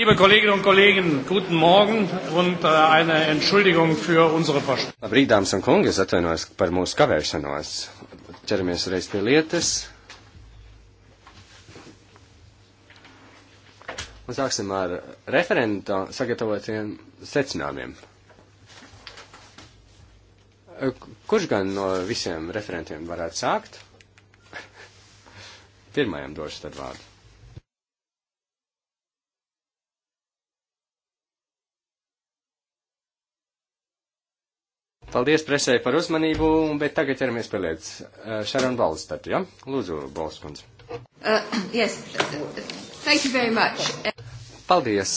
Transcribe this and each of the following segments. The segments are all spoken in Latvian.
Liebe Kolleginnen und Kollegen, guten Morgen und äh, eine Entschuldigung für unsere Verspätung. Labrīt, dāmas un kungi, es atvainojos par mūsu kavēšanos. Ķeramies reiz pie lietas. Un sāksim ar referenta sagatavotiem secinājumiem. Kurš gan no visiem referentiem varētu sākt? Pirmajam došu tad vārdu. Paldies presē par uzmanību, bet tagad ķeramies pie lietas. Šarona eh, Valdes tad, ja? Lūdzu, Valdes kundze. Uh, yes, thank you very much. Paldies.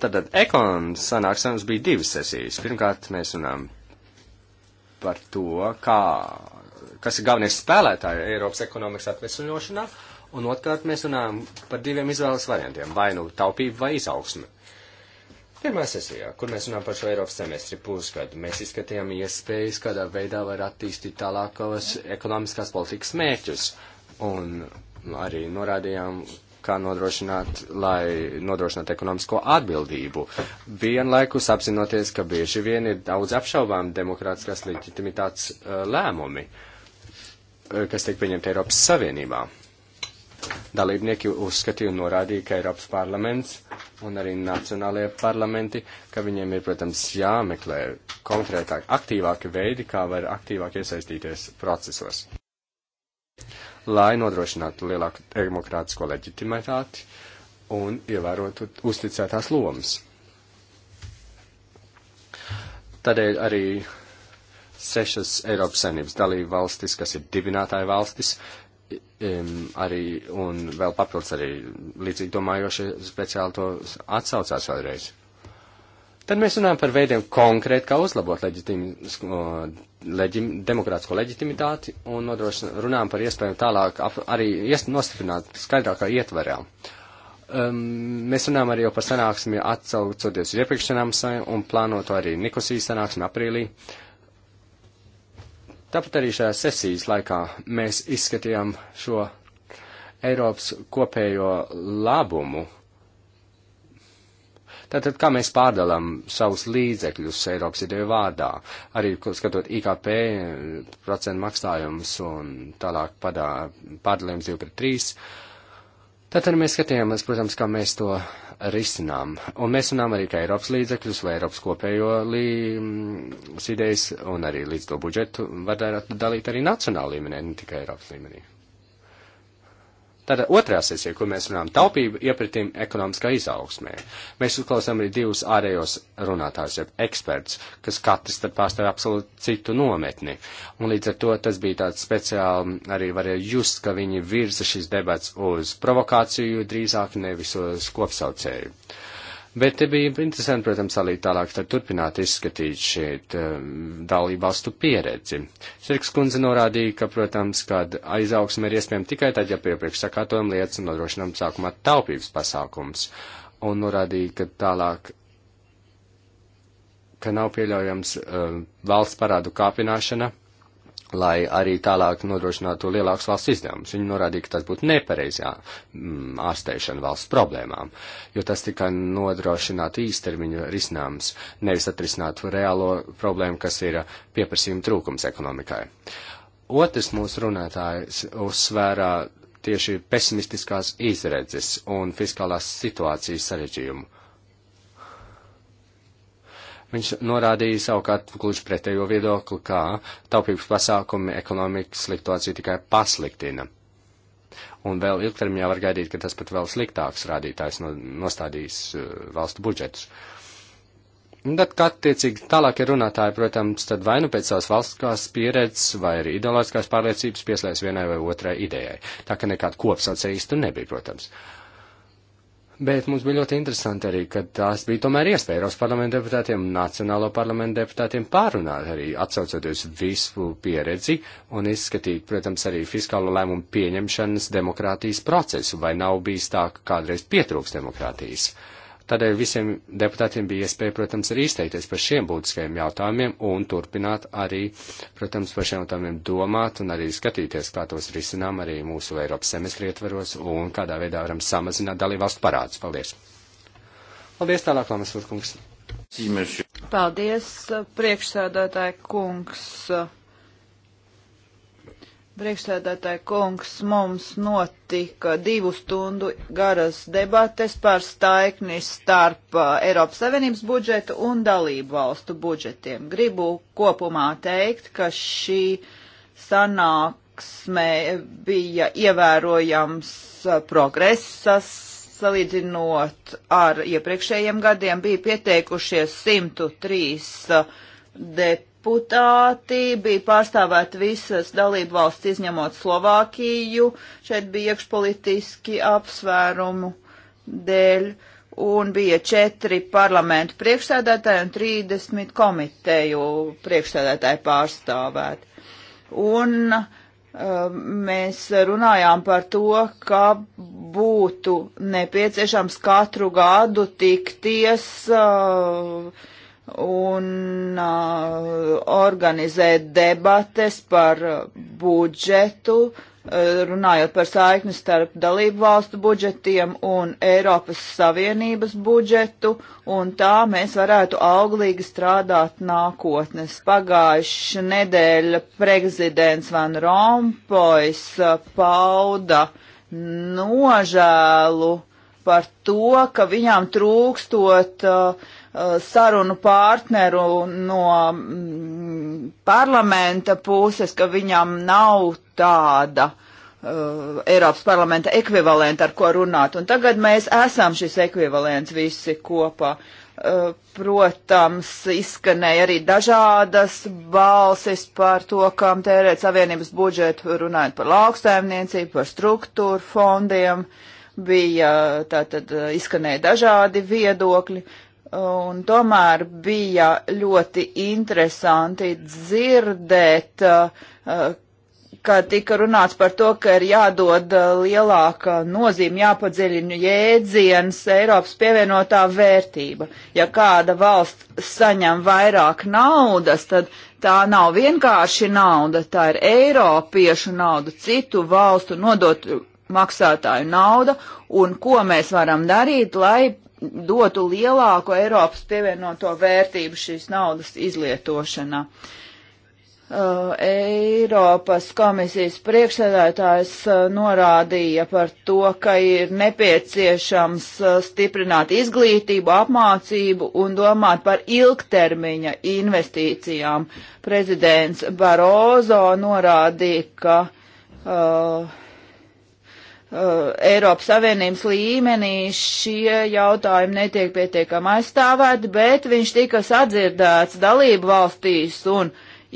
Tātad ekonomas sanāksmēs bija divas sesijas. Pirmkārt, mēs runājam par to, kā, kas ir galvenie spēlētāji Eiropas ekonomikas atvesuļošanā, un otrkārt mēs runājam par diviem izvēles variantiem - vai nu taupību vai izaugsmi. Pirmā sesijā, kur mēs runājam par šo Eiropas semestri pusgadu, mēs izskatījām iespējas, kādā veidā var attīstīt tālākos ekonomiskās politikas mērķus. Un arī norādījām, kā nodrošināt, lai nodrošinātu ekonomisko atbildību. Vienlaikus apzinoties, ka bieži vien ir daudz apšaubām demokrātiskās leģitimitātes eh, lēmumi, eh, kas tiek pieņemti Eiropas Savienībā dalībnieki uzskatīja un norādīja, ka Eiropas parlaments un arī nacionālajie parlamenti, ka viņiem ir, protams, jāmeklē konkrētāk, aktīvāki veidi, kā var aktīvāk iesaistīties procesos, lai nodrošinātu lielāku demokrātisko leģitimitāti un ievērotu uzticētās lomas. Tādēļ arī sešas Eiropas saimnības dalību valstis, kas ir dibinātāju valstis, um, arī, un vēl papildus arī līdzīgi domājošie speciāli to atsaucās vēlreiz. Tad mēs runājam par veidiem konkrēti, kā uzlabot leģim, demokrātisko leģitimitāti un runājam par iespēju tālāk ap, arī nostiprināt skaidrākā ietverē. Um, mēs runājam arī jau par sanāksmi atsaucoties uz iepriekš sanāksmi un plānoto arī Nikosijas sanāksmi aprīlī. Uh, Tāpat arī šajā sesijas laikā mēs izskatījām šo Eiropas kopējo labumu. Tātad, kā mēs pārdalām savus līdzekļus Eiropas ideju vārdā, arī skatot IKP procentu maksājumus un tālāk padā, pārdalījums 2 pret 3, tad arī mēs skatījāmies, protams, kā mēs to risinām. Un mēs runām arī kā Eiropas līdzekļus vai Eiropas kopējo līdz idejas un arī līdz to budžetu var dalīt arī nacionāla līmenī, ne tikai Eiropas līmenī. Tātad otrā sesija, kur mēs runājam taupību iepratīm ekonomiskā izaugsmē. Mēs uzklausām arī divus ārējos runātājus, jeb eksperts, kas katrs tad pārstāv absolūti citu nometni. Un līdz ar to tas bija tāds speciāli, arī varēja just, ka viņi virza šis debats uz provokāciju drīzāk nevis uz kopsaucēju. Uh, Bet te bija interesanti, protams, arī tālāk tad turpināt izskatīt šeit eh, dalībvalstu pieredzi. Sirks kundze norādīja, ka, protams, kad aizaugsme ir iespējama tikai tad, ja piepriekš sakārtojam lietas un nodrošinām sākumā taupības pasākums. Un norādīja, ka tālāk, ka nav pieļaujams um, valsts parādu kāpināšana lai arī tālāk nodrošinātu lielāks valsts izdevums. Viņi norādīja, ka tas būtu nepareizā mm, ārstēšana valsts problēmām, jo tas tikai nodrošinātu īstermiņu risinājums, nevis atrisinātu reālo problēmu, kas ir pieprasījuma trūkums ekonomikai. Otrs mūsu runātājs uzsvērā tieši pesimistiskās izredzes un fiskālās situācijas sarežģījumu. Viņš norādīja savukārt gluži pretējo viedokli, kā taupības pasākumi ekonomikas situāciju tikai pasliktina. Un vēl ilgtermiņā var gaidīt, ka tas pat vēl sliktāks rādītājs nostādīs eh, valstu budžetus. Un tad, kad attiecīgi tālākie runātāji, protams, tad vai nu pēc savas valstiskās pieredzes vai arī ideoloģiskās pārliecības pieslēdz vienai vai otrai idejai. Tā ka nekāda kopsauce īstu nebija, protams. Uh, Bet mums bija ļoti interesanti arī, ka tās bija tomēr iespēja Eiropas parlamenta deputātiem un Nacionālo parlamenta deputātiem pārunāt arī atsaucoties visu pieredzi un izskatīt, protams, arī fiskālo lēmumu pieņemšanas demokrātijas procesu, vai nav bijis tā, ka kādreiz pietrūks demokrātijas. Uh, Tādēļ visiem deputātiem bija iespēja, protams, arī izteikties par šiem būtiskajiem jautājumiem un turpināt arī, protams, par šiem jautājumiem domāt un arī skatīties, kā tos risinām arī mūsu Eiropas semestri ietveros un kādā veidā varam samazināt dalībvalstu parādus. Paldies! Paldies tālāk, Lamas Furkungs! Paldies, priekšsēdētāji kungs! Priekšsēdētāji kungs, mums notika divu stundu garas debates par staikni starp uh, Eiropas Savienības budžetu un dalību valstu budžetiem. Gribu kopumā teikt, ka šī sanāksme bija ievērojams uh, progresas salīdzinot ar iepriekšējiem gadiem, bija pieteikušies 103 uh, deputāti deputāti, bija pārstāvēti visas dalību valsts izņemot Slovākiju, šeit bija iekšpolitiski apsvērumu dēļ, un bija četri parlamentu priekšsēdētāji un 30 komiteju priekšsēdētāji pārstāvēti. Un uh, mēs runājām par to, ka būtu nepieciešams katru gadu tikties uh, un uh, organizēt debates par budžetu, runājot par saikni starp dalību valstu budžetiem un Eiropas Savienības budžetu, un tā mēs varētu auglīgi strādāt nākotnes. Pagājuši nedēļa prezidents Van Rompois pauda nožēlu par to, ka viņām trūkstot uh, Uh, sarunu partneru no mm, parlamenta puses, ka viņam nav tāda uh, Eiropas parlamenta ekvivalenta, ar ko runāt. Un tagad mēs esam šis ekvivalents visi kopā. Uh, protams, izskanēja arī dažādas balsis par to, kam tērēt savienības budžetu, runājot par lauksaimniecību, par struktūru fondiem. Bija tātad uh, izskanēja dažādi viedokļi. Uh, Un tomēr bija ļoti interesanti dzirdēt, uh, ka tika runāts par to, ka ir jādod uh, lielāka nozīme, jāpadziļina jēdziens Eiropas pievienotā vērtība. Ja kāda valsts saņem vairāk naudas, tad tā nav vienkārši nauda, tā ir Eiropiešu nauda, citu valstu nodot maksātāju nauda, un ko mēs varam darīt, lai dotu lielāko Eiropas pievienoto vērtību šīs naudas izlietošanā. Uh, Eiropas komisijas priekšsēdētājs uh, norādīja par to, ka ir nepieciešams uh, stiprināt izglītību, apmācību un domāt par ilgtermiņa investīcijām. Prezidents Barozo norādīja, ka uh, Uh, Eiropas Savienības līmenī šie jautājumi netiek pietiekami aizstāvēti, bet viņš tika sadzirdēts dalību valstīs un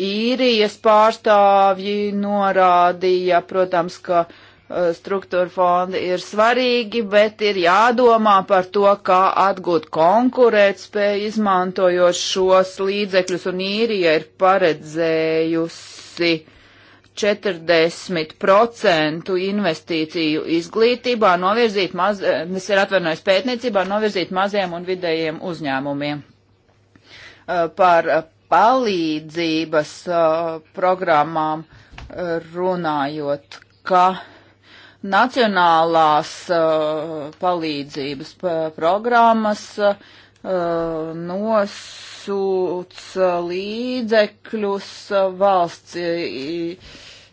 īrijas pārstāvji norādīja, protams, ka uh, struktūra fondi ir svarīgi, bet ir jādomā par to, kā atgūt konkurētspēju, izmantojot šos līdzekļus, un īrija ir paredzējusi uh, 40% investīciju izglītībā novirzīt maz, eh, es ir atvainojos pētniecībā, novirzīt maziem un vidējiem uzņēmumiem. Eh, par palīdzības eh, programmām runājot, ka nacionālās palīdzības programmas nosūts līdzekļus valsts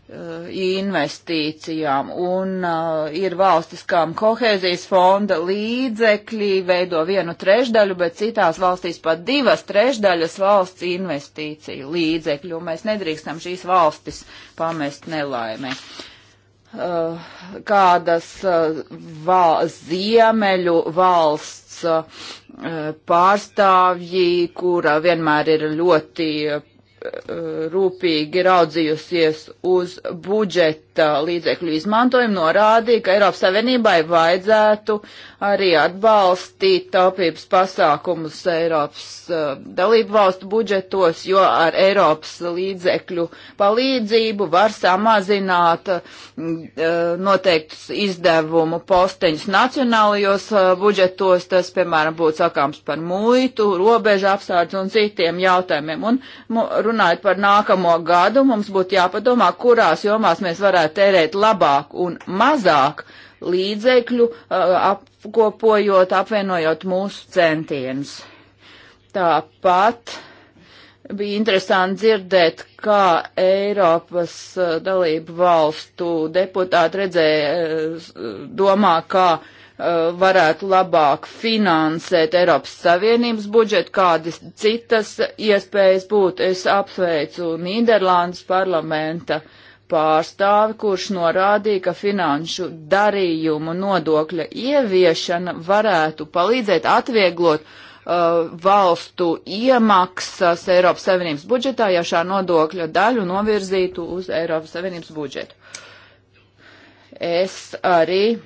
Eh, investīcijām, un uh, ir valstis, kām kohēzijas fonda līdzekļi veido vienu trešdaļu, bet citās valstīs pat divas trešdaļas valsts investīciju līdzekļu, un mēs nedrīkstam šīs valstis pamest nelaimē. Uh, kādas uh, val ziemeļu valsts uh, pārstāvji, kura vienmēr ir ļoti uh, rūpīgi raudzījusies uz budžetu Uh, līdzekļu izmantojumu, norādīja, ka Eiropas Savienībai vajadzētu arī atbalstīt taupības pasākumus Eiropas uh, dalību valstu budžetos, jo ar Eiropas līdzekļu palīdzību var samazināt uh, noteiktus izdevumu posteņus nacionālajos uh, budžetos. Tas, piemēram, būtu sakāms par muitu, robežu apsārdz un citiem jautājumiem. Un runājot par nākamo gadu, mums būtu jāpadomā, kurās jomās mēs varētu varētu tērēt labāk un mazāk līdzekļu, uh, apkopojot, apvienojot mūsu centienus. Tāpat bija interesanti dzirdēt, kā Eiropas uh, dalību valstu deputāti redzēja, uh, domā, kā varētu labāk finansēt Eiropas Savienības budžetu, kādas citas iespējas būtu. Es apsveicu Nīderlandes parlamenta uh, pārstāvi, kurš norādīja, ka finanšu darījumu nodokļa ieviešana varētu palīdzēt atvieglot uh, valstu iemaksas Eiropas Savienības budžetā, ja šā nodokļa daļu novirzītu uz Eiropas Savienības budžetu. Es arī uh,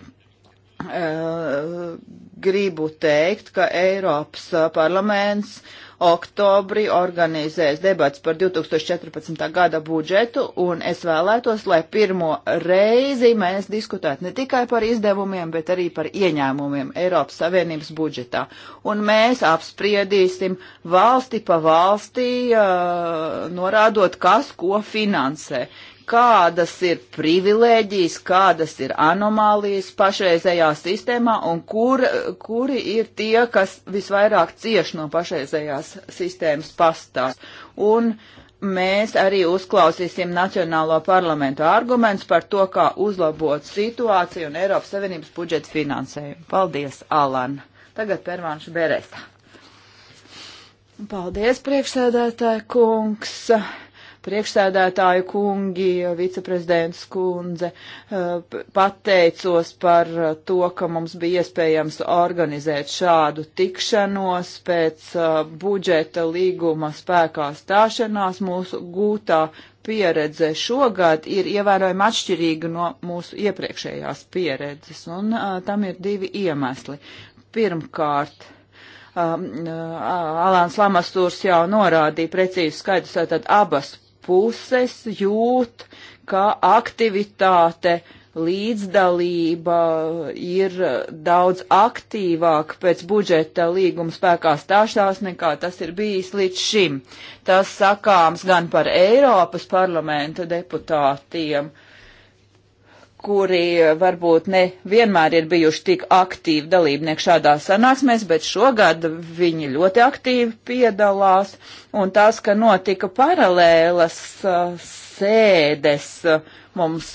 gribu teikt, ka Eiropas uh, parlaments uh, oktobrī organizēs debats par 2014. gada budžetu, un es vēlētos, lai pirmo reizi mēs diskutētu ne tikai par izdevumiem, bet arī par ieņēmumiem Eiropas Savienības budžetā. Un mēs apspriedīsim valsti pa valstī, uh, norādot, kas ko finansē. Uh, kādas ir privilēģijas, kādas ir anomālijas pašreizējā sistēmā un kur, kuri ir tie, kas visvairāk cieš no pašreizējās sistēmas pastāvs. Un mēs arī uzklausīsim Nacionālo parlamentu argumentus par to, kā uzlabot situāciju un Eiropas Savienības budžeta finansējumu. Paldies, Alan. Tagad Pervāns Beresta. Paldies, priekšsēdētāji kungs priekšsēdētāju kungi, viceprezidents kundze, eh, pateicos par eh, to, ka mums bija iespējams organizēt šādu tikšanos pēc eh, budžeta līguma spēkā stāšanās mūsu gūtā pieredze šogad ir ievērojami atšķirīga no mūsu iepriekšējās pieredzes, un uh, tam ir divi iemesli. Pirmkārt, um, uh, Alāns Lamastūrs jau norādīja precīzi skaidrs, tātad abas puses jūt, ka aktivitāte līdzdalība ir daudz aktīvāka pēc budžeta līguma spēkā stāšanās nekā tas ir bijis līdz šim. Tas sakāms gan par Eiropas parlamenta deputātiem, kuri eh, varbūt ne vienmēr ir bijuši tik aktīvi dalībnieki šādā sanāksmēs, bet šogad viņi ļoti aktīvi piedalās, un tas, ka notika paralēlas eh, sēdes, eh, mums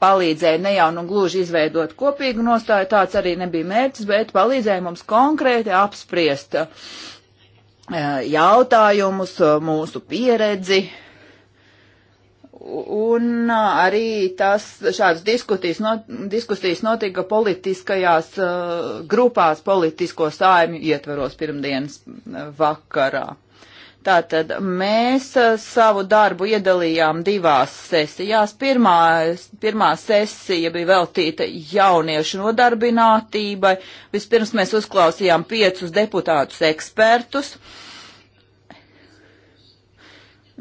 palīdzēja ne jau nu gluži izveidot kopīgu nostāju, tāds arī nebija mērķis, bet palīdzēja mums konkrēti apspriest jautājumus, mūsu pieredzi, Un arī tas, šāds diskusijas, not, diskusijas notika politiskajās uh, grupās politisko sājumu ietvaros pirmdienas vakarā. Tātad mēs uh, savu darbu iedalījām divās sesijās. Pirmā, pirmā sesija bija veltīta jauniešu nodarbinātībai. Vispirms mēs uzklausījām piecus deputātus ekspertus. Uh,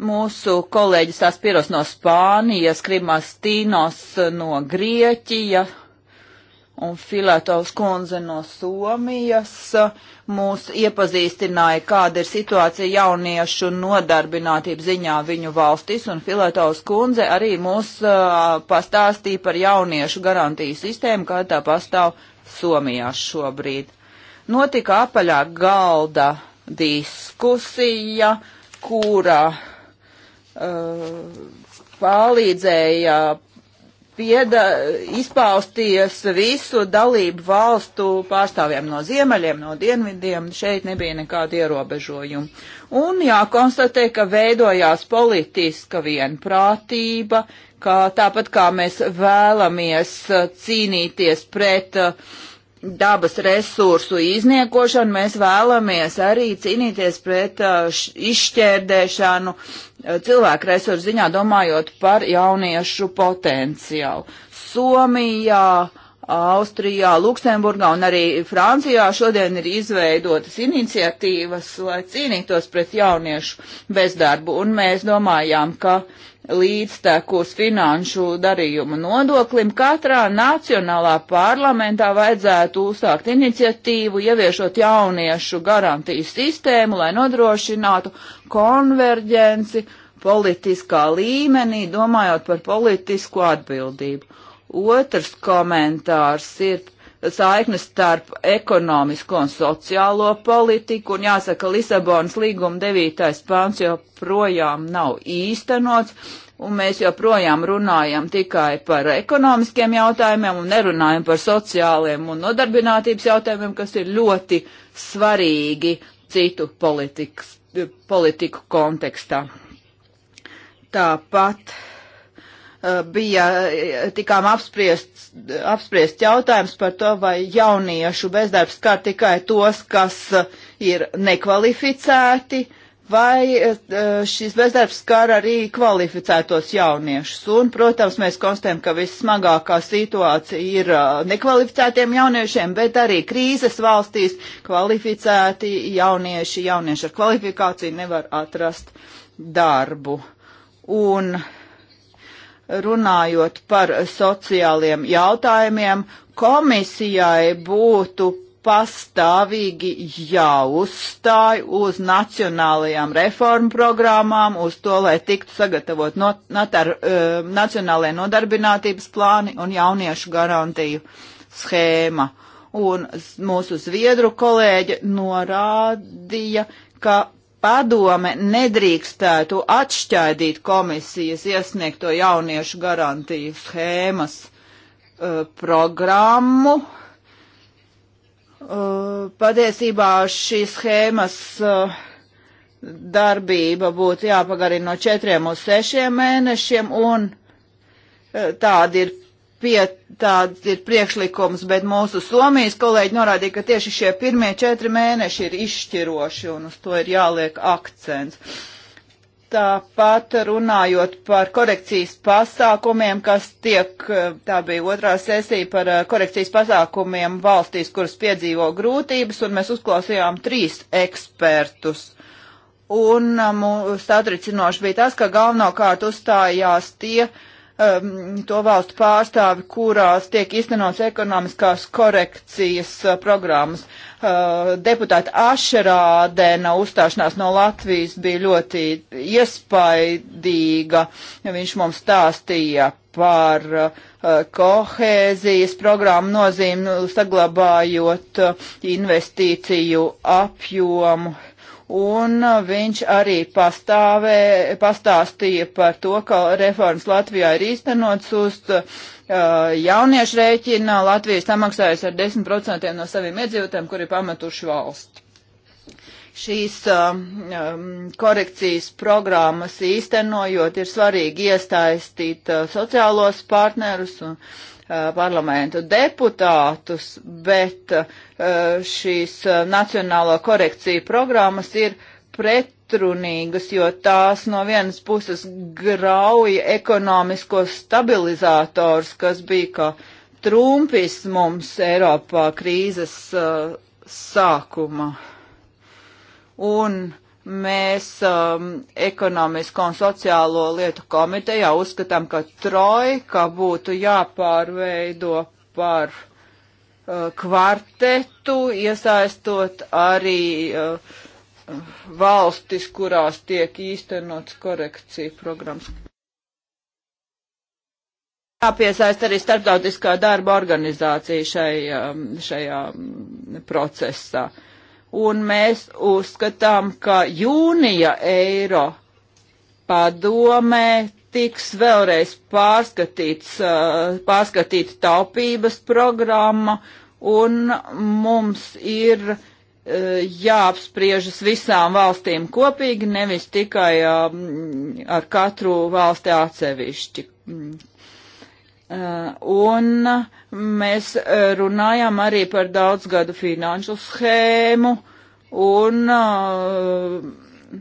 mūsu kolēģis Aspiros no Spānijas, Krimastīnos no Grieķija un Filatovs kundze no Somijas mūs iepazīstināja, kāda ir situācija jauniešu nodarbinātību ziņā viņu valstis, un Filatovs kundze arī mūs uh, pastāstīja par jauniešu garantiju sistēmu, kā tā pastāv Somijā šobrīd. Notika apaļā galda diskusija, kura uh, Uh, palīdzēja pieda, izpausties visu dalību valstu pārstāvjiem no ziemeļiem, no dienvidiem. Šeit nebija nekāda ierobežojuma. Un jākonstatē, ka veidojās politiska vienprātība, ka tāpat kā mēs vēlamies uh, cīnīties pret uh, dabas resursu izniekošanu, mēs vēlamies arī cīnīties pret izšķērdēšanu, uh, Eh, cilvēku resursu ziņā, domājot par jauniešu potenciālu. Somijā, Austrijā, Luksemburgā un arī Francijā šodien ir izveidotas iniciatīvas, lai cīnītos pret jauniešu bezdarbu, un mēs domājām, ka uh, līdztekus finanšu darījumu nodoklim, katrā nacionālā parlamentā vajadzētu uzsākt iniciatīvu, ieviešot jauniešu garantiju sistēmu, lai nodrošinātu konverģenci politiskā līmenī, domājot par politisku atbildību. Otrs komentārs ir saiknes starp ekonomisko un sociālo politiku, un jāsaka, Lisabonas līguma devītais pāns joprojām nav īstenots, un mēs joprojām runājam tikai par ekonomiskiem jautājumiem un nerunājam par sociāliem un nodarbinātības jautājumiem, kas ir ļoti svarīgi citu politikas, politiku kontekstā. Tāpat Eh, bija eh, tikām apspriests, apspriests jautājums par to, vai jauniešu bezdarbs skar tikai tos, kas eh, ir nekvalificēti, vai šis bezdarbs skar arī kvalificētos jauniešus. Un, protams, mēs konstatējam, ka vissmagākā situācija ir nekvalificētiem jauniešiem, bet arī krīzes valstīs kvalificēti jaunieši, jaunieši ar kvalifikāciju nevar atrast darbu. Un uh, runājot par sociāliem jautājumiem, komisijai būtu pastāvīgi jāuzstāj uz nacionālajām reformu programmām, uz to, lai tiktu sagatavot not, natar, uh, eh, nacionālajie nodarbinātības plāni un jauniešu garantiju schēma. Un mūsu zviedru kolēģi norādīja, ka padome nedrīkstētu atšķaidīt komisijas iesniegto jauniešu garantiju schēmas uh, programmu. Uh, patiesībā šīs schēmas uh, darbība būtu jāpagarina no četriem uz sešiem mēnešiem, un uh, tādi ir pie tāds ir priekšlikums, bet mūsu Somijas kolēģi norādīja, ka tieši šie pirmie četri mēneši ir izšķiroši un uz to ir jāliek akcents. Tāpat runājot par korekcijas pasākumiem, kas tiek, tā bija otrā sesija par eh, korekcijas pasākumiem valstīs, kuras piedzīvo grūtības, un mēs uzklausījām trīs ekspertus. Un um, satricinoši bija tas, ka galvenokārt uzstājās tie, uh, um, to valstu pārstāvi, kurās tiek iztenots ekonomiskās korekcijas uh, programmas. Uh, deputāta Ašerādena uzstāšanās no Latvijas bija ļoti iespaidīga. Viņš mums stāstīja par uh, kohēzijas programmu nozīmi, nu, saglabājot uh, investīciju apjomu un uh, viņš arī pastāvē, pastāstīja par to, ka reformas Latvijā ir īstenots uz uh, jauniešu rēķina. Latvija samaksājas ar 10% no saviem iedzīvotājiem, kuri pametuši valsts. Šīs uh, um, korekcijas programmas īstenojot ir svarīgi iesaistīt uh, sociālos partnerus un uh, Uh, parlamentu deputātus, bet uh, šīs uh, nacionālo korekciju programmas ir pretrunīgas, jo tās no vienas puses grauja ekonomiskos stabilizators, kas bija kā trumpis mums Eiropā krīzes uh, sākuma. Un uh, Mēs um, ekonomisko un sociālo lietu komitejā uzskatām, ka trojka būtu jāpārveido par uh, kvartetu, iesaistot arī uh, valstis, kurās tiek īstenots korekcija programmas. Jāpiesaist arī starptautiskā darba organizācija šai, um, šajā mm, procesā un mēs uzskatām, ka jūnija eiro padomē tiks vēlreiz pārskatīts, eh, pārskatīta taupības programma, un mums ir eh, jāapspriežas visām valstīm kopīgi, nevis tikai eh, ar katru valsti atsevišķi Uh, un mēs uh, runājām arī par daudzgadu finanšu schēmu un uh,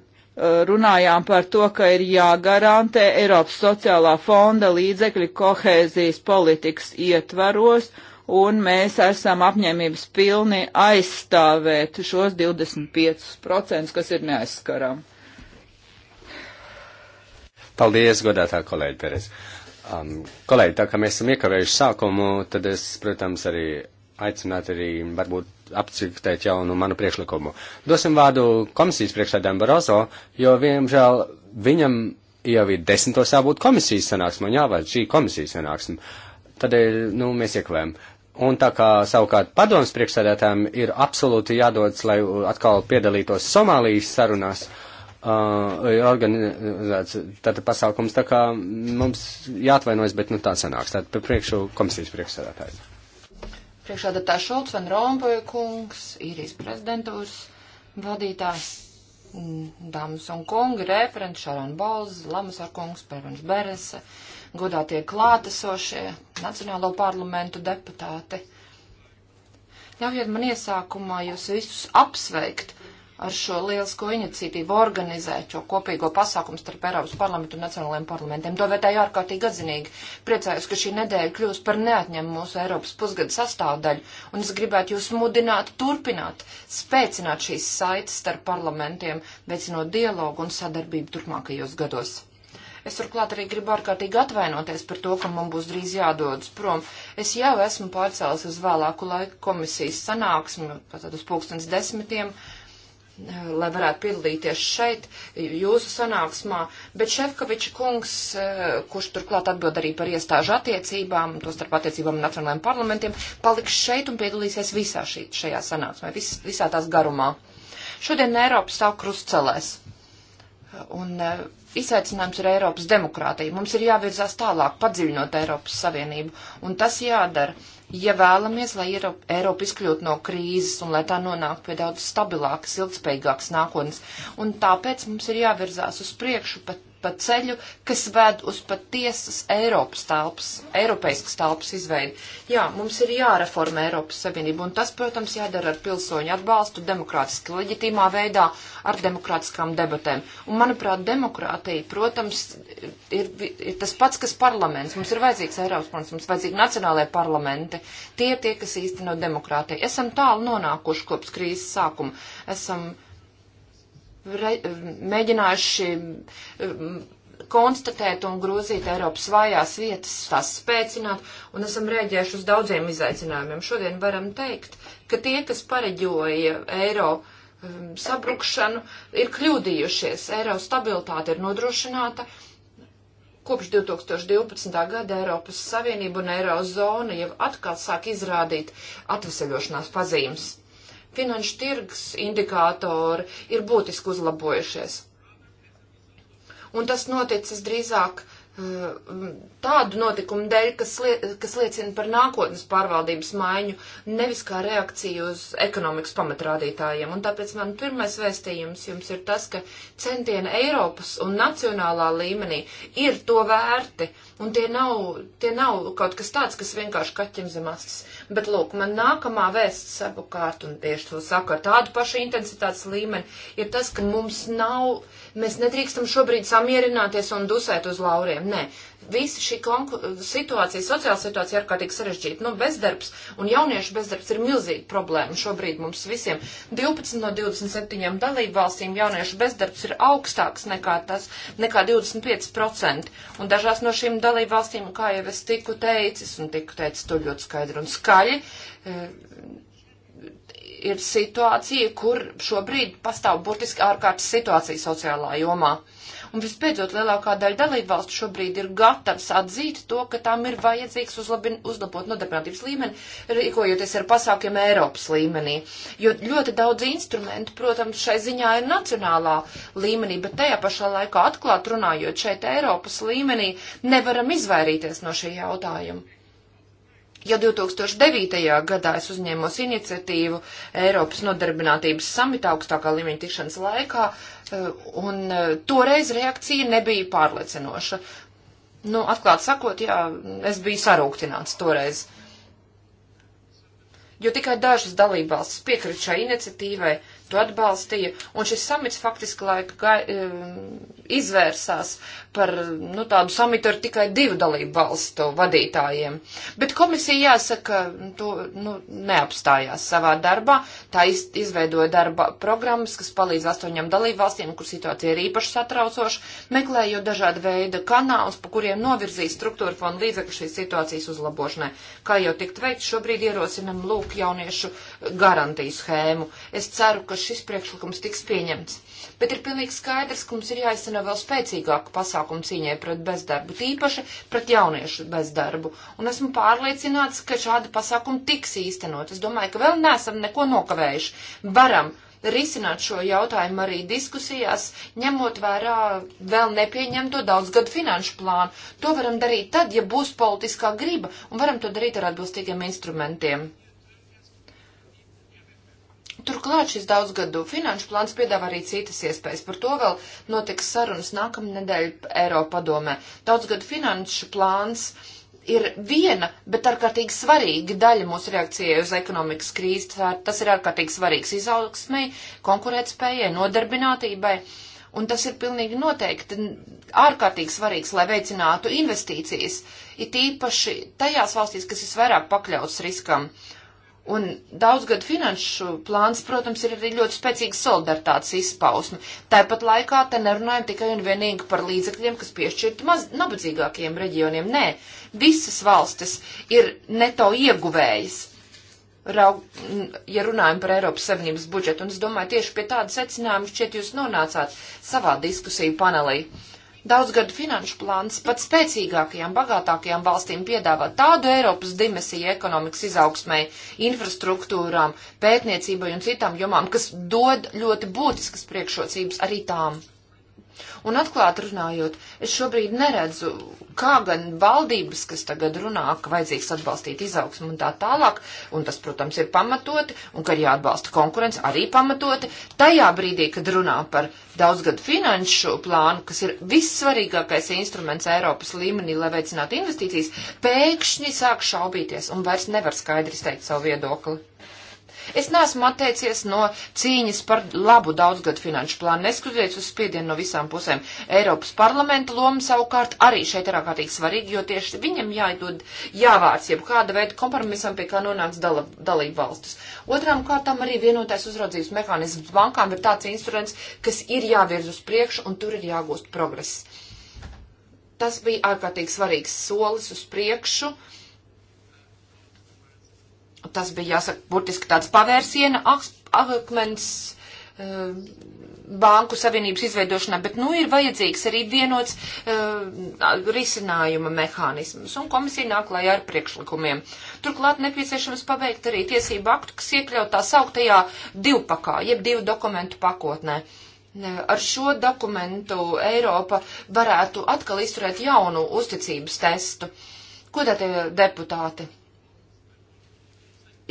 runājām par to, ka ir jāgarantē Eiropas sociālā fonda līdzekļi kohēzijas politikas ietvaros, un mēs esam apņēmības pilni aizstāvēt šos 25%, kas ir neaizskaram. Paldies, godātā kolēģi Perez. Uh, Um, kolēģi, tā kā mēs esam iekavējuši sākumu, tad es, protams, arī aicinātu arī varbūt apciktēt jaunu manu priekšlikumu. Dosim vārdu komisijas priekšsēdēm Barozo, jo, vienžēl, viņam jau ir desmitos jābūt komisijas sanāksme, un jāvada šī komisijas sanāksme. Tādēļ, eh, nu, mēs iekavējam. Un tā kā savukārt padoms priekšsēdētājiem ir absolūti jādodas, lai atkal piedalītos Somālijas sarunās. Uh, uh, ir organizēts tātad pasākums, tā kā mums jāatvainojas, bet nu tā sanāks. Tātad par priekšu komisijas priekšsēdētāju. Priekšsēdētājs Šulc, Van Rompuja kungs, īrijas prezidentūras vadītājs, dāmas un kungi, referents Šaron Bolz, Lamasar kungs, Pervenš Berese, godātie klātesošie, Nacionālo parlamentu deputāti. Ļaujiet man iesākumā jūs visus apsveikt ar šo lielisko iniciatīvu organizēt šo kopīgo pasākumu starp Eiropas parlamentu un nacionālajiem parlamentiem. To vērtēju ārkārtīgi atzinīgi. Priecājos, ka šī nedēļa kļūst par neatņemu mūsu Eiropas pusgada sastāvdaļu, un es gribētu jūs mudināt, turpināt, spēcināt šīs saites starp parlamentiem, veicinot dialogu un sadarbību turpmākajos gados. Es turklāt arī gribu ārkārtīgi atvainoties par to, ka man būs drīz jādodas prom. Es jau esmu pārcēlis uz vēlāku laiku komisijas sanāksmi, tātad uz pulkstens desmitiem. Uh, lai varētu piedalīties šeit, jūsu sanāksmā, bet Šefkoviča kungs, eh, kurš turklāt atbild arī par iestāžu attiecībām, to starp attiecībām nacionālajiem parlamentiem, paliks šeit un piedalīsies visā šī, šajā sanāksmē, vis, visā tās garumā. Šodien Eiropa stāv krustcelēs. Un eh, izaicinājums ir Eiropas demokrātija. Mums ir jāvirzās tālāk, padziļinot Eiropas Savienību, un tas jādara ja vēlamies, lai Eiropa izkļūtu no krīzes un lai tā nonāktu pie daudz stabilākas, ilgspējīgākas nākotnes. Un tāpēc mums ir jāvirzās uz priekšu pat pa ceļu, kas ved uz patiesas Eiropas telpas, Eiropeiskas telpas izveidi. Jā, mums ir jāreforma Eiropas Savienība, un tas, protams, jādara ar pilsoņu atbalstu, demokrātiski leģitīmā veidā, ar demokrātiskām debatēm. Un, manuprāt, demokrātija, protams, ir, ir tas pats, kas parlaments. Mums ir vajadzīgs Eiropas parlaments, mums vajadzīgi nacionālajie parlamenti. Tie ir tie, kas īsteno demokrātiju. Esam tālu nonākuši kopš krīzes sākuma. Esam re, mēģinājuši um, konstatēt un grozīt Eiropas vājās vietas, tās spēcināt, un esam rēģējuši uz daudziem izaicinājumiem. Šodien varam teikt, ka tie, kas pareģoja eiro um, sabrukšanu, ir kļūdījušies. Eiro stabilitāte ir nodrošināta. Kopš 2012. gada Eiropas Savienība un Eirozona jau atkal sāk izrādīt atveseļošanās pazīmes finanšu tirgs indikātori ir būtiski uzlabojušies. Un tas noticis drīzāk uh, Eh, tādu notikumu dēļ, kas, lie, kas liecina par nākotnes pārvaldības maiņu, nevis kā reakciju uz ekonomikas pamatrādītājiem. Un tāpēc man pirmais vēstījums jums ir tas, ka centieni Eiropas un nacionālā līmenī ir to vērti. Un tie nav, tie nav kaut kas tāds, kas vienkārši kaķim zem astes. Bet, lūk, man nākamā vēsts savukārt, un tieši to saku ar tādu pašu intensitātes līmeni, ir tas, ka mums nav Mēs nedrīkstam šobrīd samierināties un dusēt uz lauriem. Nē, visa šī situācija, sociāla situācija ir ārkārtīgi sarežģīta. Nu, bezdarbs un jauniešu bezdarbs ir milzīga problēma šobrīd mums visiem. 12 no 27 dalību valstīm jauniešu bezdarbs ir augstāks nekā tas, nekā 25%. Un dažās no šīm dalību valstīm, kā jau es tiku teicis, un tiku teicis to ļoti skaidri un skaļi, eh, ir situācija, kur šobrīd pastāv burtiski ārkārtas situācija sociālā jomā. Un visbeidzot, lielākā daļa dalībvalstu šobrīd ir gatavs atzīt to, ka tām ir vajadzīgs uzlabin, uzlabot nodarbinātības līmeni, rīkojoties ar pasākiem Eiropas līmenī. Jo ļoti daudz instrumentu, protams, šai ziņā ir nacionālā līmenī, bet tajā pašā laikā atklāt runājot šeit Eiropas līmenī, nevaram izvairīties no šī jautājuma. Jau 2009. gadā es uzņēmos iniciatīvu Eiropas nodarbinātības samita augstākā līmeņa tikšanas laikā, eh, un eh, toreiz reakcija nebija pārliecinoša. Nu, atklāt sakot, jā, es biju sarūktināts toreiz. Jo tikai dažas dalībvalstis piekrita šai iniciatīvai, to atbalstīja, un šis samits faktiski laika gai, eh, izvērsās par nu, tādu samitu ar tikai divu dalību valstu vadītājiem. Bet komisija jāsaka, to nu, neapstājās savā darbā. Tā izveidoja darba programmas, kas palīdz astoņām dalību valstīm, kur situācija ir īpaši satraucoša, meklējot dažādu veidu kanālus, pa kuriem novirzīs struktūra fonda līdzekļu šīs situācijas uzlabošanai. Kā jau tikt veikt, šobrīd ierosinam lūk jauniešu garantiju schēmu. Es ceru, ka šis priekšlikums tiks pieņemts bet ir pilnīgi skaidrs, ka mums ir jāizsana vēl spēcīgāku pasākumu cīņai pret bezdarbu, tīpaši pret jauniešu bezdarbu. Un esmu pārliecināts, ka šāda pasākuma tiks īstenot. Es domāju, ka vēl neesam neko nokavējuši. Varam risināt šo jautājumu arī diskusijās, ņemot vērā vēl nepieņemto daudzgadu finanšu plānu. To varam darīt tad, ja būs politiskā griba, un varam to darīt ar atbilstīgiem instrumentiem. Turklāt šis daudzgadu finanšu plāns piedāvā arī citas iespējas. Par to vēl notiks sarunas nākamnedēļ Eiropadomē. Daudzgadu finanšu plāns ir viena, bet ārkārtīgi svarīga daļa mūsu reakcijai uz ekonomikas krīzi. Tas ir ārkārtīgi svarīgs izaugsmai, konkurētspējai, nodarbinātībai. Un tas ir pilnīgi noteikti ārkārtīgi svarīgs, lai veicinātu investīcijas, it īpaši tajās valstīs, kas visvairāk pakļauts riskam. Uh, Un daudzgad finanšu plāns, protams, ir arī ļoti spēcīga solidaritātes izpausme. Tāpat laikā te nerunājam tikai un vienīgi par līdzekļiem, kas piešķirti maz nabadzīgākiem reģioniem. Nē, visas valstis ir neto ieguvējas raug, ja runājam par Eiropas Savienības budžetu, un es domāju, tieši pie tāda secinājuma šķiet jūs nonācāt savā diskusiju panelī. Daudzgadu finanšu plāns pat spēcīgākajām, bagātākajām valstīm piedāvā tādu Eiropas dimensiju ekonomikas izaugsmai, infrastruktūrām, pētniecībai un citām jomām, kas dod ļoti būtiskas priekšrocības arī tām. Un atklāt runājot, es šobrīd neredzu, kā gan valdības, kas tagad runā, ka vajadzīgs atbalstīt izaugsmu un tā tālāk, un tas, protams, ir pamatoti, un ka ir jāatbalsta konkurence arī pamatoti, tajā brīdī, kad runā par daudzgadu finanšu plānu, kas ir vissvarīgākais instruments Eiropas līmenī, lai veicinātu investīcijas, pēkšņi sāk šaubīties un vairs nevar skaidri izteikt savu viedokli. Es neesmu atteicies no cīņas par labu daudzgadu finanšu plānu, neskatoties uz spiedienu no visām pusēm. Eiropas parlamenta loma savukārt arī šeit ir ārkārtīgi svarīga, jo tieši viņam jāiedod jāvārds, jeb kāda veida kompromisam, pie kā nonāks dala, dalību valstis. Otrām kārtām arī vienotais uzraudzības mehānisms bankām ir tāds instruments, kas ir jāvirz uz priekšu un tur ir jāgūst progress. Tas bija ārkārtīgi svarīgs solis uz priekšu. Uh, Tas bija, jāsaka, burtiski tāds pavērsiena akmens eh, banku savienības izveidošanā, bet nu ir vajadzīgs arī vienots uh, risinājuma mehānisms, un komisija nāk lai ar priekšlikumiem. Turklāt nepieciešams pabeigt arī tiesību aktu, kas iekļaut tā sauktajā divpakā, jeb divu dokumentu pakotnē. Eh, ar šo dokumentu Eiropa varētu atkal izturēt jaunu uzticības testu. Ko tā te deputāti?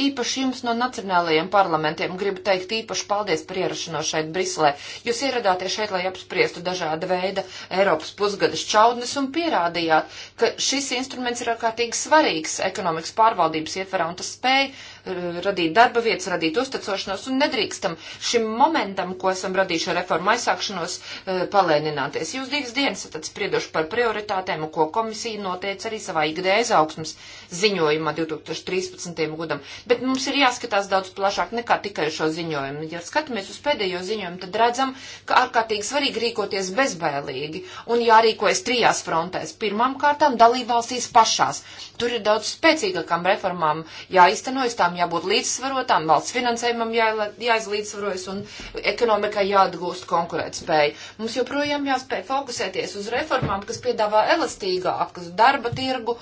Īpaši jums no nacionālajiem parlamentiem gribu teikt īpaši paldies par ierašanos šeit Briselē. Jūs ieradāties šeit, lai apspriestu dažāda veida Eiropas pusgadas čaudnes un pierādījāt, ka šis instruments ir ārkārtīgi svarīgs ekonomikas pārvaldības ietverā un tas spēj Eh, radīt darba vietas, radīt uzticošanos un nedrīkstam šim momentam, ko esam radījuši ar reformu aizsākšanos, eh, palēnināties. Jūs divas dienas esat sprieduši par prioritātēm, ko komisija noteica arī savā ikdēļ augsmas ziņojumā 2013. gadam. Bet mums ir jāskatās daudz plašāk nekā tikai šo ziņojumu. Ja skatāmies uz pēdējo ziņojumu, tad redzam, ka ārkārtīgi svarīgi rīkoties bezbēlīgi un jārīkojas trijās frontēs. Pirmām kārtām dalībvalstīs pašās. Tur ir daudz spēcīgākām reformām jāiztenojas, tām politikām jābūt līdzsvarotām, valsts finansējumam jā, jāizlīdzsvarojas un ekonomikai jāatgūst konkurētspēja. Mums joprojām jāspēj fokusēties uz reformām, kas piedāvā elastīgākas darba tirgu,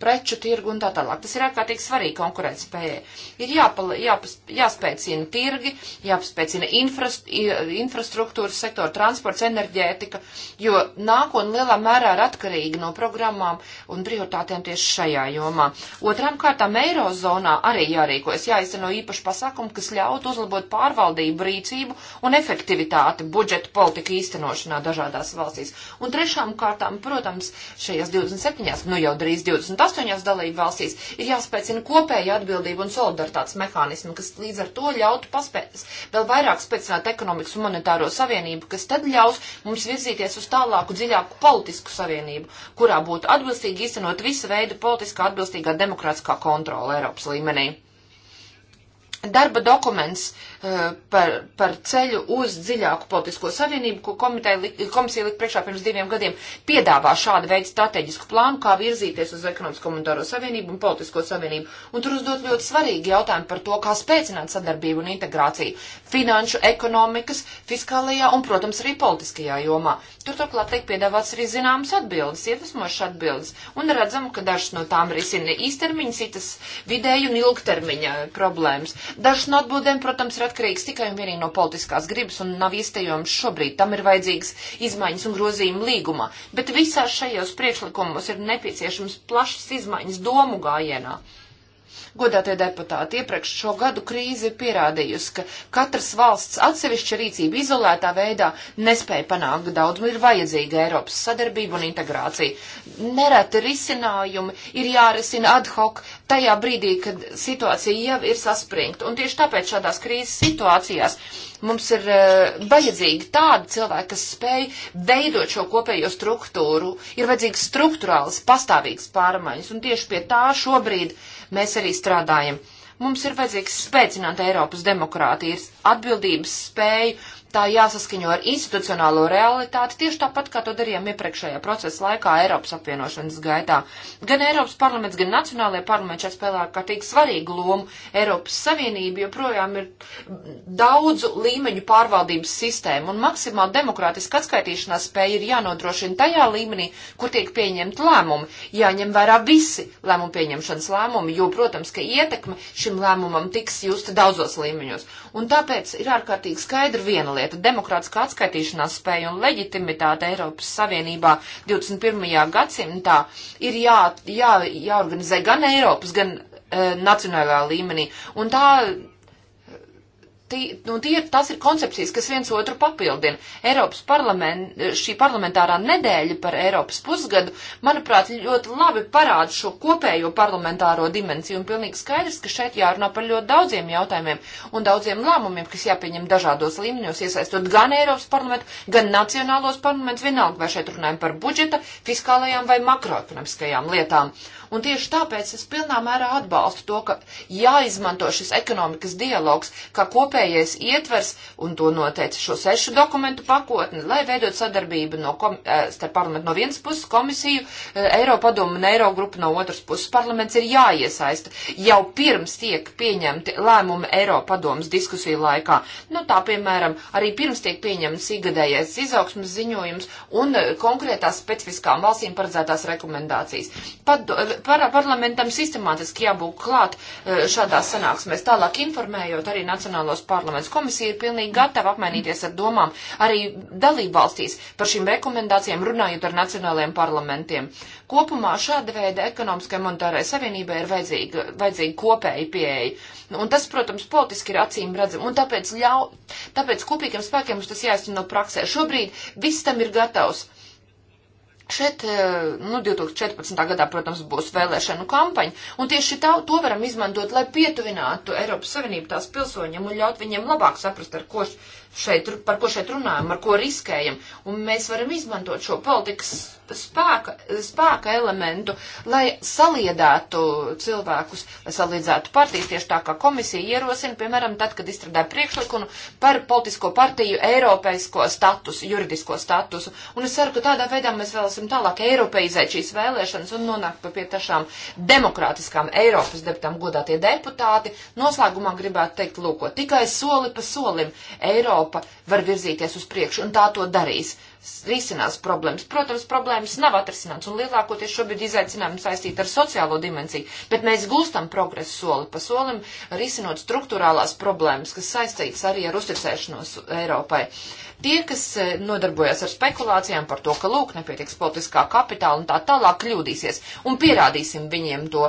preču tirgu un tā tālāk. Tas ir ārkārtīgi svarīgi konkurētspējai. Ir jāpala, jāpas, jāspēcina tirgi, jāpaspēcina infrast, infrastruktūras sektora, transports, enerģētika, jo nākotnē lielā mērā ir atkarīga no programmām un prioritātēm tieši šajā jomā. Otrām kārtām Eirozonā arī jārīkojas, jāizceno īpaši pasākumi, kas ļaut uzlabot pārvaldību, rīcību un efektivitāti budžeta politika īstenošanā dažādās valstīs. Un trešām kārtām, protams, šajās 27, nu jau drīz 28 dalību valstīs ir jāspēcina kopēja atbildība un solidaritātes mehānismi, kas līdz ar to ļautu paspēc vēl vairāk spēcināt ekonomikas un monetāro savienību, kas tad ļaus mums virzīties uz tālāku, dziļāku politisku savienību, kurā būtu atbilstīgi īstenot visa veida politiskā atbilstīgā demokrātiskā kontrola Eiropas līmenī. Ukrainai. Darba dokuments uh, Eh, par, par ceļu uz dziļāku politisko savienību, ko komisija lika priekšā pirms diviem gadiem, piedāvā šādu veidu strateģisku plānu, kā virzīties uz ekonomisko monetāro savienību un politisko savienību. Un tur uzdot ļoti svarīgi jautājumi par to, kā spēcināt sadarbību un integrāciju finanšu, ekonomikas, fiskālajā un, protams, arī politiskajā jomā. Tur turklāt tiek piedāvāts arī zināmas atbildes, iedvesmošas atbildes, un redzam, ka dažas no tām risina īstermiņa, citas vidēju un ilgtermiņa eh, problēmas. Dažas no atbildēm, protams, ir atkarīgs tikai un vienīgi no politiskās gribas un nav iestējams šobrīd. Tam ir vajadzīgs izmaiņas un grozījuma līgumā. Bet visās šajos priekšlikumos ir nepieciešams plašas izmaiņas domu gājienā. Uh, Godātie deputāti, iepriekš šo gadu krīze ir pierādījusi, ka katras valsts atsevišķa rīcība izolētā veidā nespēja panākt daudz, un ir vajadzīga Eiropas sadarbība un integrācija. Nereti risinājumi ir jārisina ad hoc tajā brīdī, kad situācija jau ir saspringta, un tieši tāpēc šādās krīzes situācijās Mums ir uh, vajadzīgi tādi cilvēki, kas spēj veidot šo kopējo struktūru. Ir vajadzīgs struktūrāls, pastāvīgs pārmaiņas, un tieši pie tā šobrīd mēs arī strādājam. Mums ir vajadzīgs spēcināt Eiropas demokrātijas atbildības spēju, tā jāsaskaņo ar institucionālo realitāti, tieši tāpat, kā to darījām iepriekšējā procesa laikā Eiropas apvienošanas gaitā. Gan Eiropas parlaments, gan Nacionālajie parlamenti šeit spēlē ārkārtīgi svarīgu lomu. Eiropas Savienība joprojām ir daudzu līmeņu pārvaldības sistēma, un maksimāli demokrātiska atskaitīšanās spēja ir jānodrošina tajā līmenī, kur tiek pieņemti lēmumi. Jāņem vērā visi lēmumu pieņemšanas lēmumi, jo, protams, ka ietekme šim lēmumam tiks justa daudzos līmeņos. Un tāpēc ir ārkārtīgi skaidra viena lieta - demokrātiskā atskaitīšanās spēja un leģitimitāte Eiropas Savienībā 21. gadsimtā ir jā, jā, jāorganizē gan Eiropas, gan e, nacionālā līmenī. Un tā tī, nu, tie, tas ir koncepcijas, kas viens otru papildina. Eiropas parlament, šī parlamentārā nedēļa par Eiropas pusgadu, manuprāt, ļoti labi parāda šo kopējo parlamentāro dimensiju un pilnīgi skaidrs, ka šeit jārunā par ļoti daudziem jautājumiem un daudziem lēmumiem, kas jāpieņem dažādos līmeņos, iesaistot gan Eiropas parlamentu, gan nacionālos parlamentus, vienalga vai šeit runājam par budžeta, fiskālajām vai makroekonomiskajām lietām. Uh, Un tieši tāpēc es pilnā mērā atbalstu to, ka jāizmanto šis ekonomikas dialogs, kā kopējais ietvers, un to noteica šo sešu dokumentu pakotni, lai veidot sadarbību no kom, eh, starp parlamentu no vienas puses, komisiju, eh, Eiropadomu un Eirogrupu no otras puses. Parlaments ir jāiesaista jau pirms tiek pieņemti lēmumi Eiropadomas diskusiju laikā. Nu, tā, piemēram, arī pirms tiek pieņemts igadējais izaugsmas ziņojums un eh, konkrētās specifiskām valstīm paredzētās rekomendācijas. Pad, par, parlamentam sistemātiski jābūt klāt eh, šādās sanāksmēs. Tālāk informējot arī Nacionālos parlaments komisija ir pilnīgi gatava apmainīties ar domām arī dalībvalstīs par šīm rekomendācijām runājot ar nacionālajiem parlamentiem. Kopumā šāda veida ekonomiskai monetārai savienībai ir vajadzīga, vajadzīga kopēja pieeja. Nu, un tas, protams, politiski ir acīm redzami, un tāpēc, ļau, tāpēc kopīgiem spēkiem mums tas jāizteno praksē. Šobrīd viss tam ir gatavs. Šeit, eh, nu, 2014. gadā, protams, būs vēlēšanu kampaņa, un tieši tā, to varam izmantot, lai pietuvinātu Eiropas Savienību tās pilsoņiem un ļaut viņiem labāk saprast, ar ko šeit, par ko šeit runājam, ar ko riskējam. Un mēs varam izmantot šo politikas spēka, spēka elementu, lai saliedētu cilvēkus, lai saliedzētu partijas tieši tā, kā komisija ierosina, piemēram, tad, kad izstrādāja priekšlikumu par politisko partiju eiropeisko statusu, juridisko statusu. Un es ceru, ka tādā veidā mēs vēlasim tālāk eiropeizēt šīs vēlēšanas un nonākt pie tiešām demokrātiskām Eiropas deputām godātie deputāti. Noslēgumā gribētu teikt, lūko, tikai soli pa solim Eiropa Eiropa var virzīties uz priekšu, un tā to darīs. Risinās problēmas. Protams, problēmas nav atrisināts, un lielākoties šobrīd izaicinājumi saistīti ar sociālo dimensiju, bet mēs gūstam progresu soli pa solim, risinot struktūrālās problēmas, kas saistītas arī ar uzticēšanos Eiropai. Tie, kas eh, nodarbojas ar spekulācijām par to, ka lūk, nepietiks politiskā kapitāla un tā tālāk, kļūdīsies, un pierādīsim viņiem to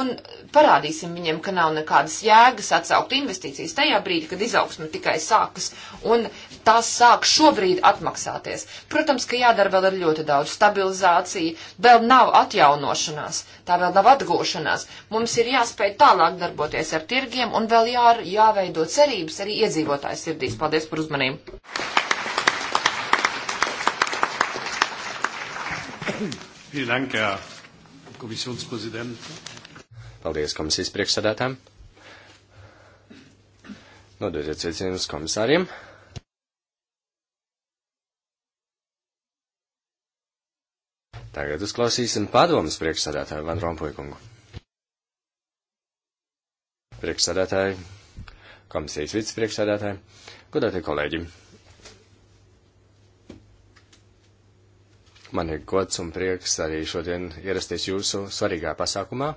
un parādīsim viņiem, ka nav nekādas jēgas atsaukt investīcijas tajā brīdī, kad izaugsme tikai sākas un tās sāk šobrīd atmaksāties. Protams, ka jādara vēl ir ļoti daudz stabilizācija, vēl nav atjaunošanās, tā vēl nav atgūšanās. Mums ir jāspēj tālāk darboties ar tirgiem un vēl jā, jāveido cerības arī iedzīvotājs sirdīs. Paldies par uzmanību! Vielen Dank, Herr Kommissionspräsident. Paldies komisijas priekšsēdētājiem. Nododiet sveicienus komisāriem. Tagad uzklausīsim padomas priekšsādātāju Van Rompuikungu. Priekšsādātāji, komisijas vicepriekšsādātāji, godātie kolēģi. Man ir gods un prieks arī šodien ierasties jūsu svarīgā pasākumā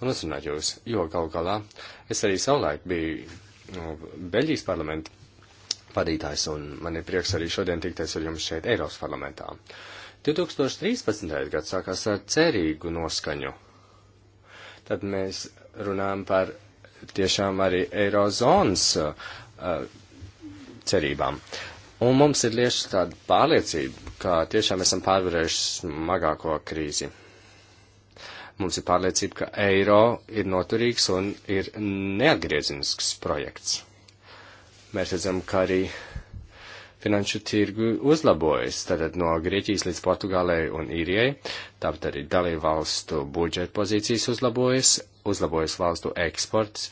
un uzrunāt jūs, jo gal galā es arī savulaik biju no nu, Beļģijas parlamenta vadītājs, un man ir prieks arī šodien tikties ar jums šeit Eiropas parlamentā. 2013. gads sākās ar cerīgu noskaņu. Tad mēs runājam par tiešām arī Eirozonas uh, cerībām. Un mums ir lieši tāda pārliecība, ka tiešām esam pārvarējuši smagāko krīzi. Mums ir pārliecība, ka eiro ir noturīgs un ir neatgriezinisks projekts. Mēs redzam, ka arī finanšu tirgu uzlabojas, tātad no Grieķijas līdz Portugālei un Īrijai, tāpat arī dalību valstu budžeta pozīcijas uzlabojas, uzlabojas valstu eksports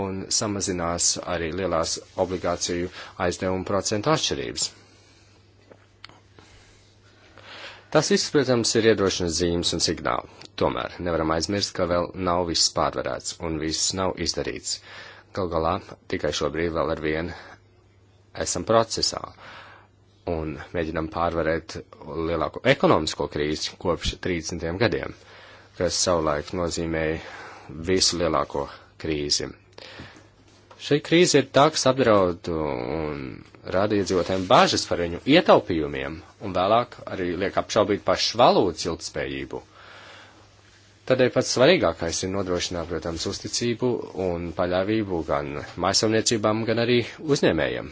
un samazinās arī lielās obligāciju aizdevumu procentu atšķirības. Tas viss, protams, ir iedrošina zīmes un signāli. Tomēr nevaram aizmirst, ka vēl nav viss pārvarēts un viss nav izdarīts. Gal galā tikai šobrīd vēl ar vienu esam procesā un mēģinam pārvarēt lielāko ekonomisko krīzi kopš 30. gadiem, kas savulaik nozīmēja visu lielāko krīzi. Uh, Šī krīze ir tā, kas apdraud un rada iedzīvotājiem bažas par viņu ietaupījumiem un vēlāk arī liek apšaubīt pašu valūtas ilgtspējību. Tādēļ pats svarīgākais ir nodrošināt, protams, uzticību un paļāvību gan mājasemniecībām, gan arī uzņēmējiem.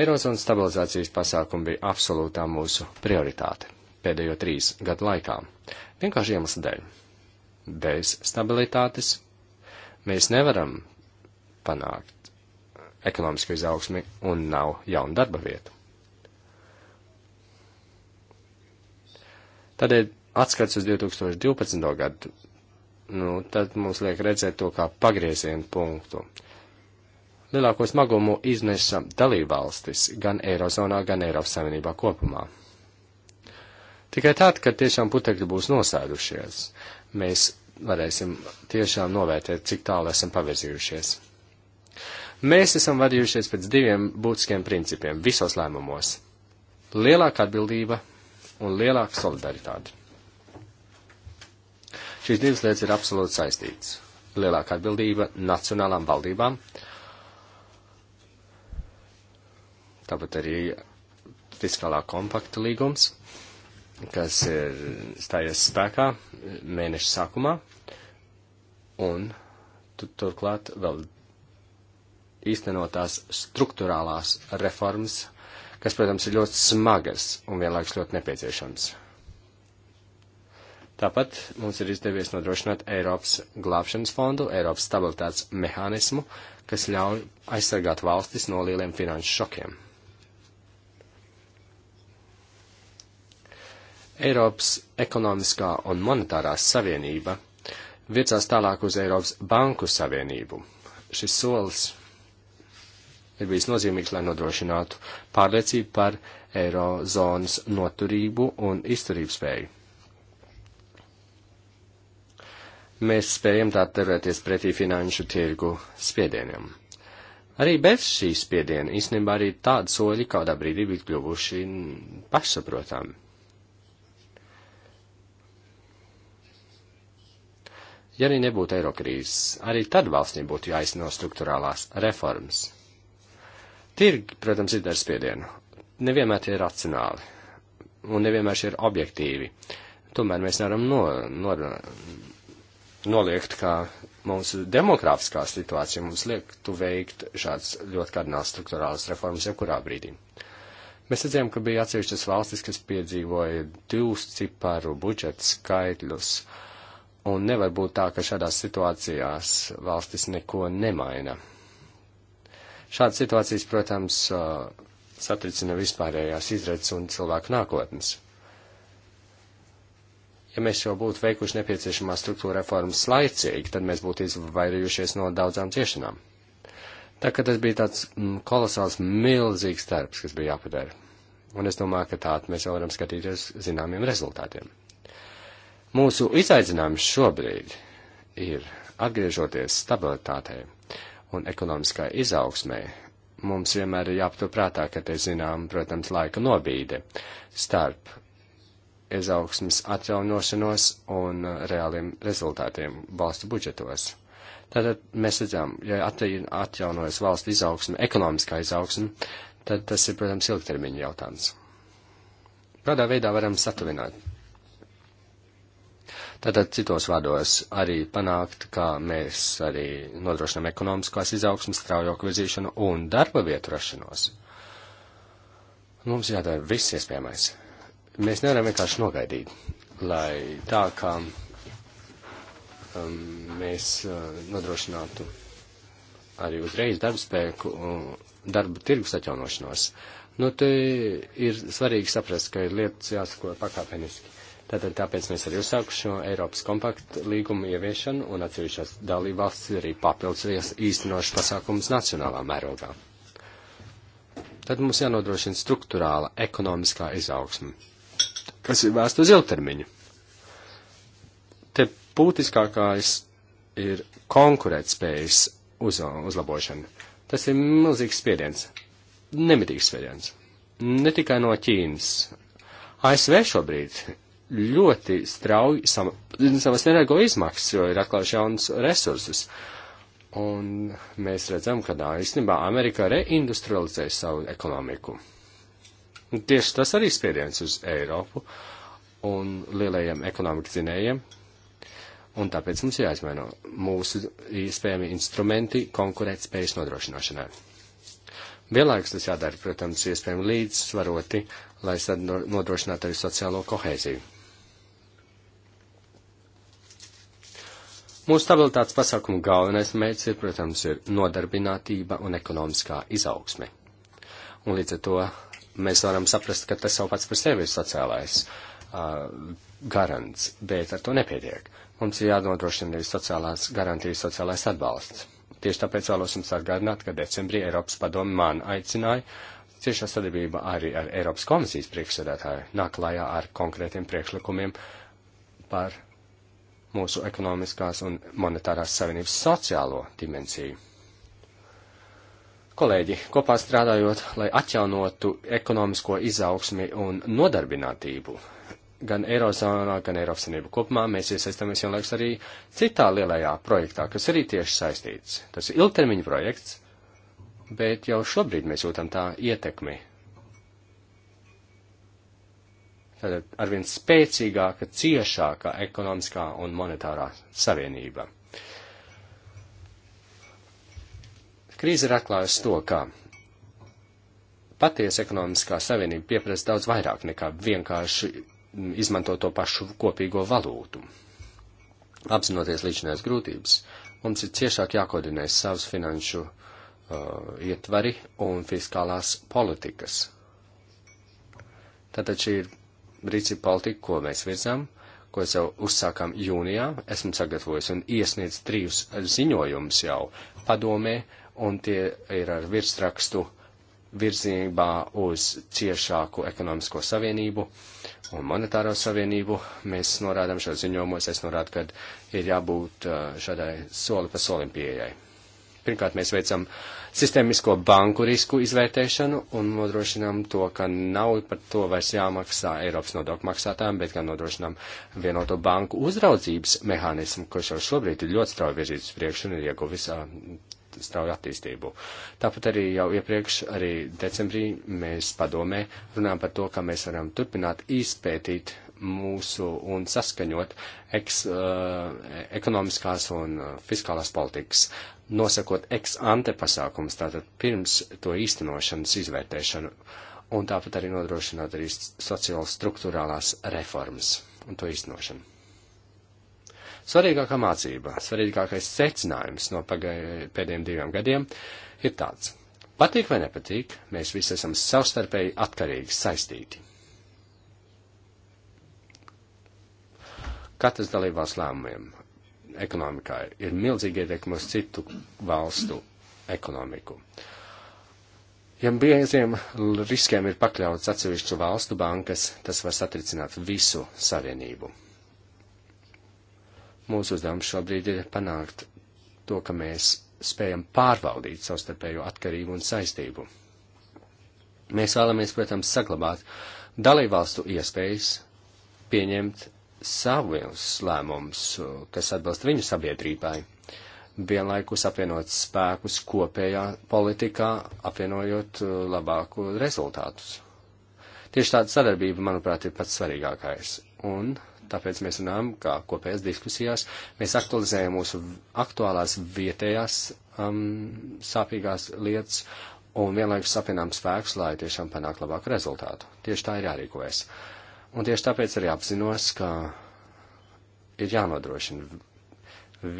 Eirozonas stabilizācijas pasākumi bija absolūtā mūsu prioritāte pēdējo trīs gadu laikā. Vienkārši iemesla dēļ. Bez stabilitātes mēs nevaram panākt ekonomisku izaugsmi un nav jaunu darba vietu. Tādēļ atskats uz 2012. gadu, nu, tad mums liek redzēt to kā pagriezienu punktu. Lielāko smagumu iznesa dalībvalstis gan Eirozonā, gan Eiropas Savienībā kopumā. Tikai tad, kad tiešām putekļi būs nosēdušies, mēs varēsim tiešām novērtēt, cik tālu esam pavirzījušies. Mēs esam vadījušies pēc diviem būtiskiem principiem visos lēmumos - lielāka atbildība un lielāka solidaritāte. Šīs divas lietas ir absolūti saistītas. Lielāka atbildība nacionālām valdībām, tāpat arī fiskālā kompakta līgums, kas ir stājies spēkā mēneša sākumā, un tu, turklāt vēl īstenotās struktūrālās reformas, kas, protams, ir ļoti smagas un vienlaikus ļoti nepieciešams. Tāpat mums ir izdevies nodrošināt Eiropas glābšanas fondu, Eiropas stabilitātes mehānismu, kas ļauj aizsargāt valstis no lieliem finanšu šokiem. Eiropas ekonomiskā un monetārā savienība virzās tālāk uz Eiropas banku savienību. Šis solis ir bijis nozīmīgs, lai nodrošinātu pārliecību par eirozonas noturību un izturības spēju. Mēs spējam tā turēties pretī finanšu tirgu spiedieniem. Arī bez šī spiediena īstenībā arī tādi soļi kādā brīdī bija kļuvuši pašsaprotami. Ja arī nebūtu eiro krīzes, arī tad valstīm būtu jāizno struktūrālās reformas. Tirgi, protams, ir darbspiedienu. Nevienmēr tie ir racionāli, un nevienmēr šie ir objektīvi. Tomēr mēs nevaram no, no, noliegt, ka mūsu demokrāfiskā situācija mums liektu veikt šāds ļoti kardināls struktūrāls reformas jebkurā brīdī. Mēs redzējām, ka bija atsevišķas valstis, kas piedzīvoja divus ciparu budžeta skaitļus, un nevar būt tā, ka šādās situācijās valstis neko nemaina. Šādas situācijas, protams, satricina vispārējās izredzes un cilvēku nākotnes. Ja mēs jau būtu veikuši nepieciešamās struktūra reformas laicīgi, tad mēs būtu izvairījušies no daudzām ciešanām. Tā kā tas bija tāds mm, kolosāls, milzīgs darbs, kas bija jāpadara. Un es domāju, ka tādu mēs jau varam skatīties zināmiem rezultātiem. Mūsu izaicinājums šobrīd ir atgriežoties stabilitātei un ekonomiskai izaugsmē, mums vienmēr ir jāpatur prātā, ka te zinām, protams, laika nobīde starp izaugsmas atjaunošanos un uh, reāliem rezultātiem valstu budžetos. Tātad mēs redzam, ja atjaunojas valsts izaugsme, ekonomiskā izaugsme, tad tas ir, protams, ilgtermiņa jautājums. Kādā veidā varam satuvināt Tātad citos vārdos arī panākt, ka mēs arī nodrošinām ekonomiskās izaugsmas, straujāku virzīšanu un darba vietu rašanos. Mums jādara viss iespējamais. Mēs nevaram vienkārši nogaidīt, lai tā kā um, mēs uh, nodrošinātu arī uzreiz darbspēku un uh, darba tirgus atjaunošanos. Nu, te ir svarīgi saprast, ka ir lietas jāsako pakāpeniski. Tātad tāpēc mēs arī uzsāku šo Eiropas kompaktu līgumu ieviešanu un atsevišķās dalībvalstis arī papildus īstenošu pasākumus nacionālā mērogā. Tad mums jānodrošina struktūrāla ekonomiskā izaugsme, kas ir vērsta uz ilgtermiņu. Te būtiskākais ir konkurētspējas uz, uzlabošana. Tas ir milzīgs spiediens, nemitīgs spiediens. Ne tikai no Ķīnas. ASV šobrīd ļoti strauji sama, savas energo izmaksas, jo ir atklājuši jaunus resursus. Un mēs redzam, ka tā īstenībā Amerika reindustrializē savu ekonomiku. Un tieši tas arī spiediens uz Eiropu un lielajiem ekonomikas zinējiem. Un tāpēc mums jāizmaino mūsu iespējami instrumenti konkurēt spējas nodrošināšanai. Vienlaikus tas jādara, protams, iespējami līdzsvaroti, lai nodrošinātu arī sociālo kohēziju. Mūsu stabilitātes pasākumu galvenais mērķis ir, protams, ir nodarbinātība un ekonomiskā izaugsme. Un līdz ar to mēs varam saprast, ka tas jau pats par sevi ir sociālais uh, garants, bet ar to nepietiek. Mums ir jānodrošina arī sociālās garantijas, sociālais atbalsts. Tieši tāpēc vēlos jums atgādināt, ka decembrī Eiropas padomi man aicināja ciešā sadarbība arī ar Eiropas komisijas priekšsēdētāju nāk klājā ar konkrētiem priekšlikumiem par mūsu ekonomiskās un monetārās savienības sociālo dimensiju. Kolēģi, kopā strādājot, lai atjaunotu ekonomisko izaugsmi un nodarbinātību, gan Eirozonā, gan Eiropas Savienību kopumā, mēs iesaistamies vienlaiks arī citā lielajā projektā, kas arī tieši saistīts. Tas ir ilgtermiņa projekts, bet jau šobrīd mēs jūtam tā ietekmi tātad arvien spēcīgāka, ciešāka ekonomiskā un monetārā savienība. Krīze ir atklājusi to, ka patiesa ekonomiskā savienība pieprasa daudz vairāk nekā vienkārši izmantot to pašu kopīgo valūtu. Apzinoties līdzinājās grūtības, mums ir ciešāk jākoordinē savus finanšu uh, ietvari un fiskālās politikas. Tātad šī ir rīcību politiku, ko mēs virzām, ko jau uzsākām jūnijā. Esmu sagatavojis un iesniedz trīs ziņojumus jau padomē, un tie ir ar virsrakstu virzībā uz ciešāku ekonomisko savienību un monetāro savienību. Mēs norādām šo ziņojumos, es norādu, ka ir jābūt uh, šādai soli pa solim pieejai. Pirmkārt, mēs veicam uh, sistēmisko banku risku izvērtēšanu un nodrošinām to, ka nav par to vairs jāmaksā Eiropas nodokļu maksātājiem, bet gan nodrošinām vienoto banku uzraudzības mehānismu, kurš jau šobrīd ir ļoti strauji virzīts uz priekšu un ir ieguvis strauju attīstību. Tāpat arī jau iepriekš, arī decembrī, mēs padomē runājam par to, kā mēs varam turpināt izpētīt mūsu un saskaņot eks, uh, ekonomiskās un fiskālās politikas nosakot ex ante pasākumus, tātad pirms to īstenošanas izvērtēšanu, un tāpat arī nodrošināt arī sociālas struktūrālās reformas un to īstenošanu. Svarīgākā mācība, svarīgākais secinājums no pēdējiem diviem gadiem ir tāds. Patīk vai nepatīk, mēs visi esam savstarpēji atkarīgi saistīti. Katrs dalībās lēmumiem, ekonomikai ir milzīgi ietekmi uz citu valstu ekonomiku. Ja bieziem riskiem ir pakļauts atsevišķu valstu bankas, tas var satricināt visu savienību. Mūsu uzdevums šobrīd ir panākt to, ka mēs spējam pārvaldīt savstarpējo atkarību un saistību. Mēs vēlamies, protams, saglabāt dalībvalstu iespējas pieņemt savus lēmumus, kas atbilst viņu sabiedrībai, vienlaikus apvienot spēkus kopējā politikā, apvienojot uh, labāku rezultātus. Tieši tāda sadarbība, manuprāt, ir pats svarīgākais. Un tāpēc mēs runājam, kā kopējās diskusijās, mēs aktualizējam mūsu aktuālās vietējās um, sāpīgās lietas un vienlaikus apvienām spēkus, lai tiešām panāktu labāku rezultātu. Tieši tā ir jārīkojas. Uh, Un tieši tāpēc arī apzinos, ka ir jānodrošina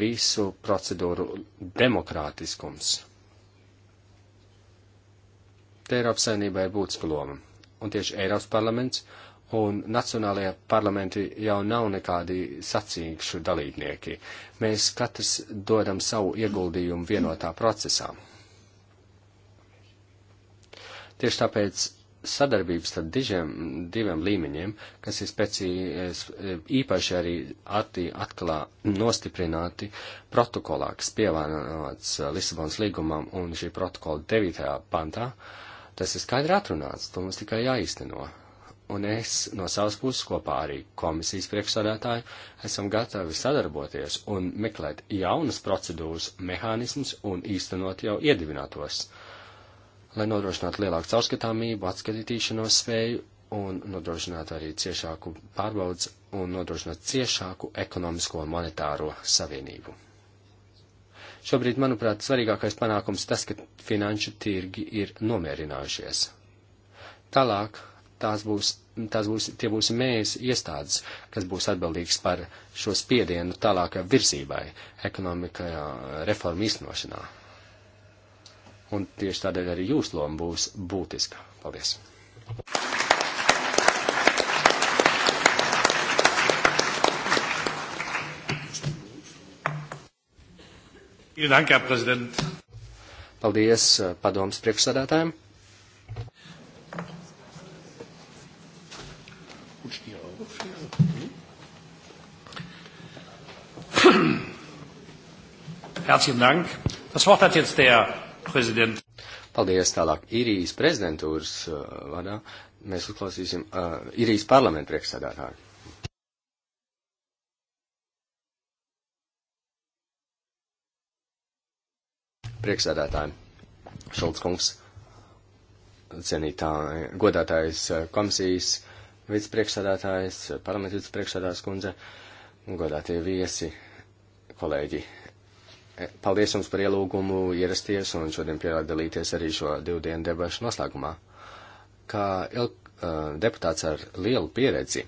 visu procedūru demokrātiskums. Te Eiropas saimnībai ir būtiska loma, un tieši Eiropas parlaments un nacionālajie parlamenti jau nav nekādi sacīkšu dalībnieki. Mēs katrs dodam savu ieguldījumu vienotā procesā. Tieši tāpēc sadarbības starp dižiem, diviem līmeņiem, kas ir specijas, īpaši arī atti, atklā nostiprināti protokolā, kas pievienots uh, Lisabonas līgumam un šī protokola 9. pantā, tas ir skaidri atrunāts, to mums tikai jāīsteno. Un es no savas puses kopā arī komisijas priekšsādātāju esam gatavi sadarboties un meklēt jaunas procedūras, mehānismus un īstenot jau iedibinātos. Uh, lai nodrošinātu lielāku caurskatāmību, atskatīšanos spēju un nodrošinātu arī ciešāku pārbaudas un nodrošinātu ciešāku ekonomisko un monetāro savienību. Šobrīd, manuprāt, svarīgākais panākums tas, ka finanšu tirgi ir nomierinājušies. Tālāk tās būs, tās būs, tie būs mēs iestādes, kas būs atbildīgs par šo spiedienu tālākai virzībai, ekonomikā reformu īstenošanā un tieši tādēļ arī jūsu loma būs būtiska. Paldies! Paldies eh, padomas priekšsādātājiem. Herzlichen Dank. Das Wort hat jetzt der prezident. Paldies tālāk. Irijas prezidentūras uh, vadā mēs uzklausīsim uh, Irijas parlamentu priekšsēdētāju. Priekšsēdētāji, Šulc kungs, cienītā, godātājs uh, komisijas vicepriekšsēdētājs, parlamentu vicepriekšsēdētājs kundze, godātie viesi, kolēģi, E, paldies jums par ielūgumu ierasties un šodien piedalīties arī šo divdienu debašu noslēgumā. Kā ilg, uh, e, deputāts ar lielu pieredzi,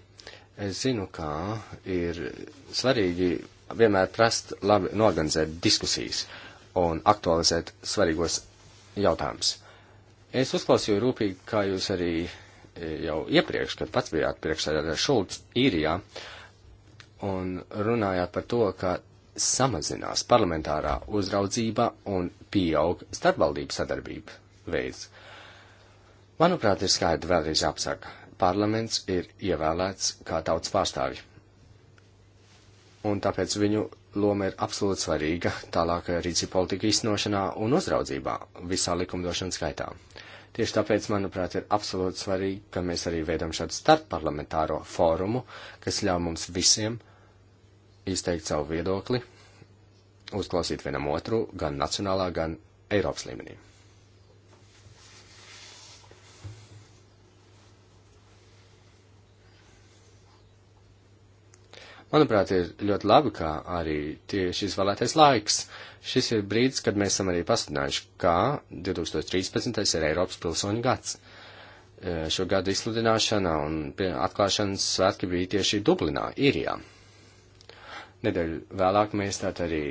es zinu, ka ir svarīgi vienmēr prast labi norganizēt diskusijas un aktualizēt svarīgos jautājumus. Es uzklausīju rūpīgi, kā jūs arī e, jau iepriekš, kad pats bijāt priekšsēdētājs Šulcs īrijā, un runājāt par to, ka samazinās parlamentārā uzraudzība un pieaug starpvaldību sadarbība veids. Manuprāt, ir skaidri vēlreiz apsaka, parlaments ir ievēlēts kā tautas pārstāvi. Un tāpēc viņu loma ir absolūti svarīga tālākajā rīcība politika iznošanā un uzraudzībā visā likumdošanas gaitā. Tieši tāpēc, manuprāt, ir absolūti svarīgi, ka mēs arī veidam šādu starpparlamentāro fórumu, kas ļauj mums visiem uh, izteikt savu viedokli, uzklausīt vienam otru gan nacionālā, gan Eiropas līmenī. Manuprāt, ir ļoti labi, ka arī tieši izvēlētais laiks. Šis ir brīdis, kad mēs esam arī pasludinājuši, ka 2013. ir Eiropas pilsoņu gads. Šo gadu izsludināšana un atklāšanas svētki bija tieši Dublinā, Īrijā. Ja. Nedēļu vēlāk mēs tātad arī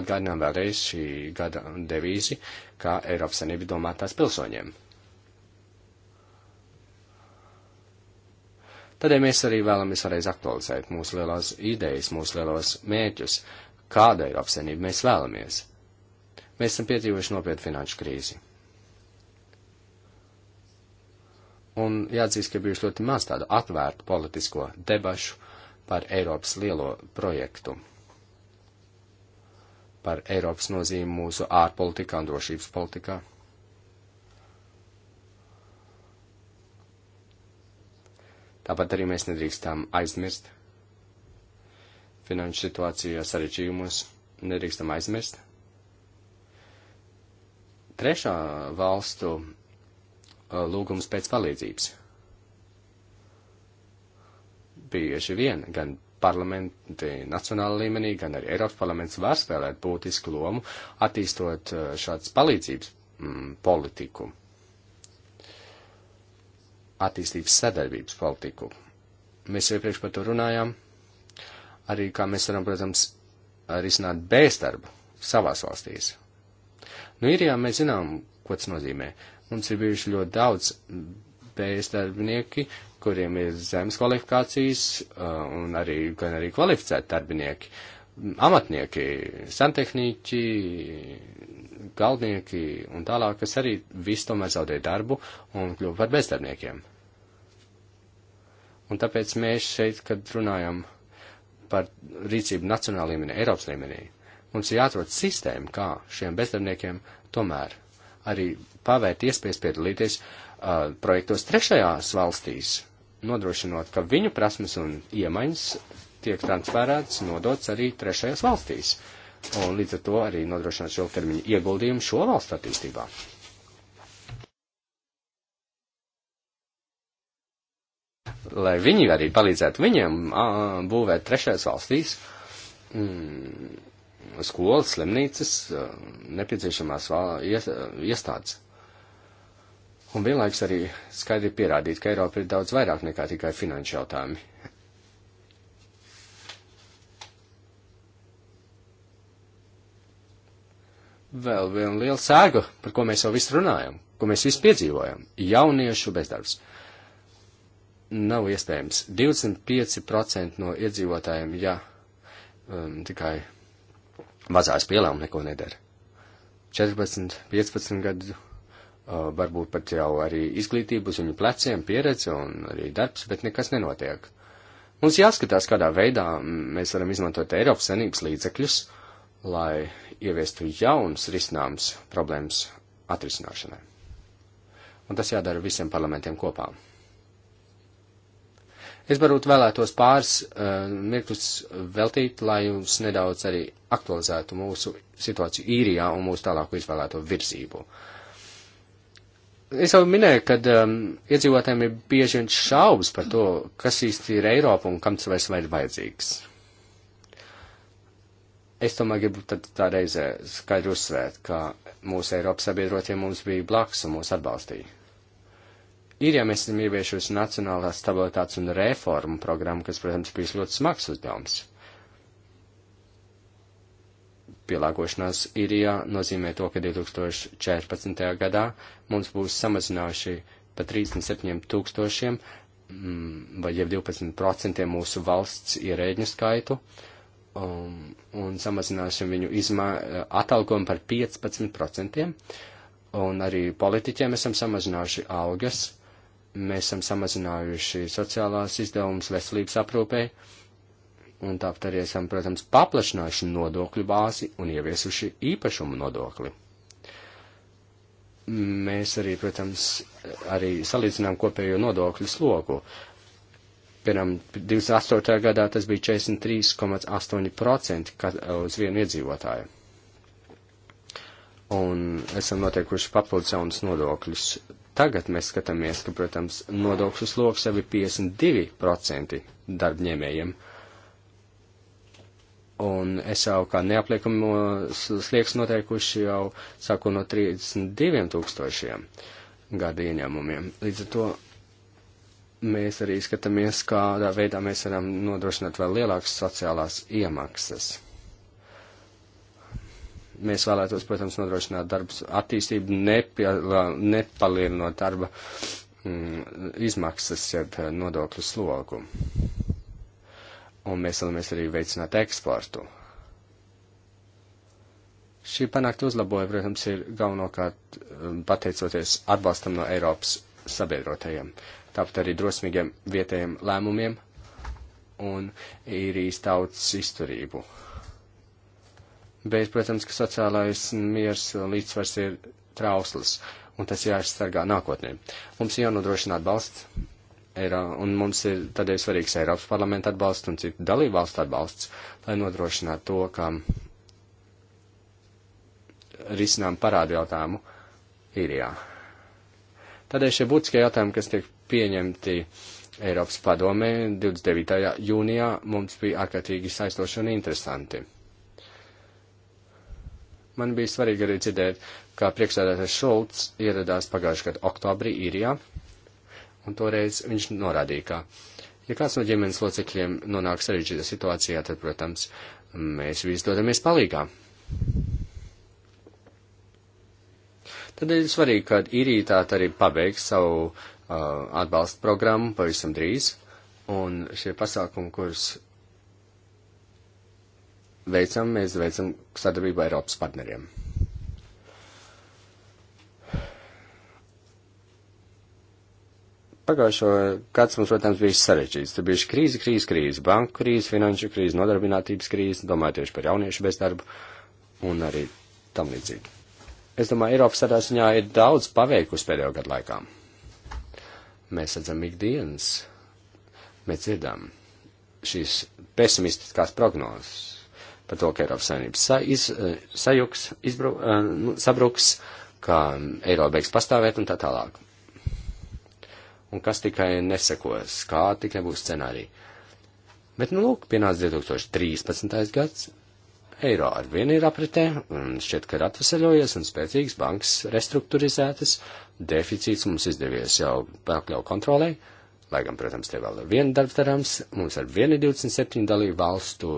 atgādinām vēlreiz šī gada devīzi, kā Eiropas Sanība domā tās pilsoņiem. Tādēļ mēs arī vēlamies vēlreiz aktualizēt mūsu lielās idejas, mūsu lielos mērķus, kādu Eiropas Sanību mēs vēlamies. Mēs esam piedzīvojuši nopietnu finanšu krīzi. Un jāatzīst, ka bijuši ļoti maz tādu atvērtu politisko debašu par Eiropas lielo projektu, par Eiropas nozīmi mūsu ārpolitikā un drošības politikā. Tāpat arī mēs nedrīkstam aizmirst finanšu situācijā sarežģījumus, nedrīkstam aizmirst. Trešā valstu uh, lūgums pēc palīdzības bieži vien gan parlamenti nacionāla līmenī, gan arī Eiropas parlaments var spēlēt būtisku lomu, attīstot eh, šādas palīdzības mm, politiku, attīstības sadarbības politiku. Mēs iepriekš par to runājām, arī kā mēs varam, protams, risināt bēstarbu savās valstīs. Nu, ir jā, mēs zinām, ko tas nozīmē. Mums ir bijuši ļoti daudz mm, bēstarpnieki, kuriem ir zemes kvalifikācijas uh, un arī, gan arī kvalificēti darbinieki, amatnieki, santehniķi, galvnieki un tālāk, kas arī visu tomēr zaudē darbu un kļuva par bezdarbniekiem. Un tāpēc mēs šeit, kad runājam par rīcību nacionālā līmenī, Eiropas līmenī, mums ir jāatrod sistēma, kā šiem bezdarbniekiem tomēr arī pavērt iespējas piedalīties uh, projektos trešajās valstīs, nodrošinot, ka viņu prasmes un iemaņas tiek transferētas, nodots arī trešajās valstīs, un līdz ar to arī nodrošināt šo termiņu ieguldījumu šo valstu attīstībā. Lai viņi arī palīdzētu viņiem a, būvēt trešajās valstīs mm, skolas, slimnīcas, nepieciešamās iestādes. Un vienlaiks arī skaidri pierādīt, ka Eiropa ir daudz vairāk nekā tikai finanšu jautājumi. Vēl viena liela sēga, par ko mēs jau visu runājam, ko mēs visi piedzīvojam - jauniešu bezdarbs. Nav iespējams. 25% no iedzīvotājiem, ja um, tikai mazās pielām neko nedara. 14, 15 gadu Eh, varbūt pat jau arī izglītību uz viņu pleciem, pieredze un arī darbs, bet nekas nenotiek. Mums jāskatās, kādā veidā mēs varam izmantot Eiropas Savienības līdzekļus, lai ieviestu jauns risinājums problēmas atrisināšanai. Un tas jādara visiem parlamentiem kopā. Es varbūt vēlētos pāris uh, eh, mirklus veltīt, lai jums nedaudz arī aktualizētu mūsu situāciju īrijā un mūsu tālāku izvēlēto virzību. Uh, Es jau minēju, ka um, iedzīvotājiem ir bieži vien šaubas par to, kas īsti ir Eiropa un kam tas vairs vai ir vajadzīgs. Es tomēr gribu tad tā reizē skaidri uzsvērt, ka mūsu Eiropas sabiedrotie mums bija blakus un mūs atbalstīja. Ir, ja mēs esam ieviešusi nacionālās stabilitātes un reformu programmu, kas, protams, bijis ļoti smags uzdevums. Pielāgošanās īrijā nozīmē to, ka 2014. gadā mums būs samazinājuši pa 37 tūkstošiem mm, vai jau 12% mūsu valsts ierēģņu skaitu um, un samazināsim viņu izmā, atalgojumu par 15%. Un arī politiķiem esam samazinājuši algas, mēs esam samazinājuši sociālās izdevumus veselības aprūpē, uh, Un tāpat arī esam, protams, paplašinājuši nodokļu bāzi un ieviesuši īpašumu nodokli. Mēs arī, protams, arī salīdzinām kopējo nodokļu sloku. Piemēram, 28. gadā tas bija 43,8% eh, uz vienu iedzīvotāju. Un esam noteikuši papildus jaunus nodokļus. Tagad mēs skatāmies, ka, protams, nodokļu sloks jau ir 52% darbņēmējiem. Uh, Un es jau kā neapliekamo slieks noteikuši jau sāku no 32 tūkstošiem gada ieņēmumiem. Līdz ar to mēs arī skatāmies, kādā veidā mēs varam nodrošināt vēl lielākas sociālās iemaksas. Mēs vēlētos, protams, nodrošināt darbs attīstību, nepalielinot darba mm, izmaksas, jeb nodokļu slogu un mēs vēlamies arī veicināt eksportu. Šī panākta uzlaboja, protams, ir galvenokārt um, pateicoties atbalstam no Eiropas sabiedrotajiem, tāpat arī drosmīgiem vietējiem lēmumiem un īrijas tautas izturību. Bet, protams, ka sociālais miers līdzsvars ir trausls, un tas jāaizsargā nākotnē. Mums ir jānodrošina atbalsts Eiro, un mums ir tādēļ svarīgs Eiropas parlamenta atbalsts un citu dalībvalstu atbalsts, lai nodrošinātu to, ka risinām parādu jautājumu īrijā. Tādēļ šie būtiskie jautājumi, kas tiek pieņemti Eiropas padomē 29. jūnijā, mums bija ārkārtīgi saistoši un interesanti man bija svarīgi arī dzirdēt, kā priekšsēdētājs Šulcs ieradās pagājušajā gadā oktobrī īrijā. Ja? Un toreiz viņš norādīja, ka, ja kāds no ģimenes locekļiem nonāk sarežģītā situācijā, tad, protams, mēs visi dodamies palīgā. Tad ir svarīgi, ka īrija tā arī pabeigs savu uh, atbalstu programmu pavisam drīz, un šie pasākumi, kurus veicam, mēs veicam sadarbību Eiropas partneriem. Pagājušo gads mums, protams, bija sarežģīts. Tur bija krīze, krīze, krīze, banku krīze, finanšu krīze, nodarbinātības krīze, domāju tieši par jauniešu bezdarbu un arī tam līdzīgi. Es domāju, Eiropas tādā ziņā ir daudz paveikusi pēdējo gadu laikā. Mēs redzam ikdienas, mēs dzirdam šīs pesimistiskās prognozes par to, ka Eiropas Savienības sa, iz, eh, sajuks, izbru, eh, nu, sabruks, ka Eiropa beigs pastāvēt un tā tālāk un kas tikai nesekos, kā tikai būs scenārija. Bet, nu, lūk, pienāca 2013. gads, eiro ar vienu ir apritē, un šķiet, ka ir atvesaļojies un spēcīgas bankas restruktūrizētas, deficīts mums izdevies jau pakļaut kontrolē, lai gan, protams, te vēl ir viena darbtarams, mums ar vienu 27 dalību valstu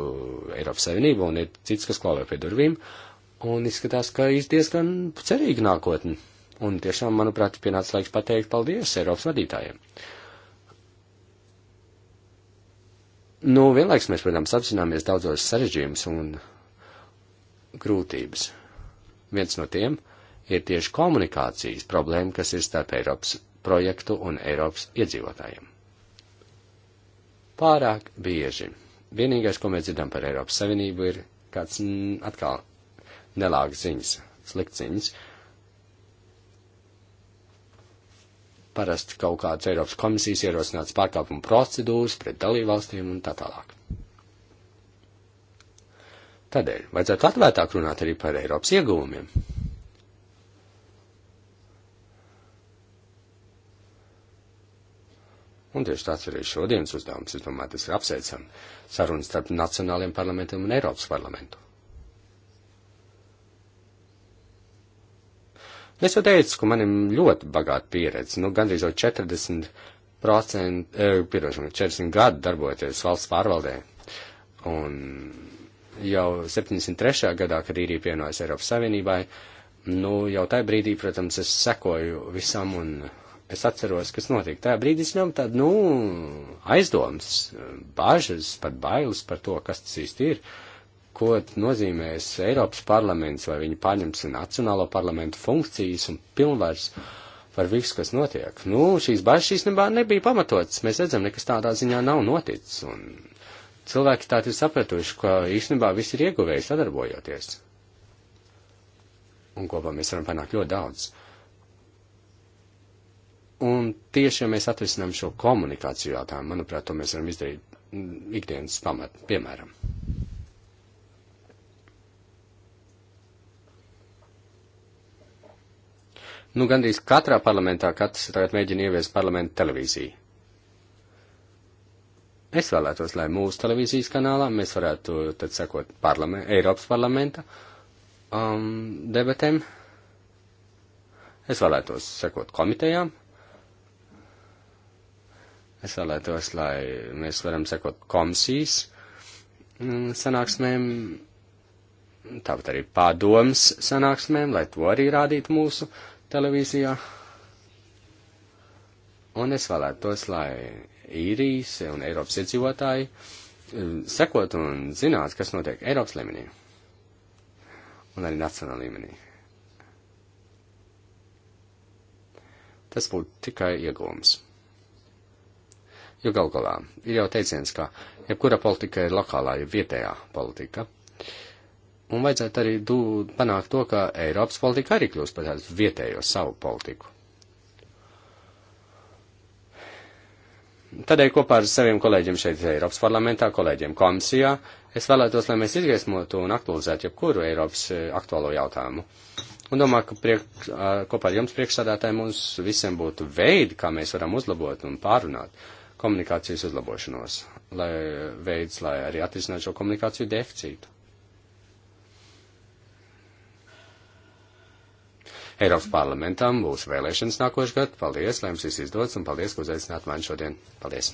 Eiropas Savienību, un ir cits, kas klāvē pie durvīm, un izskatās, ka ir diezgan cerīga nākotne. Un tiešām, manuprāt, pienāca laiks pateikt paldies Eiropas vadītājiem. Nu, vienlaiks mēs, protams, apzināmies daudzos sarežģījumus un grūtības. Viens no tiem ir tieši komunikācijas problēma, kas ir starp Eiropas projektu un Eiropas iedzīvotājiem. Pārāk bieži. Vienīgais, ko mēs dzirdam par Eiropas Savienību, ir kāds m, atkal nelāks ziņas, slikts ziņas, uh, parasti kaut kādas Eiropas komisijas ierosināts pārkāpuma procedūras pret dalībvalstīm un tā tālāk. Tādēļ vajadzētu atvērtāk runāt arī par Eiropas ieguvumiem. Un tieši tāds arī šodienas uzdevums, es domāju, tas ir apsveicam sarunas starp nacionāliem parlamentiem un Eiropas parlamentu. Es jau teicu, ka man ir ļoti bagāta pieredze, nu, gandrīz jau 40 procenti, eh, pirošana, 40 gadu darbojoties valsts pārvaldē. Un jau 73. gadā, kad īrija pienojas Eiropas Savienībai, nu, jau tajā brīdī, protams, es sekoju visam un es atceros, kas notiek. Tajā brīdī es ņemu tādu, nu, aizdomas, bažas, pat bailes par to, kas tas īsti ir. Uh, ko nozīmēs Eiropas parlaments, vai viņi pārņems nacionālo parlamentu funkcijas un pilnvars par visu, kas notiek. Nu, šīs bažas īstenībā nebija pamatotas. Mēs redzam, nekas tādā ziņā nav noticis. Un cilvēki tā ir sapratuši, ka īstenībā visi ir ieguvēji sadarbojoties. Un kopā mēs varam panākt ļoti daudz. Un tieši, ja mēs atrisinām šo komunikāciju jautājumu, manuprāt, to mēs varam izdarīt ikdienas pamat, piemēram. Nu, gandrīz katrā parlamentā katrs tagad mēģina ieviest parlamentu televīziju. Es vēlētos, lai mūsu televīzijas kanālā mēs varētu tad sekot parlament, Eiropas parlamenta um, debatēm. Es vēlētos sekot komitejām. Es vēlētos, lai mēs varam sekot komisijas mm, sanāksmēm, tāpat arī padomas sanāksmēm, lai to arī rādītu mūsu uh, televīzijā. Un es vēlētos, lai īrijas un Eiropas iedzīvotāji um, sekot un zināt, kas notiek Eiropas līmenī un arī nacionālā līmenī. Tas būtu tikai iegūms. Jo gal galā ir jau teiciens, ka jebkura politika ir lokālā, ja vietējā politika. Un vajadzētu arī dū, panākt to, ka Eiropas politika arī kļūst par tādu vietējo savu politiku. Tādēļ kopā ar saviem kolēģiem šeit Eiropas parlamentā, kolēģiem komisijā, es vēlētos, lai mēs izgaismotu un aktualizētu jebkuru Eiropas eh, aktuālo jautājumu. Un domāju, ka priek, kopā ar jums priekšsādātājiem mums visiem būtu veidi, kā mēs varam uzlabot un pārunāt komunikācijas uzlabošanos, lai veids, lai arī atrisinātu šo komunikāciju deficītu. Eiropas parlamentam būs vēlēšanas nākošais gads. Paldies, lai jums viss izdodas un paldies, ka uzaicināt mani šodien. Paldies!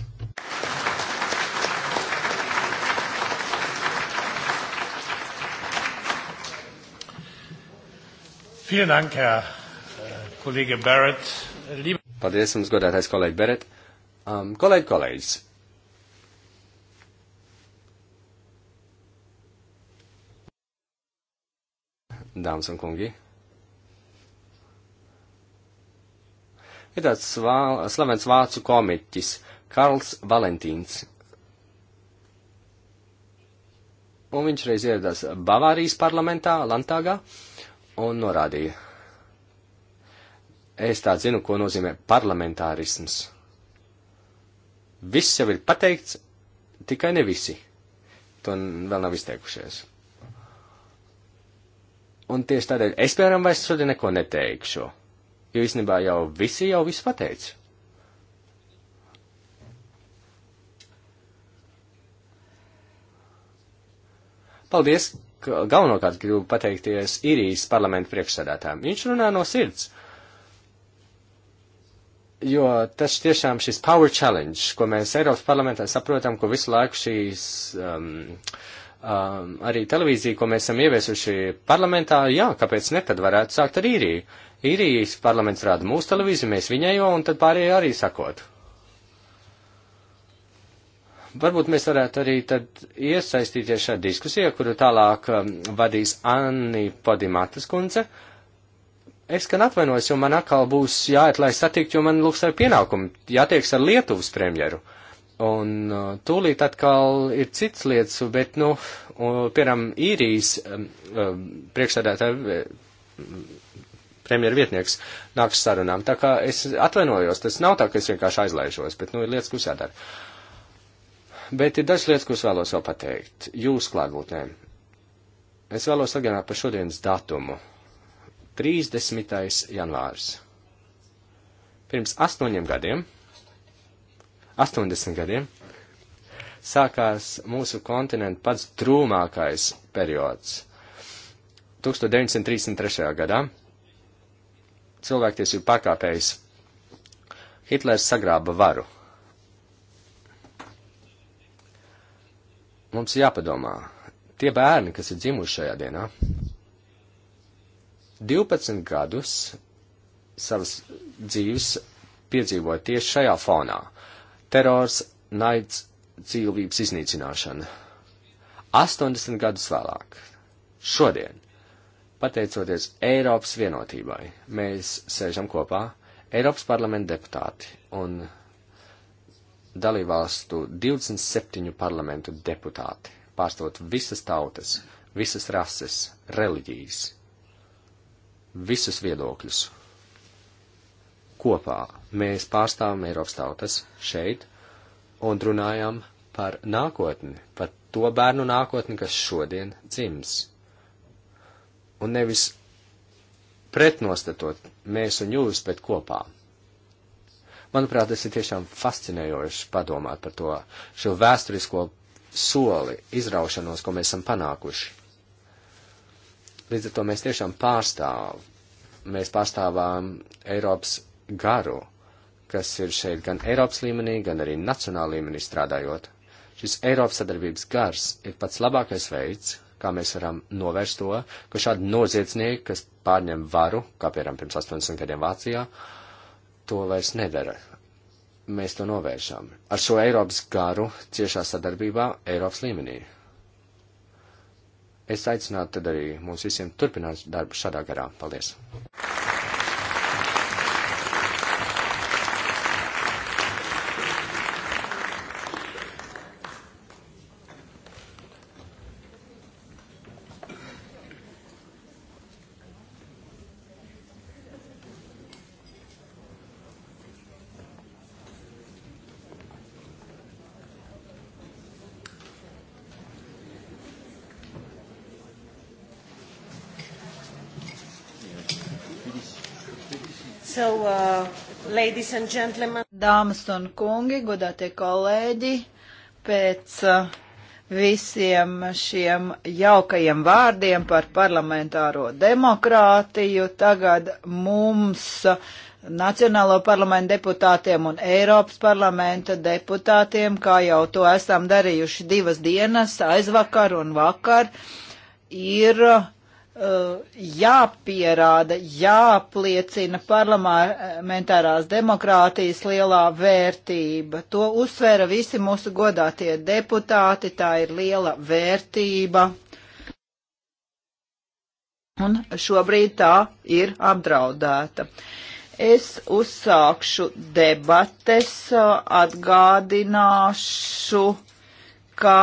Dank, Herr, äh, Barrett. Paldies jums, godātais kolēģi Beret. Um, kolēģi, kolēģis. Dāmas un kungi. ir tāds vā, slavens vācu komiķis Karls Valentīns. Un viņš reiz ieradās Bavārijas parlamentā, Lantāgā, un norādīja. Es tā zinu, ko nozīmē parlamentārisms. Viss jau ir pateikts, tikai ne visi. To vēl nav izteikušies. Un tieši tādēļ es, piemēram, vairs šodien neko neteikšu. Jo īstenībā jau visi jau visu pateica. Paldies! Galvenokārt gribu pateikties īrijas parlamentu priekšsēdētājiem. Viņš runā no sirds. Jo tas tiešām šis power challenge, ko mēs Eiropas parlamentā saprotam, ko visu laiku šīs um, um, arī televīziju, ko mēs esam ieviesuši parlamentā, jā, kāpēc ne tad varētu sākt ar īriju? Īrijas parlaments rāda mūsu televīziju, mēs viņējo, un tad pārējie arī sakot. Varbūt mēs varētu arī tad iesaistīties šajā diskusijā, kuru tālāk um, vadīs Anni Podimatas kundze. Es gan atvainojos, jo man atkal būs jāiet, lai satiktu, jo man lūkstai pienākumi jātieks ar Lietuvas premjeru. Uh, Un uh, tūlīt atkal ir cits lietas, bet, nu, piemēram, īrijas um, um, priekšsēdētāja mm, premjeru vietnieks nāks sarunām. Tā kā es atvainojos, tas nav tā, ka es vienkārši aizlaižos, bet, nu, ir lietas, kas jādara. Bet ir dažas lietas, kuras vēlos vēl pateikt. Jūs klātbūtnē. Es vēlos atgādināt par šodienas datumu. 30. janvārs. Pirms astoņiem gadiem 80 gadiem sākās mūsu kontinentu pats drūmākais periods. 1933. gadā cilvēktiesību pārkāpējs Hitlers sagrāba varu. Mums jāpadomā, tie bērni, kas ir dzimuši šajā dienā, 12 gadus savas dzīves piedzīvoja tieši šajā fonā. Uh, terors, naids, dzīvības iznīcināšana. 80 gadus vēlāk, šodien, pateicoties Eiropas vienotībai, mēs sēžam kopā Eiropas parlamenta deputāti un dalībvalstu 27 parlamentu deputāti, pārstot visas tautas, visas rases, reliģijas, visus viedokļus kopā. Mēs pārstāvam Eiropas tautas šeit un runājam par nākotni, par to bērnu nākotni, kas šodien dzims. Un nevis pretnostatot mēs un jūs, bet kopā. Manuprāt, tas ir tiešām fascinējoši padomāt par to, šo vēsturisko soli izraušanos, ko mēs esam panākuši. Līdz ar to mēs tiešām pārstāvam. Mēs pārstāvām Eiropas garu, kas ir šeit gan Eiropas līmenī, gan arī nacionāla līmenī strādājot. Šis Eiropas sadarbības gars ir pats labākais veids, kā mēs varam novērst to, ka šādi noziedznieki, kas pārņem varu, kā piemēram pirms 80 gadiem Vācijā, to vairs nedara. Mēs to novēršam. Ar šo Eiropas garu ciešā sadarbībā Eiropas līmenī. Es aicinātu tad arī mums visiem turpināt darbu šādā garā. Paldies! Dāmas un kungi, godātie kolēģi, pēc uh, visiem šiem jaukajiem vārdiem par parlamentāro demokrātiju tagad mums uh, Nacionālo parlamentu deputātiem un Eiropas parlamenta deputātiem, kā jau to esam darījuši divas dienas, aizvakar un vakar, ir uh, Uh, jāpierāda, jāpliecina parlamentārās demokrātijas lielā vērtība. To uzsvēra visi mūsu godātie deputāti, tā ir liela vērtība. Un šobrīd tā ir apdraudēta. Es uzsākšu debates, uh, atgādināšu, kā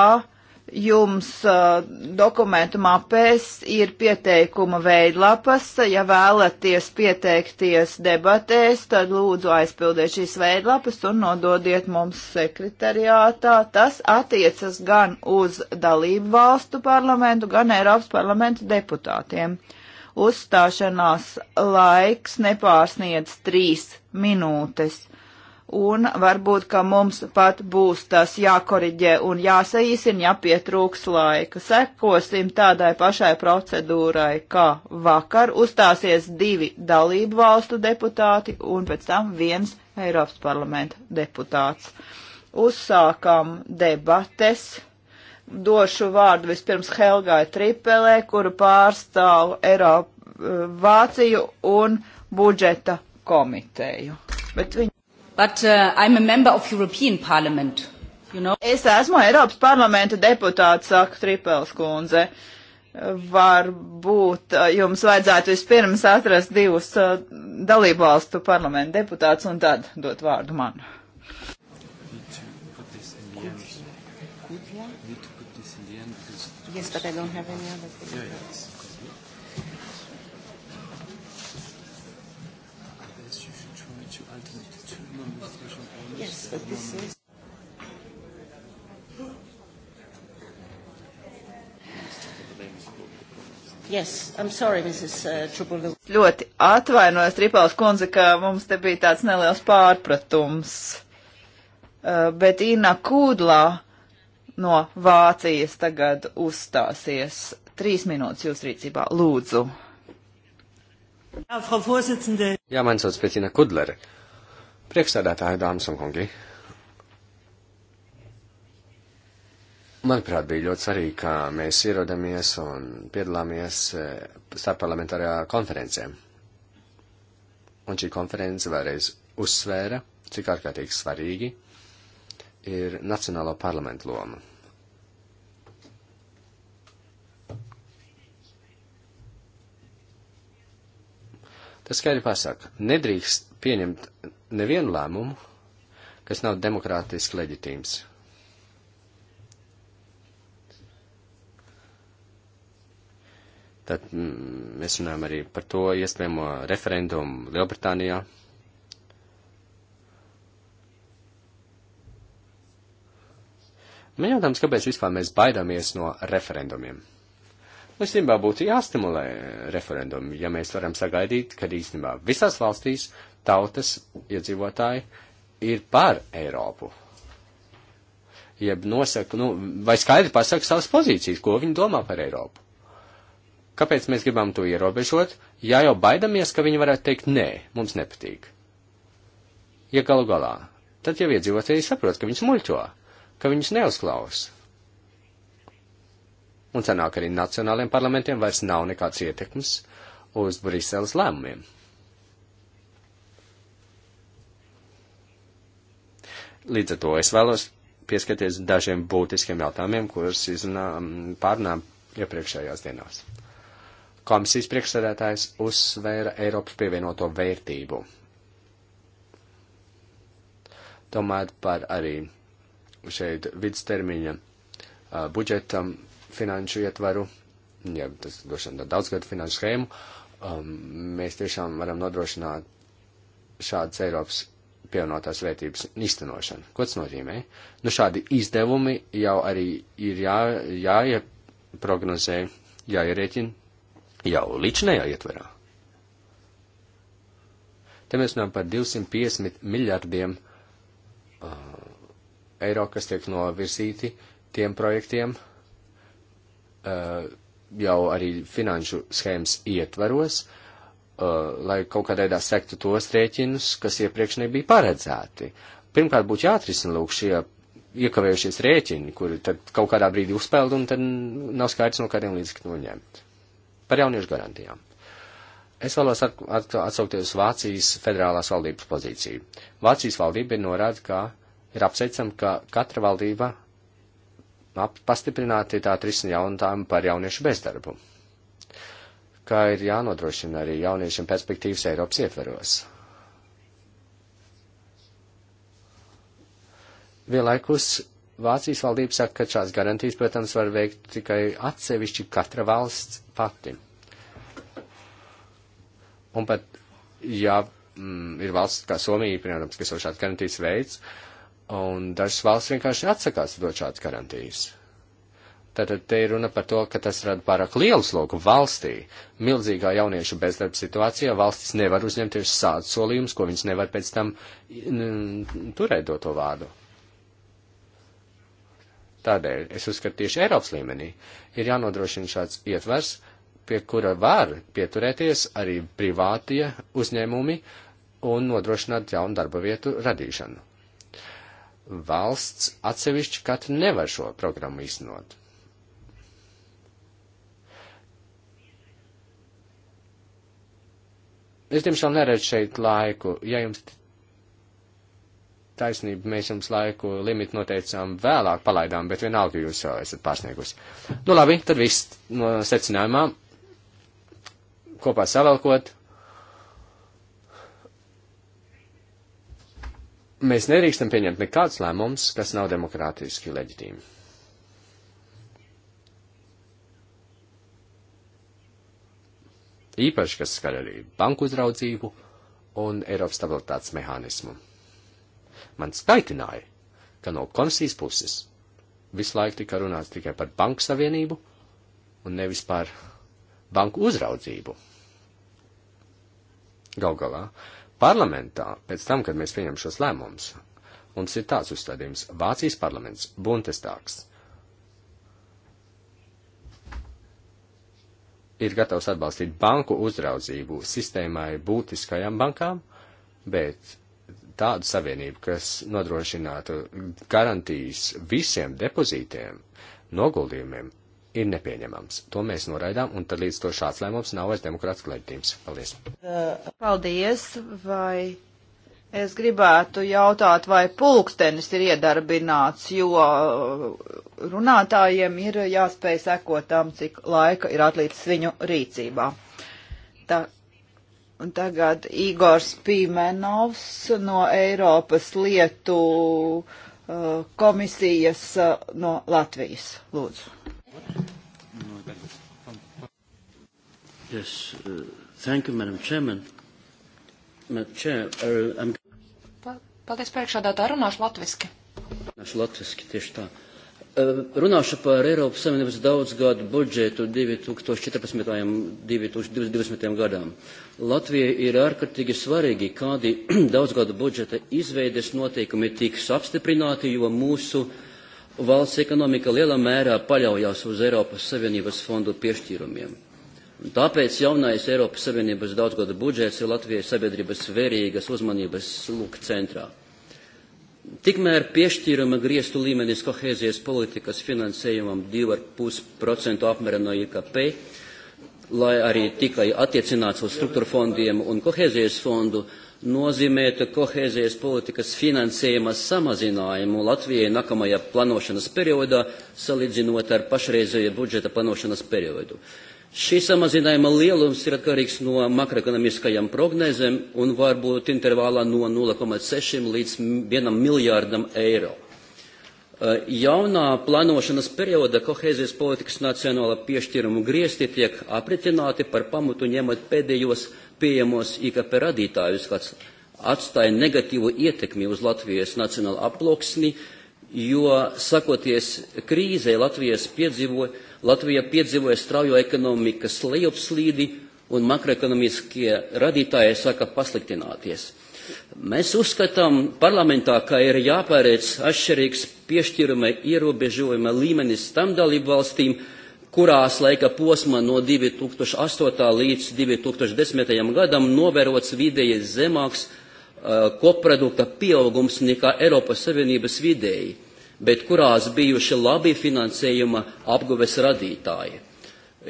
Jums uh, dokumentu mapēs ir pieteikuma veidlapas. Ja vēlaties pieteikties debatēs, tad lūdzu aizpildiet šīs veidlapas un nododiet mums sekretariātā. Tas attiecas gan uz dalību valstu parlamentu, gan Eiropas parlamentu deputātiem. Uzstāšanās laiks nepārsniedz trīs minūtes un varbūt, ka mums pat būs tas jākoriģē un jāsaīsina, ja pietrūks laika. Sekosim tādai pašai procedūrai, kā vakar uzstāsies divi dalību valstu deputāti un pēc tam viens Eiropas parlamenta deputāts. Uzsākam debates. Došu vārdu vispirms Helgai Tripelē, kuru pārstāv Eiropu, eh, Vāciju un budžeta komiteju. Bet viņi but uh, I'm a member of European Parliament. You know? Es esmu Eiropas parlamenta deputāts, saka Tripels kundze. Varbūt uh, jums vajadzētu vispirms atrast divus uh, dalībvalstu parlamenta deputātus un tad dot vārdu man. Yes, but I don't have any other. Yeah, yeah. years, but this is. Yes, I'm sorry, Mrs. Uh, Trubulu. Ļoti atvainojos, Tripals kundze, ka mums te bija tāds neliels pārpratums. Uh, bet Inna Kūdlā no Vācijas tagad uzstāsies. Trīs minūtes jūs rīcībā, lūdzu. Jā, Frau Vorsitzende. Jā, man sauc Pēcina Kudlere. Priekšsēdētāji, dāmas un kungi. Manuprāt, bija ļoti svarīgi, ka mēs ierodamies un piedalāmies eh, starpparlamentārajā konferencē. Un šī konference vēlreiz uzsvēra, cik ārkārtīgi svarīgi ir Nacionālo parlamentu loma. Tas skaidri pasaka, nedrīkst pieņemt nevienu lēmumu, kas nav demokrātiski leģitīms. Tad mm, mēs runājam arī par to iespējamo referendumu Lielbritānijā. Man jautājums, kāpēc vispār mēs baidāmies no referendumiem? Mums nu, īstenībā būtu jāstimulē referendumi, ja mēs varam sagaidīt, ka īstenībā visās valstīs tautas iedzīvotāji ir par Eiropu. Jeb nosaka, nu, vai skaidri pasaka savas pozīcijas, ko viņi domā par Eiropu. Kāpēc mēs gribam to ierobežot, ja jau baidamies, ka viņi varētu teikt nē, mums nepatīk? Ja galu galā, tad jau iedzīvotāji saprot, ka viņus muļķo, ka viņus neuzklaus. Un sanāk arī nacionāliem parlamentiem vairs nav nekāds ietekmes uz Briseles lēmumiem. Līdz ar to es vēlos pieskarties dažiem būtiskiem jautājumiem, kurus izrunām pārnām iepriekšējās dienās. Komisijas priekšsēdētājs uzsvēra Eiropas pievienoto vērtību. Tomēr par arī šeit vidstermiņa budžetam finanšu ietvaru, ja tas došana tā daudzgadu finanšu schēmu, um, mēs tiešām varam nodrošināt šādas Eiropas pievienotās vērtības īstenošana. Ko tas nozīmē? Nu, šādi izdevumi jau arī ir jā, jāieprognozē, jāierēķina jau līdšanējā ietverā. Te mēs runājam par 250 miljardiem uh, eiro, kas tiek novirzīti tiem projektiem uh, jau arī finanšu schēmas ietveros, uh, uh, lai kaut kādā veidā sektu tos rēķinus, kas iepriekš nebija paredzēti. Pirmkārt, būtu jāatrisina lūk šie iekavējušies rēķini, kuri tad kaut kādā brīdī uzspēld un tad nav skaidrs, no kādiem līdzekļu noņemt. Par jauniešu garantijām. Es vēlos atsaukties uz Vācijas federālās valdības pozīciju. Vācijas valdība ir norāda, ka ir apsveicama, ka katra valdība pastiprināti tā trisina jautājumu par jauniešu bezdarbu kā ir jānodrošina arī jauniešiem perspektīvas Eiropas ietveros. Vienlaikus Vācijas valdība saka, ka šāds garantijas, protams, var veikt tikai atsevišķi katra valsts pati. Un pat, ja mm, ir valsts kā Somija, piemēram, kas jau šāds garantijas veids, un dažas valsts vienkārši atsakās dot šādas garantijas. Tātad te ir runa par to, ka tas rada pārāk lielu slogu valstī. Milzīgā jauniešu bezdarba situācijā valstis nevar uzņemties sādu solījumus, ko viņas nevar pēc tam turēt doto vārdu. Tādēļ es uzskatu tieši Eiropas līmenī ir jānodrošina šāds ietvers, pie kura var pieturēties arī privātie uzņēmumi un nodrošināt jaunu darba vietu radīšanu. Valsts atsevišķi katru nevar šo programmu īstenot Es, diemžēl, neredzu šeit laiku. Ja jums taisnība, mēs jums laiku limitu noteicām vēlāk palaidām, bet vienalga jūs jau esat pārsniegusi. Nu, labi, tad viss no secinājumā kopā savelkot. Mēs nedrīkstam pieņemt nekādus lēmumus, kas nav demokrātiski leģitīmi. īpaši, kas skar arī banku uzraudzību un Eiropas stabilitātes mehānismu. Man skaitināja, ka no komisijas puses visu laiku tika runāts tikai par banku savienību un nevis par banku uzraudzību. Gal galā, parlamentā, pēc tam, kad mēs pieņemam šos lēmumus, mums ir tāds uzstādījums - Vācijas parlaments, Bundestāgs ir gatavs atbalstīt banku uzraudzību sistēmai būtiskajām bankām, bet tādu savienību, kas nodrošinātu garantijas visiem depozītiem, noguldījumiem, ir nepieņemams. To mēs noraidām, un tad līdz to šāds lēmums nav vairs demokrātiski leģitīms. Paldies! Paldies! Vai Es gribētu jautāt, vai pulkstenis ir iedarbināts, jo uh, runātājiem ir jāspēj sekot tam, cik laika ir atlicis viņu rīcībā. Tā, un tagad Igors Pīmenovs no Eiropas lietu uh, komisijas uh, no Latvijas. Lūdzu. Yes, uh, thank you, Madam Chairman. Madam Chair, uh, I'm Paldies priekšādātā, runāšu latviski. Runāšu latviski, tieši tā. Ehm, runāšu par Eiropas Savienības daudzgadu budžetu 2014. un 2020. gadām. Latvija ir ārkārtīgi svarīgi, kādi daudzgadu budžeta izveides noteikumi tiks apstiprināti, jo mūsu valsts ekonomika lielā mērā paļaujas uz Eiropas Savienības fondu piešķīrumiem. Un tāpēc jaunais Eiropas Savienības daudzgada budžets ir Latvijas sabiedrības vērīgas uzmanības lūk centrā. Tikmēr piešķīruma griestu līmenis kohēzijas politikas finansējumam 2,5% apmēra no IKP, lai arī tikai attiecināts uz struktūra fondiem un kohēzijas fondu, nozīmētu kohēzijas politikas finansējuma samazinājumu Latvijai nākamajā planošanas periodā, salīdzinot ar pašreizējo budžeta planošanas periodu. Šis samazinājuma lielums ir atkarīgs no makroekonomiskajām prognozēm un var būt intervālā no 0,6 līdz 1 miljārdam eiro. Jaunā plānošanas perioda kohēzijas politikas nacionāla piešķiruma griezti tiek apritināti par pamatu ņemot pēdējos pieejamos IKP radītājus, kas atstāja negatīvu ietekmi uz Latvijas nacionālu aploksni, uh, jo sakoties krīzē Latvijas piedzīvo, Latvija piedzīvoja straujo ekonomikas lejupslīdi un makroekonomiskie radītāji saka pasliktināties. Mēs uzskatām parlamentā, ka ir jāpārēc atšķirīgs piešķiruma ierobežojuma līmenis tam dalību valstīm, kurās laika posma no 2008. līdz 2010. gadam novērots vidēji zemāks Eh, koprodukta pieaugums nekā Eiropas Savienības vidēji, bet kurās bijuši labi finansējuma apguves radītāji.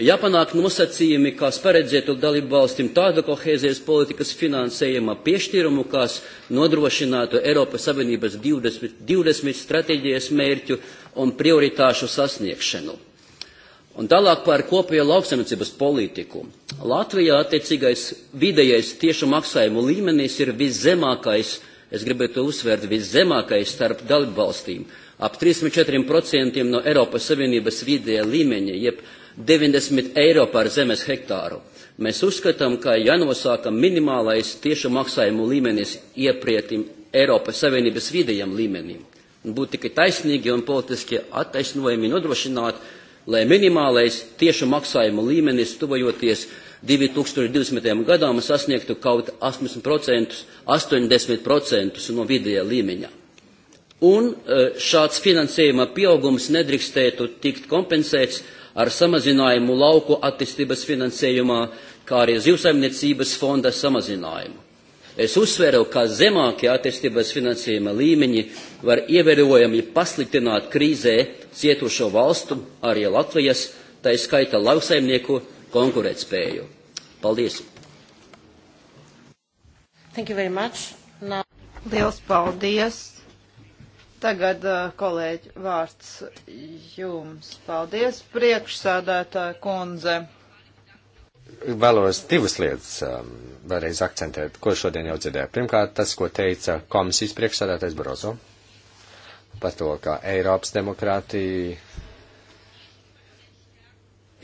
Jāpanāk nosacījumi, kas paredzētu dalību valstīm tādu kohēzijas politikas finansējuma piešķirumu, kas nodrošinātu Eiropas Savienības 20, 20 stratēģijas mērķu un prioritāšu sasniegšanu. Un tālāk par kopējo lauksaimniecības politiku. Latvijā attiecīgais vidējais tiešu maksājumu līmenis ir viszemākais, es gribētu uzsvērt, viszemākais starp dalībvalstīm - ap 34% no Eiropas Savienības vidējā līmeņa, jeb 90 eiro par zemes hektāru. Mēs uzskatām, ka jānosāka minimālais tiešu maksājumu līmenis ieprietim Eiropas Savienības vidējam līmenim. Būtu tikai taisnīgi un politiski attaisnojami nodrošināt, lai minimālais tiešu maksājumu līmenis tuvojoties 2020. gadām sasniegtu kaut 80%, 80% no vidējā līmeņa. Un e, šāds finansējuma pieaugums nedrīkstētu tikt kompensēts ar samazinājumu lauku attīstības finansējumā, kā arī zivsaimniecības fonda samazinājumu. Es uzsveru, ka zemākie attīstības finansējuma līmeņi var ievērojami pasliktināt krīzē cietušo valstu, arī Latvijas, tā skaita lauksaimnieku konkurētspēju. Paldies! Thank you very much. Now... Liels paldies! Tagad, uh, kolēģi, vārds jums. Paldies, priekšsādātāja kundze vēlos divas lietas um, vēlreiz akcentēt, ko šodien jau dzirdēju. Pirmkārt, tas, ko teica komisijas priekšsādātais Brozo par to, ka Eiropas demokrātija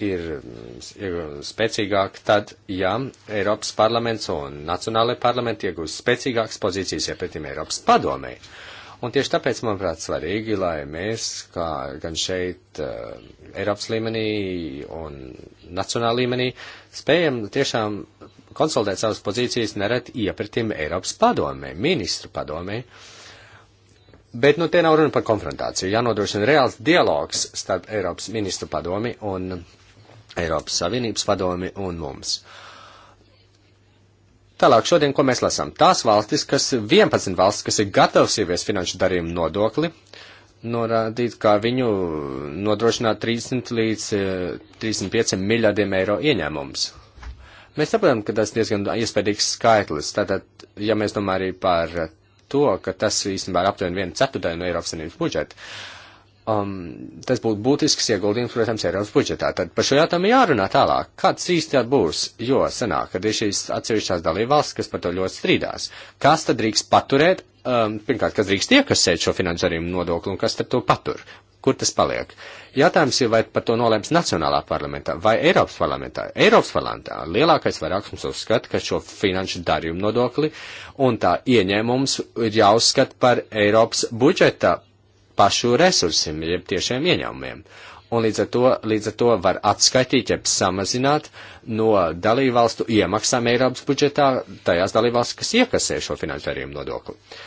ir, ir spēcīgāka tad, ja Eiropas parlaments un nacionālai parlamenti iegūst spēcīgākas pozīcijas iepratīm Eiropas padomē. Un tieši tāpēc, manuprāt, svarīgi, lai mēs, kā gan šeit, uh, Eiropas līmenī un nacionāla līmenī, uh, spējam tiešām konsolidēt savas pozīcijas nereti iepratim Eiropas padomē, ministru padomē. Bet, nu, te nav runa par konfrontāciju. Jānodrošina reāls dialogs starp Eiropas ministru padomi un Eiropas Savienības padomi un mums. Tālāk šodien, ko mēs lasām? Tās valstis, kas 11 valstis, kas ir gatavs ievies finanšu darījumu nodokli, uh, norādīt, kā viņu nodrošināt 30 līdz 35 eh, miljardiem eiro ieņēmums. Mēs saprotam, ka tas diezgan iespējīgs skaitlis. Tātad, ja mēs domājam arī par to, ka tas īstenībā ir aptuveni 1 ceturtdaļa no Eiropas Savienības budžeta, um, tas būtu būtisks ieguldījums, protams, Eiropas budžetā. Tad par šo jautājumu jārunā tālāk. Kāds īstenībā būs? Jo senāk, kad ir šīs atsevišķās dalībvalstis, kas par to ļoti strīdās. Kas tad drīkst paturēt um, pirmkārt, kas drīkst iekasēt šo finansējumu nodokli un kas tad to patur? Kur tas paliek? Jātājums ir, vai par to nolēms Nacionālā parlamentā vai Eiropas parlamentā. Eiropas parlamentā lielākais vairākums uzskata, ka šo finanšu darījumu nodokli un tā ieņēmums ir jāuzskata par Eiropas budžeta pašu resursiem, jeb tiešiem ieņēmumiem. Un līdz ar, to, līdz ar to var atskaitīt, jeb samazināt no dalībvalstu iemaksām Eiropas budžetā tajās dalībvalstis, kas iekasē šo finansējumu nodokli. Uh,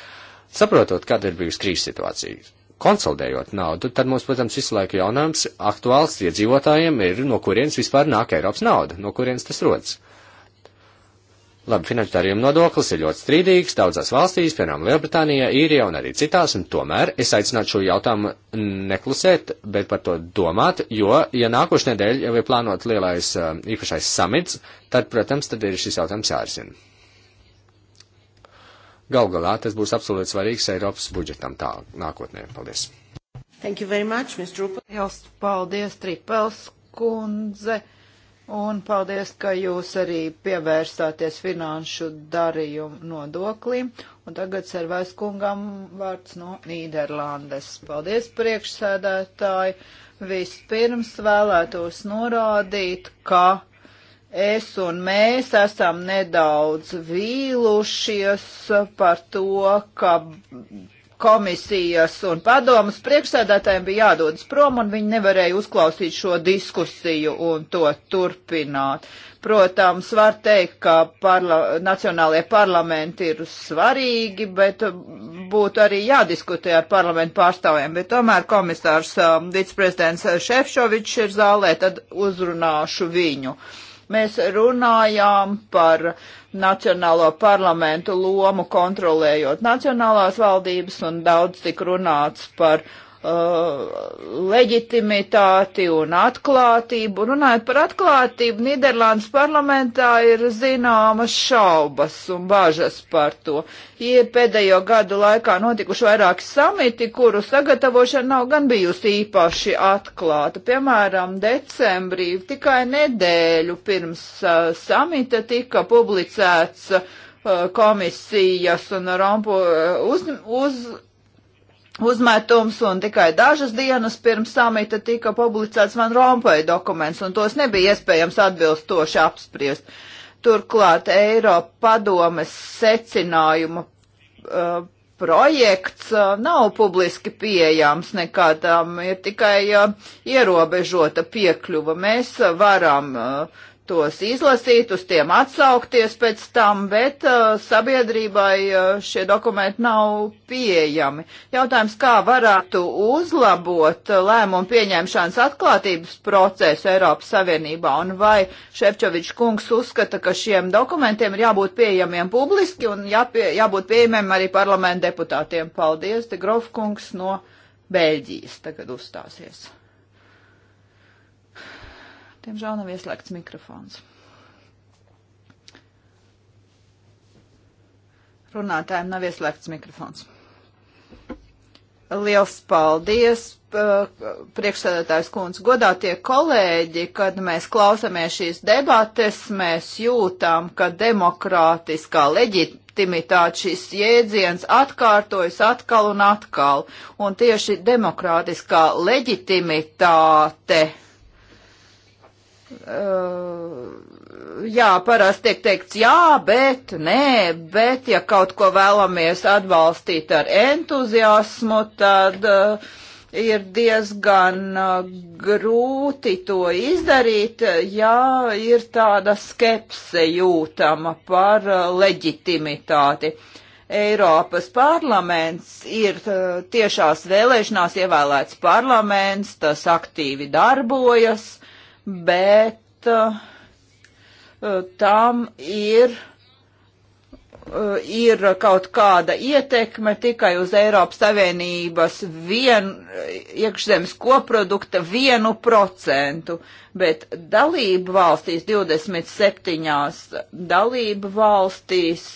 Saprotot, kāda ir bijusi krīzes situācija, konsolidējot naudu, tad mums, protams, visu laiku jaunāms aktuāls iedzīvotājiem ir, no kurienes vispār nāk Eiropas nauda, no kurienes tas rodas. Labi, finanšdarījuma nodoklis ir ļoti strīdīgs daudzās valstīs, piemēram, Lielbritānijā, Īrijā un arī citās, un tomēr es aicinātu šo jautājumu neklusēt, bet par to domāt, jo, ja nākošais nedēļa jau ir plānot lielais uh, īpašais samits, tad, protams, tad ir šis jautājums jārisina. Gal galā tas būs absolūti svarīgs Eiropas budžetam tā nākotnē. Paldies! Thank you very much, Ms. Trupels. Paldies, Tripels kundze, un paldies, ka jūs arī pievērsāties finanšu darījumu nodoklim. Un tagad servēs kungam vārds no Nīderlandes. Paldies, priekšsēdētāji. Vispirms vēlētos norādīt, ka es un mēs esam nedaudz vīlušies par to, ka komisijas un padomas priekšsēdētājiem bija jādodas prom, un viņi nevarēja uzklausīt šo diskusiju un to turpināt. Protams, var teikt, ka parla nacionālajie parlamenti ir svarīgi, bet būtu arī jādiskutē ar parlamentu pārstāvjiem. Bet tomēr komisārs um, viceprezidents Šefčovičs ir zālē, tad uzrunāšu viņu. Uh, Mēs runājām par Nacionālo parlamentu lomu kontrolējot nacionālās valdības un daudz tik runāts par Uh, leģitimitāti un atklātību. Runājot par atklātību, Nīderlandes parlamentā ir zināmas šaubas un bažas par to. Ir pēdējo gadu laikā notikuši vairāki samiti, kuru sagatavošana nav gan bijusi īpaši atklāta. Piemēram, decembrī tikai nedēļu pirms uh, samita tika publicēts uh, komisijas un rampu uh, uz, uz uzmetums, un tikai dažas dienas pirms samita tika publicēts man rompai dokuments, un tos nebija iespējams atbilstoši apspriest. Turklāt Eiropa padomes secinājuma uh, projekts uh, nav publiski pieejams nekādām, ir tikai uh, ierobežota piekļuva. Mēs varam uh, tos izlasīt, uz tiem atsaukties pēc tam, bet uh, sabiedrībai uh, šie dokumenti nav pieejami. Jautājums, kā varētu uzlabot uh, lēmumu pieņemšanas atklātības procesu Eiropas Savienībā, un vai Šepčovičs kungs uzskata, ka šiem dokumentiem ir jābūt pieejamiem publiski un jāpie, jābūt pieejamiem arī parlamentu deputātiem. Paldies, te Grof kungs no Beļģijas tagad uzstāsies. Diemžēl nav ieslēgts mikrofons. Runātājiem nav ieslēgts mikrofons. Liels paldies, priekšsēdētājs kundze, godātie kolēģi, kad mēs klausamies šīs debates, mēs jūtām, ka demokrātiskā leģitimitāte šis jēdziens atkārtojas atkal un atkal. Un tieši demokrātiskā leģitimitāte Eh, jā, parasti tiek teikts jā, bet, nē, bet, ja kaut ko vēlamies atbalstīt ar entuziasmu, tad uh, ir diezgan uh, grūti to izdarīt, ja ir tāda skepse jūtama par uh, leģitimitāti. Eiropas parlaments ir tiešās vēlēšanās ievēlēts parlaments, tas aktīvi darbojas bet uh, tam ir eh, ir kaut kāda ietekme tikai uz Eiropas Savienības vien, iekšzemes koprodukta vienu procentu, bet dalību valstīs, 27 dalību valstīs,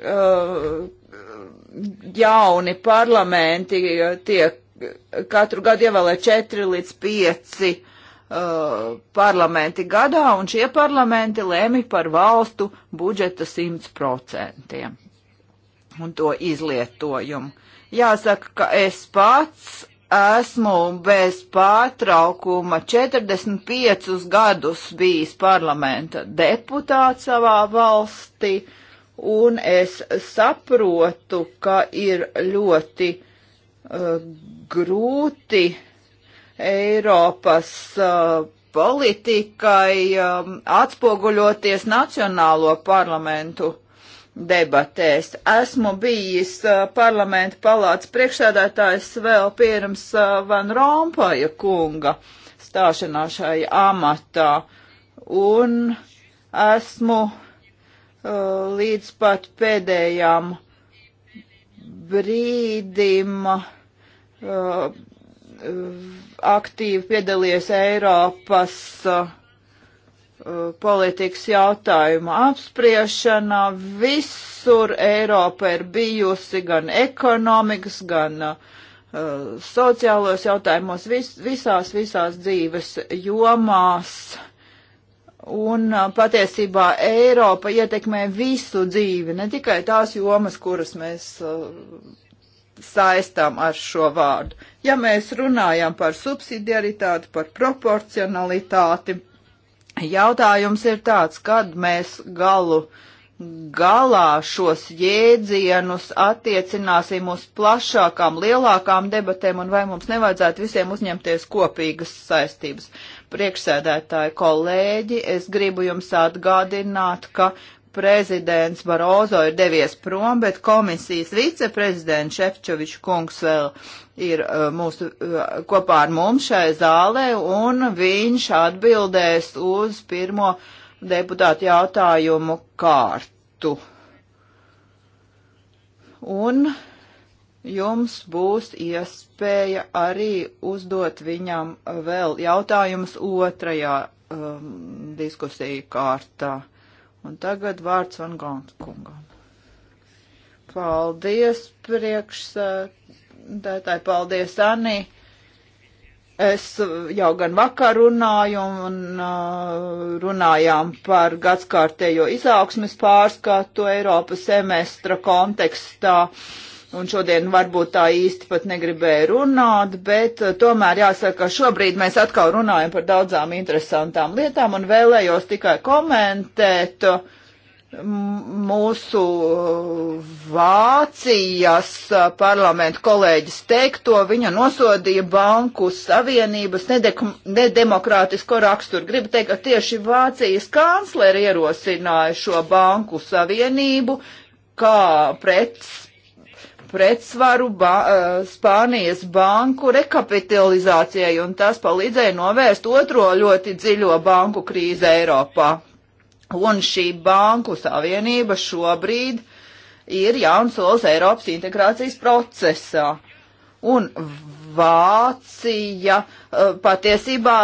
eh, jauni parlamenti tiek katru gadu ievēlē 4 līdz 5 uh, parlamenti gadā, un šie parlamenti lēmi par valstu budžeta 100% un to izlietojumu. Jāsaka, ka es pats esmu bez pārtraukuma 45 gadus bijis parlamenta deputāts savā valstī, un es saprotu, ka ir ļoti uh, grūti Eiropas uh, politikai um, atspoguļoties nacionālo parlamentu debatēs. Esmu bijis uh, parlamenta palāts priekšsēdētājs vēl pirms uh, Van Rompaja kunga stāšanās šai amatā, un esmu uh, līdz pat pēdējām brīdim uh, aktīvi piedalījies Eiropas uh, politikas jautājuma apspriešanā. Visur Eiropa ir bijusi gan ekonomikas, gan uh, sociālos jautājumos, vis, visās, visās dzīves jomās. Un uh, patiesībā Eiropa ietekmē visu dzīvi, ne tikai tās jomas, kuras mēs uh, saistām ar šo vārdu. Ja mēs runājam par subsidiaritāti, par proporcionalitāti, jautājums ir tāds, kad mēs galu galā šos jēdzienus attiecināsim uz plašākām, lielākām debatēm un vai mums nevajadzētu visiem uzņemties kopīgas saistības. Priekšsēdētāji kolēģi, es gribu jums atgādināt, ka prezidents Barozo ir devies prom, bet komisijas viceprezidents Šefčovičs kungs vēl ir uh, mūsu, uh, kopā ar mums šai zālē, un viņš atbildēs uz pirmo deputātu jautājumu kārtu. Un jums būs iespēja arī uzdot viņam vēl jautājumus otrajā um, diskusiju kārtā. Un tagad vārds Van Gons kungam. Paldies priekšsēdētāji, paldies Anī. Es jau gan vakar runāju un uh, runājām par gadskārtējo izaugsmes pārskatu Eiropas semestra kontekstā. Uh, un šodien varbūt tā īsti pat negribēju runāt, bet uh, tomēr jāsaka, ka šobrīd mēs atkal runājam par daudzām interesantām lietām un vēlējos tikai komentēt uh, mūsu uh, Vācijas parlamentu kolēģis teikto, viņa nosodīja banku savienības nedemokrātisko raksturu. Gribu teikt, ka tieši Vācijas kancleri ierosināja šo banku savienību kā prets pretsvaru ba eh, Spānijas banku rekapitalizācijai, un tas palīdzēja novērst otro ļoti dziļo banku krīzi Eiropā. Un šī banku savienība šobrīd ir jauns solis Eiropas integrācijas procesā. Un Vācija eh, patiesībā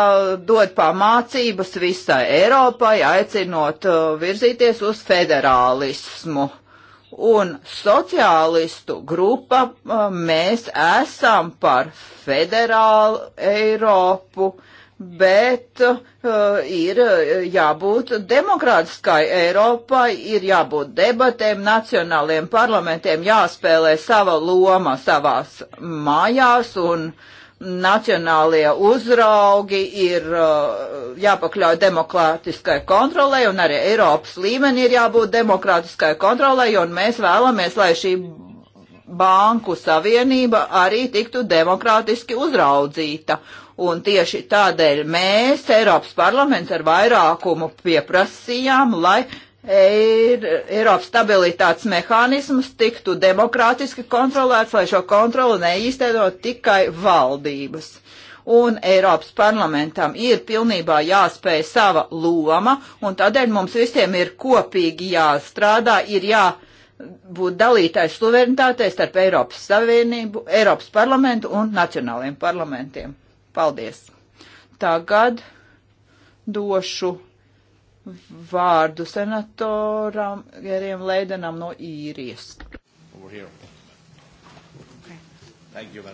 dod pamācības visai Eiropai, aicinot eh, virzīties uz federālismu un sociālistu grupa mēs esam par federālu Eiropu, bet uh, ir uh, jābūt demokrātiskai Eiropai, ir jābūt debatēm, nacionāliem parlamentiem jāspēlē sava loma savās mājās un uh, nacionālie uzraugi ir uh, jāpakļauj demokrātiskai kontrolē, un arī Eiropas līmenī ir jābūt demokrātiskai kontrolē, un mēs vēlamies, lai šī banku savienība arī tiktu demokrātiski uzraudzīta. Un tieši tādēļ mēs, Eiropas parlaments, ar vairākumu pieprasījām, lai Eir, Eiropas stabilitātes mehānisms tiktu demokrātiski kontrolēts, lai šo kontroli neīstenot tikai valdības. Un Eiropas parlamentam ir pilnībā jāspēj sava loma, un tādēļ mums visiem ir kopīgi jāstrādā, ir jābūt dalītājs suverenitātei starp Eiropas Savienību, Eiropas parlamentu un nacionāliem parlamentiem. Paldies! Tagad došu vārdu senatoram Geriem Leidenam no īrijas. You,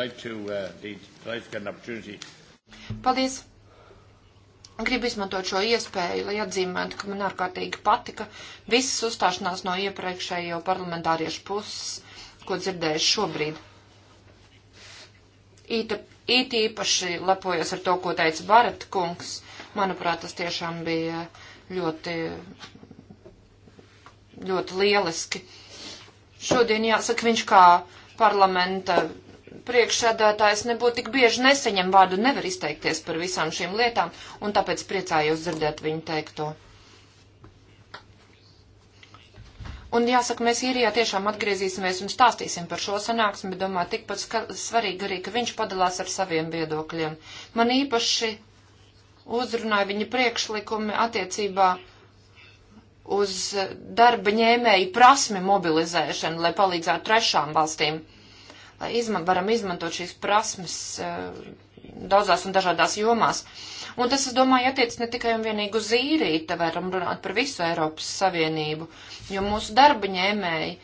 like to, uh, lead, Paldies! Gribu izmantot šo iespēju, lai atzīmētu, ka man ārkārtīgi patika visas uzstāšanās no iepriekšējo parlamentāriešu puses, ko dzirdēju šobrīd. Īta, it īpaši lepojos ar to, ko teica Barat kungs Manuprāt, tas tiešām bija ļoti, ļoti lieliski. Šodien, jāsaka, viņš kā parlamenta priekšsēdētājs nebūtu tik bieži neseņem vārdu, nevar izteikties par visām šīm lietām, un tāpēc priecājos dzirdēt viņu teikto. Un jāsaka, mēs īrijā tiešām atgriezīsimies un stāstīsim par šo sanāksmi, bet domāju, tikpat svarīgi arī, ka viņš padalās ar saviem viedokļiem. Man īpaši uzrunāja viņa priekšlikumi attiecībā uz darba ņēmēju prasmi mobilizēšanu, lai palīdzētu trešām valstīm, lai izman, varam izmantot šīs prasmes eh, daudzās un dažādās jomās. Un tas, es domāju, attiec ne tikai un vienīgi uz īriju, te varam runāt par visu Eiropas Savienību, jo mūsu darba ņēmēji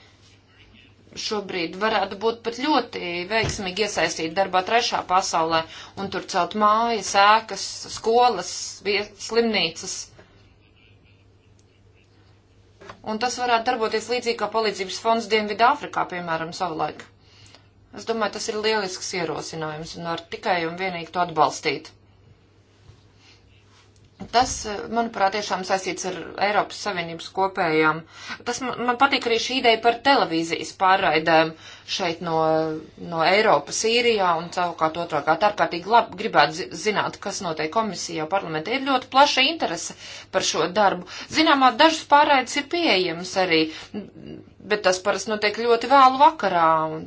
šobrīd varētu būt pat ļoti veiksmīgi iesaistīti darbā trešā pasaulē un tur celt mājas, ēkas, skolas, slimnīcas. Un tas varētu darboties līdzīgi kā palīdzības fonds Dienvidāfrikā, piemēram, savulaik. Es domāju, tas ir lielisks ierosinājums un var tikai un vienīgi to atbalstīt. Tas, eh, manuprāt, tiešām saistīts ar Eiropas Savienības kopējām. Tas man, man patīk arī šī ideja par televīzijas pārraidēm šeit no, no Eiropas, Īrijā un savukārt otrākārt ārkārtīgi labi gribētu zināt, kas notiek komisijā parlamentā. Ir ļoti plaša interese par šo darbu. Zināmā, dažas pārraides ir pieejamas arī, bet tas parasti notiek ļoti vēlu vakarā. Un,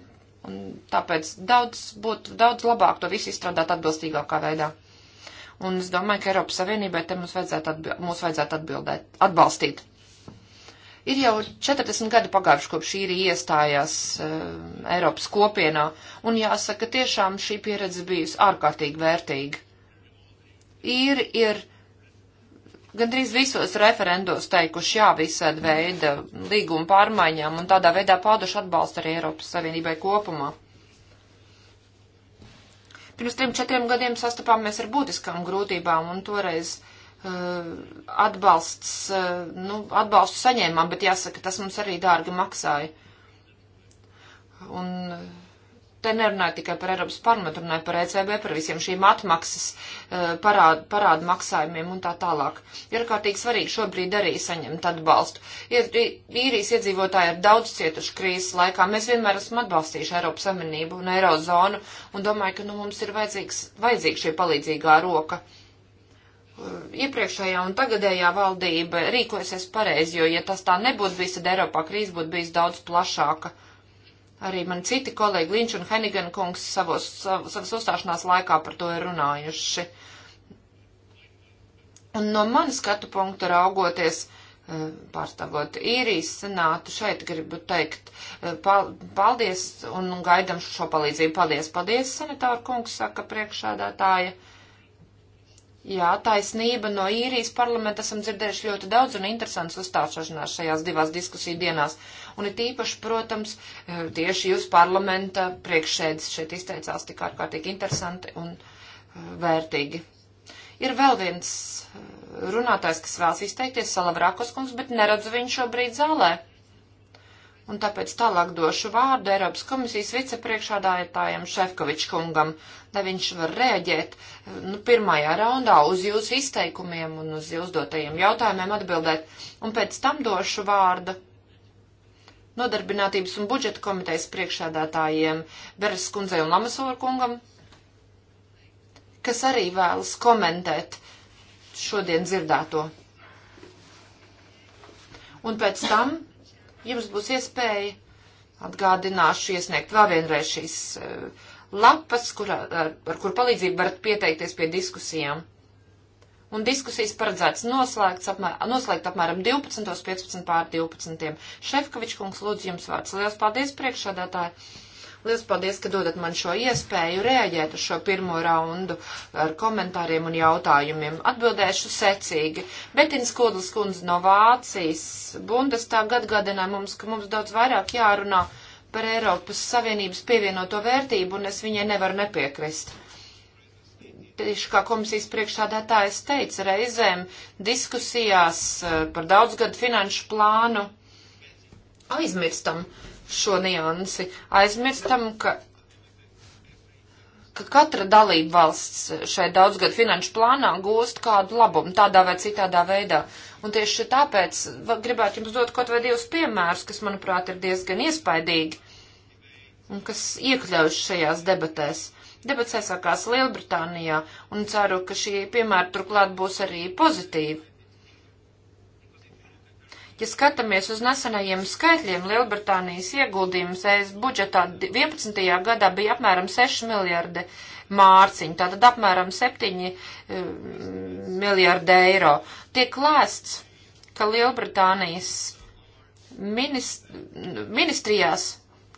un tāpēc daudz būtu daudz labāk to visu izstrādāt atbilstīgākā veidā un es domāju, ka Eiropas Savienībai te mums vajadzētu, atbi mums vajadzētu atbildēt, atbalstīt. Ir jau 40 gadi pagājuši, kopš īri iestājās uh, Eiropas kopienā, un jāsaka, tiešām šī pieredze bijusi ārkārtīgi vērtīga. Īri ir gandrīz visos referendos teikuši jā visāda veida līguma pārmaiņām un tādā veidā pauduši atbalstu arī Eiropas Savienībai kopumā. Pirms trim, četriem gadiem sastapāmies ar būtiskām grūtībām, un toreiz uh, atbalsts, uh, nu, atbalstu saņēmām, bet jāsaka, tas mums arī dārgi maksāja. Un uh, Te nerunāju tikai par Eiropas parlamentu, runāju par ECB, par visiem šīm atmaksas, eh, parādu, parādu maksājumiem un tā tālāk. Ir kārtīgi svarīgi šobrīd arī saņemt atbalstu. Ir, īrijas iedzīvotāji ir daudz cietuši krīzes laikā. Mēs vienmēr esam atbalstījuši Eiropas Savienību un Eirozonu un domāju, ka nu, mums ir vajadzīgs, vajadzīga šī palīdzīgā roka iepriekšējā un tagadējā valdība rīkojasies pareizi, jo, ja tas tā nebūtu bijis, tad Eiropā krīze būtu bijis daudz plašāka. Uh, Arī man citi kolēģi Linč un Henigan kungs savos, sav, savas uzstāšanās laikā par to ir runājuši. Un no manas skatu punkta raugoties, eh, pārstāvot īrijas senātu, šeit gribu teikt eh, paldies un gaidam šo palīdzību. Paldies, paldies, senatāra kungs, saka priekšādātāja. Jā, taisnība no īrijas parlamenta esam dzirdējuši ļoti daudz un interesants uzstāšanās šajās divās diskusiju dienās. Uh, un it īpaši, protams, eh, tieši jūs parlamenta priekšsēdis šeit izteicās tik ārkārtīgi interesanti un eh, vērtīgi. Ir vēl viens eh, runātājs, kas vēlas izteikties, Salavrakos kungs, bet neredzu viņu šobrīd zālē. Un tāpēc tālāk došu vārdu Eiropas komisijas vicepriekšādājotājiem Šefkovič kungam, lai viņš var rēģēt nu, pirmajā raundā uz jūsu izteikumiem un uz uzdotajiem jautājumiem atbildēt. Un pēc tam došu vārdu nodarbinātības un budžeta komitejas priekšādātājiem Beres kundzei un Lamasovra kungam, kas arī vēlas komentēt šodien dzirdēto. Un pēc tam jums būs iespēja atgādināšu iesniegt vēl vienreiz šīs eh, lapas, kur, ar, ar kur palīdzību varat pieteikties pie diskusijām un diskusijas paredzēts noslēgts apmēr, noslēgt apmēram 12.15 pār 12. Šefkovičs kungs, lūdzu jums vārds. Lielas paldies priekšādātāji! Lielas paldies, ka dodat man šo iespēju rēģēt uz šo pirmo raundu ar komentāriem un jautājumiem. Atbildēšu secīgi. Betins Kodlis kundze no Vācijas Bundestāga atgādināja mums, ka mums daudz vairāk jārunā par Eiropas Savienības pievienoto vērtību, un es viņai nevaru nepiekrist tieši kā komisijas priekšsādātājs teica, reizēm diskusijās eh, par daudzgadu finanšu plānu aizmirstam šo niansi, aizmirstam, ka, ka katra dalība valsts šai daudzgadu finanšu plānā gūst kādu labumu tādā vai citādā veidā. Un tieši tāpēc gribētu jums dot kaut vai divus piemērus, kas, manuprāt, ir diezgan iespaidīgi un kas iekļaujas šajās debatēs. Debats aizsākās Lielbritānijā un ceru, ka šie piemēri turklāt būs arī pozitīvi. Ja skatāmies uz nesenajiem skaitļiem, Lielbritānijas ieguldījums ES budžetā 11. gadā bija apmēram 6 miljardi mārciņu, tātad apmēram 7 eh, miljardi eiro. Tiek lēsts, ka Lielbritānijas minist ministrijās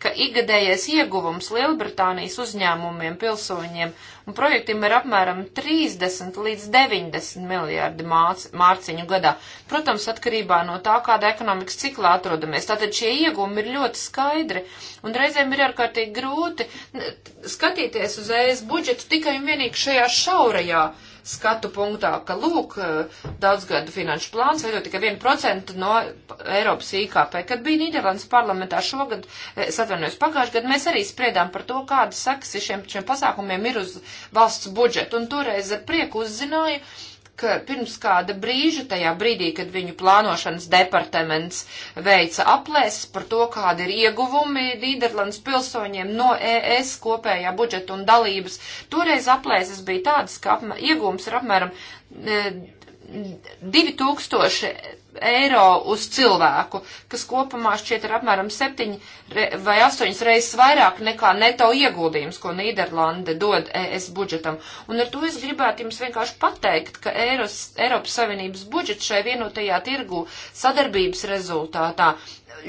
ka ikgadējais ieguvums Lielbritānijas uzņēmumiem, pilsoņiem un projektiem ir apmēram 30 līdz 90 miljārdi māc, mārciņu gadā. Protams, atkarībā no tā, kāda ekonomikas ciklā atrodamies. Tātad šie ieguvumi ir ļoti skaidri un reizēm ir ārkārtīgi grūti skatīties uz ES budžetu tikai un vienīgi šajā šaurajā uh, skatu punktā, ka, lūk, eh, daudzgadu finanšu plāns veido tikai 1% no Eiropas IKP. Kad bija Nīderlandes parlamentā šogad, eh, es atvainojos pagājušajā gadā, mēs arī spriedām par to, kādas sekas šiem, šiem pasākumiem ir uz valsts budžetu. Un toreiz ar prieku uzzināju, ka pirms kāda brīža, tajā brīdī, kad viņu plānošanas departaments veica aplēses par to, kāda ir ieguvumi Nīderlandes pilsoņiem no ES kopējā budžeta un dalības, toreiz aplēses bija tādas, ka apmēr, iegums ir apmēram. E, eh, 2000 eiro uz cilvēku, kas kopumā šķiet ir apmēram 7 vai 8 reizes vairāk nekā neto ieguldījums, ko Nīderlande dod ES budžetam. Un ar to es gribētu jums vienkārši pateikt, ka Eiros, Eiropas Savienības budžets šai vienotajā tirgu sadarbības rezultātā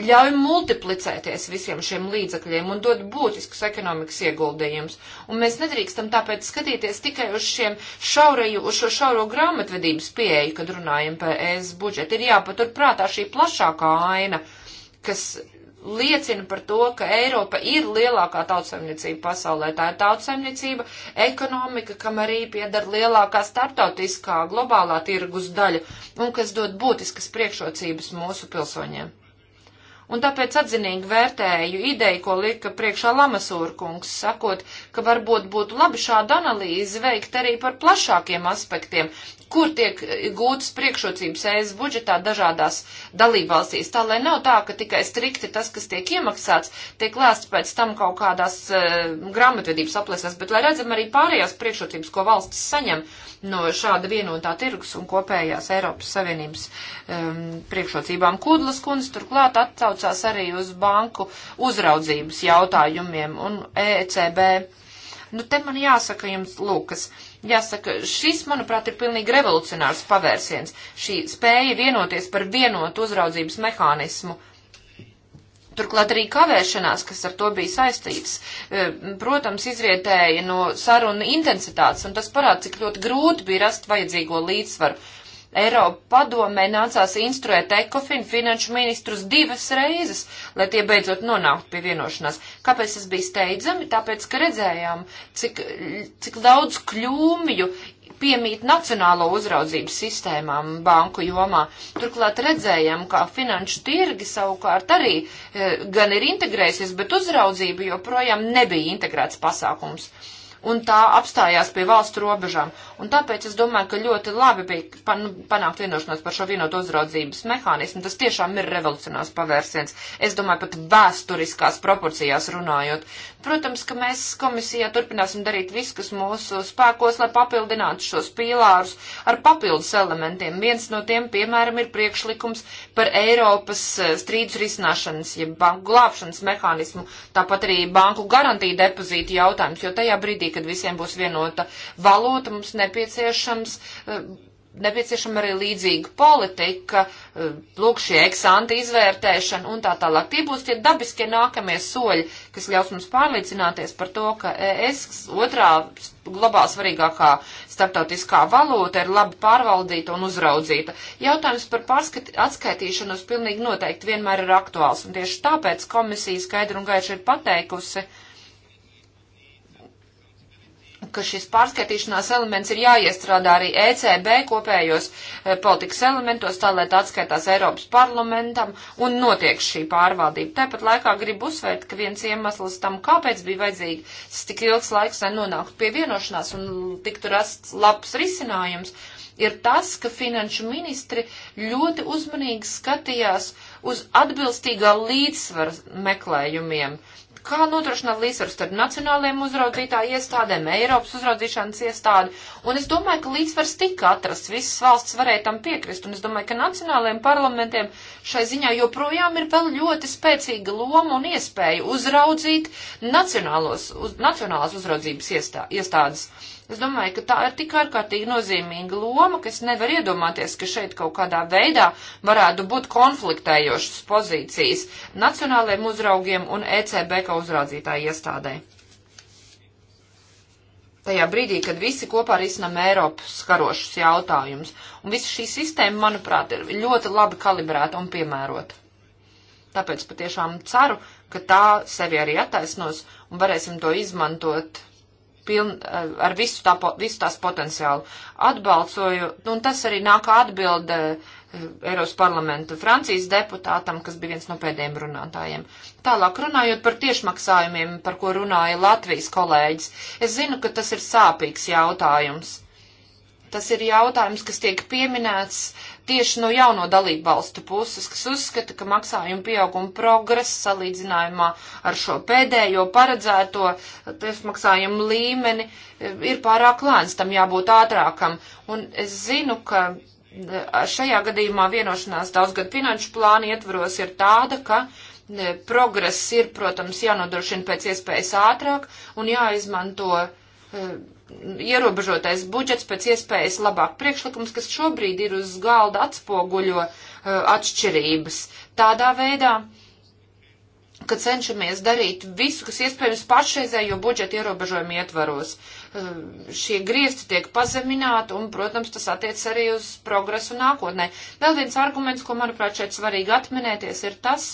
ļauj multiplicēties visiem šiem līdzakļiem un dod būtiskus ekonomikas ieguldījumus. Un mēs nedrīkstam tāpēc skatīties tikai uz šiem šauraju, uz šo šauro grāmatvedības pieeju, kad runājam par ES budžetu. Ir jāpaturprātā šī plašākā aina, kas liecina par to, ka Eiropa ir lielākā tautsaimniecība pasaulē. Tā ir tautsaimniecība, ekonomika, kam arī piedara lielākā starptautiskā globālā tirgus daļa un kas dod būtiskas priekšrocības mūsu pilsoņiem un tāpēc atzinīgi vērtēju ideju, ko lika priekšā Lamasūrkungs, sakot, ka varbūt būtu labi šādu analīzi veikt arī par plašākiem aspektiem, kur tiek gūtas priekšrocības ES budžetā dažādās dalībvalstīs. Tā lai nav tā, ka tikai strikti tas, kas tiek iemaksāts, tiek lēsts pēc tam kaut kādās uh, grāmatvedības aplēsēs, bet lai redzam arī pārējās priekšrocības, ko valstis saņem no šāda vienotā tirgus un kopējās Eiropas Savienības um, priekšrocībām. Kudlas kundze turklāt atcaucās arī uz banku uzraudzības jautājumiem un ECB. Nu, te man jāsaka jums, Lūkas. Uh, Jāsaka, šis, manuprāt, ir pilnīgi revolucionārs pavērsiens. Šī spēja vienoties par vienotu uzraudzības mehānismu. Turklāt arī kavēšanās, kas ar to bija saistīts, e, protams, izrietēja no saruna intensitātes, un tas parāda, cik ļoti grūti bija rast vajadzīgo līdzsvaru. Eiropa padomē nācās instruēt ECOFIN finanšu ministrus divas reizes, lai tie beidzot nonāktu pie vienošanās. Kāpēc tas bija steidzami? Tāpēc, ka redzējām, cik, cik daudz kļūmju piemīt nacionālo uzraudzības sistēmām banku jomā. Turklāt redzējām, kā finanšu tirgi savukārt arī eh, gan ir integrējusies, bet uzraudzība joprojām nebija integrēts pasākums un tā apstājās pie valstu robežām. Un tāpēc es domāju, ka ļoti labi bija nu, panākt vienošanos par šo vienotu uzraudzības mehānismu. Tas tiešām ir revolucionārs pavērsiens. Es domāju, pat vēsturiskās proporcijās runājot. Protams, ka mēs komisijā turpināsim darīt visu, kas mūsu spēkos, lai papildinātu šos pīlārus ar papildus elementiem. Viens no tiem, piemēram, ir priekšlikums par Eiropas e, strīdus risināšanas, ja banku glābšanas mehānismu, tāpat arī banku garantiju depozītu jautājums, jo tajā brīdī, brīdī, kad visiem būs vienota valota, mums nepieciešams eh, nepieciešama arī līdzīga politika, eh, lūk šie eksanti izvērtēšana un tā tālāk. Tie būs tie dabiskie nākamie soļi, kas ļaus mums pārliecināties par to, ka ES otrā globāli svarīgākā starptautiskā valūta ir labi pārvaldīta un uzraudzīta. Jautājums par atskaitīšanos pilnīgi noteikti vienmēr ir aktuāls, un tieši tāpēc komisija skaidri un gaiši ir pateikusi, uh, ka šis pārskaitīšanās elements ir jāiestrādā arī ECB kopējos eh, politikas elementos, tā lai tā atskaitās Eiropas parlamentam un notiek šī pārvaldība. Tāpat laikā gribu uzsvērt, ka viens iemesls tam, kāpēc bija vajadzīgs tik ilgs laiks, lai nonāktu pie vienošanās un tiktu rasts labs risinājums, ir tas, ka finanšu ministri ļoti uzmanīgi skatījās uz atbilstīgā līdzsvara meklējumiem kā nodrošināt līdzsvaru starp nacionālajiem uzraudzītāju iestādēm, Eiropas uzraudzīšanas iestādi. Un es domāju, ka līdzsvars tika atrasts, visas valsts varēja tam piekrist. Un es domāju, ka nacionālajiem parlamentiem šai ziņā joprojām ir vēl ļoti spēcīga loma un iespēja uzraudzīt nacionālos, uz, nacionālās uzraudzības iestā, iestādes. Es domāju, ka tā ir tik ārkārtīgi nozīmīga loma, ka es nevaru iedomāties, ka šeit kaut kādā veidā varētu būt konfliktējošas pozīcijas nacionālajiem uzraugiem un ECB kā uzraudzītāja iestādē. Tajā brīdī, kad visi kopā risinam Eiropas karošus jautājumus, un visa šī sistēma, manuprāt, ir ļoti labi kalibrēta un piemērota. Tāpēc patiešām ceru, ka tā sevi arī attaisnos un varēsim to izmantot piln, eh, ar visu, tā, visu tās potenciālu. Atbalsoju, un tas arī nāk atbilde eh, Eiropas parlamenta Francijas deputātam, kas bija viens no pēdējiem runātājiem. Tālāk runājot par tiešmaksājumiem, par ko runāja Latvijas kolēģis, es zinu, ka tas ir sāpīgs jautājums. Tas ir jautājums, kas tiek pieminēts tieši no jauno dalību valstu puses, kas uzskata, ka maksājumu pieauguma progress salīdzinājumā ar šo pēdējo paredzēto tiesmaksājumu līmeni e, ir pārāk lēns, tam jābūt ātrākam. Un es zinu, ka e, šajā gadījumā vienošanās daudzgad finanšu plāna ietvaros ir tāda, ka e, progress ir, protams, jānodrošina pēc iespējas ātrāk un jāizmanto ierobežotais budžets pēc iespējas labāk. Priekšlikums, kas šobrīd ir uz galda, atspoguļo uh, atšķirības tādā veidā, ka cenšamies darīt visu, kas iespējams pašreizējo budžeta ierobežojumu ietvaros. Uh, šie griezti tiek pazemināti, un, protams, tas attiec arī uz progresu nākotnē. Vēl viens arguments, ko, manuprāt, šeit svarīgi atminēties, ir tas,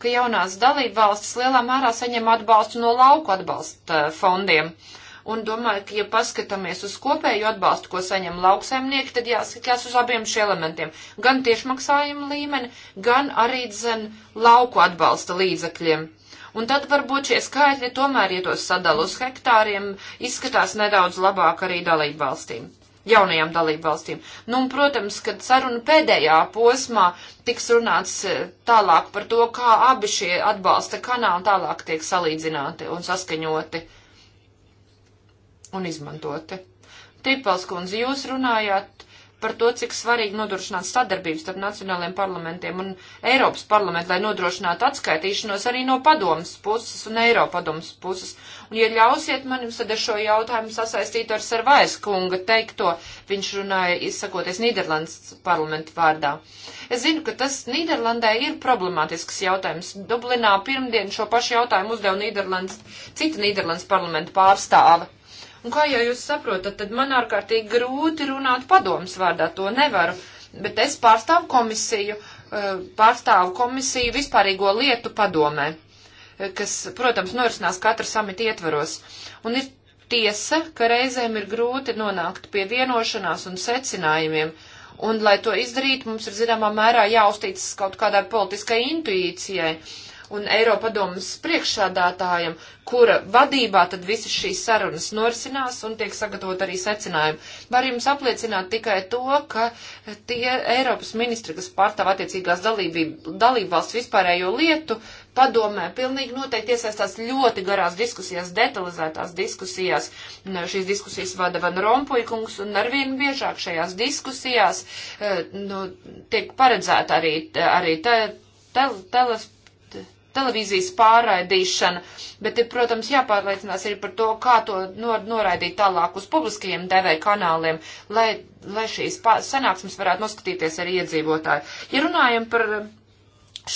ka jaunās dalībvalstis lielā mērā saņem atbalstu no lauku atbalsta fondiem. Uh, un domāju, ka, ja paskatāmies uz kopēju atbalstu, ko saņem lauksaimnieki, tad jāskatās uz abiem šiem elementiem - gan tiešmaksājumu līmeni, gan arī dzen lauku atbalsta līdzekļiem. Un tad varbūt šie skaitļi tomēr, ja tos sadal uz hektāriem, izskatās nedaudz labāk arī dalību valstīm jaunajām dalību valstīm. Nu, un, protams, kad saruna pēdējā posmā tiks runāts e, tālāk par to, kā abi šie atbalsta kanāli tālāk tiek salīdzināti un saskaņoti. Uh, un izmantoti. Tīpels kundze, jūs runājāt par to, cik svarīgi nodrošināt sadarbības starp nacionālajiem parlamentiem un Eiropas parlamentu, lai nodrošinātu atskaitīšanos arī no padomas puses un Eiropadomas puses. Un, ja ļausiet man jums, tad es šo jautājumu sasaistītu ar Servais kunga teikto, viņš runāja, izsakoties Nīderlandes parlamentu vārdā. Es zinu, ka tas Nīderlandē ir problemātisks jautājums. Dublinā pirmdien šo pašu jautājumu uzdeva Nīderlandes, cita Nīderlandes parlamentu pārstāve. Un kā jau jūs saprotat, tad man ārkārtīgi grūti runāt padomas vārdā, to nevaru. Bet es pārstāvu komisiju, eh, pārstāvu komisiju vispārīgo lietu padomē, eh, kas, protams, norisinās katra samita ietveros. Un ir tiesa, ka reizēm ir grūti nonākt pie vienošanās un secinājumiem. Un, lai to izdarītu, mums ir zināmā mērā jāuzticas kaut kādai politiskai intuīcijai. Uh, un Eiropadomas priekšsādātājam, kura vadībā tad visas šīs sarunas norisinās un tiek sagatavot arī secinājumi. Var jums apliecināt tikai to, ka tie Eiropas ministri, kas pārstāv attiecīgās dalību valsts vispārējo lietu, padomē pilnīgi noteikti iesaistās ļoti garās diskusijās, detalizētās diskusijās. Šīs diskusijas vada Van Rompuikungs un arvien biežāk šajās diskusijās eh, nu, tiek paredzēta arī, arī te, te, teles televīzijas pārraidīšana, bet ir, protams, jāpārliecinās arī par to, kā to nor noraidīt tālāk uz publiskajiem TV kanāliem, lai, lai šīs sanāksmes varētu noskatīties arī iedzīvotāji. Ja runājam par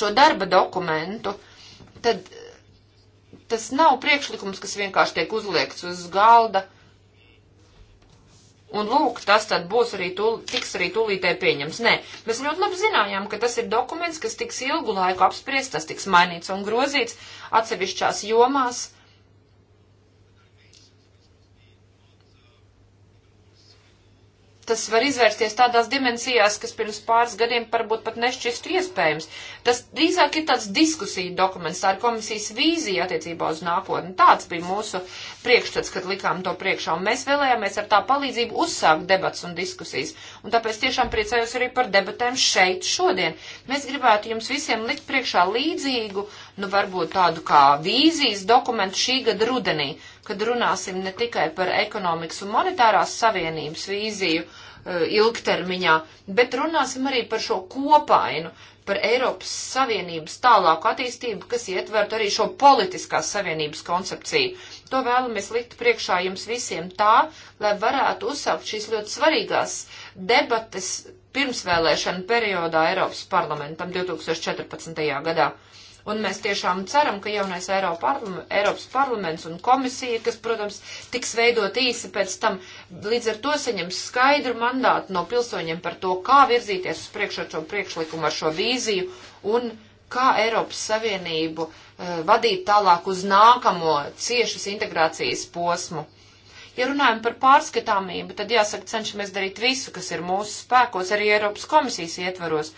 šo darba dokumentu, tad tas nav priekšlikums, kas vienkārši tiek uzliekts uz galda Un lūk, tas tad būs arī tūl, tiks arī tūlītē pieņems. Nē, mēs ļoti labi zinājām, ka tas ir dokuments, kas tiks ilgu laiku apspriests, tas tiks mainīts un grozīts atsevišķās jomās. tas var izvērsties tādās dimensijās, kas pirms pāris gadiem varbūt pat nešķistu iespējams. Tas drīzāk ir tāds diskusiju dokuments, tā ir komisijas vīzija attiecībā uz nākotni. Tāds bija mūsu priekšstats, kad likām to priekšā, un mēs vēlējāmies ar tā palīdzību uzsākt debats un diskusijas. Un tāpēc tiešām priecājos arī par debatēm šeit šodien. Mēs gribētu jums visiem likt priekšā līdzīgu, nu varbūt tādu kā vīzijas dokumentu šī gada rudenī kad runāsim ne tikai par ekonomikas un monetārās savienības vīziju eh, ilgtermiņā, bet runāsim arī par šo kopainu, par Eiropas Savienības tālāku attīstību, kas ietvert arī šo politiskās savienības koncepciju. To vēlamies likt priekšā jums visiem tā, lai varētu uzsākt šīs ļoti svarīgās debates pirmsvēlēšana periodā Eiropas parlamentam 2014. gadā. Un mēs tiešām ceram, ka jaunais Eiropa, Eiropas parlaments un komisija, kas, protams, tiks veidot īsi pēc tam, līdz ar to saņems skaidru mandātu no pilsoņiem par to, kā virzīties uz priekšu ar šo priekšlikumu, ar šo vīziju un kā Eiropas Savienību uh, vadīt tālāk uz nākamo ciešas integrācijas posmu. Ja runājam par pārskatāmību, tad jāsaka, cenšamies darīt visu, kas ir mūsu spēkos, arī Eiropas komisijas ietvaros,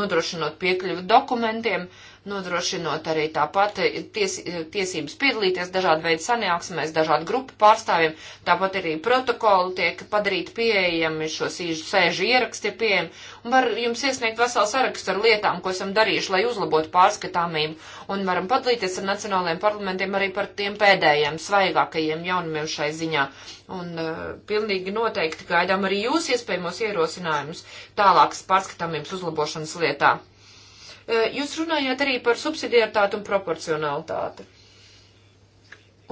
nodrošinot piekļuvi dokumentiem, uh, nodrošinot arī tāpat ties, tiesības piedalīties dažādu veidu sanāksmēs, dažādu grupu pārstāvjiem, tāpat arī protokoli tiek padarīti pieejami, šo sīžu sēžu ieraksti ir pieejami, un var jums iesniegt veselu sarakstu ar lietām, ko esam darījuši, lai uzlabotu pārskatāmību, un varam padalīties ar nacionālajiem parlamentiem arī par tiem pēdējiem, svaigākajiem jaunumiem šai ziņā. Un uh, pilnīgi noteikti gaidām arī jūs iespējamos ierosinājumus tālākas pārskatāmības uzlabošanas lietā. Jūs runājāt arī par subsidiaritāti un proporcionalitāti.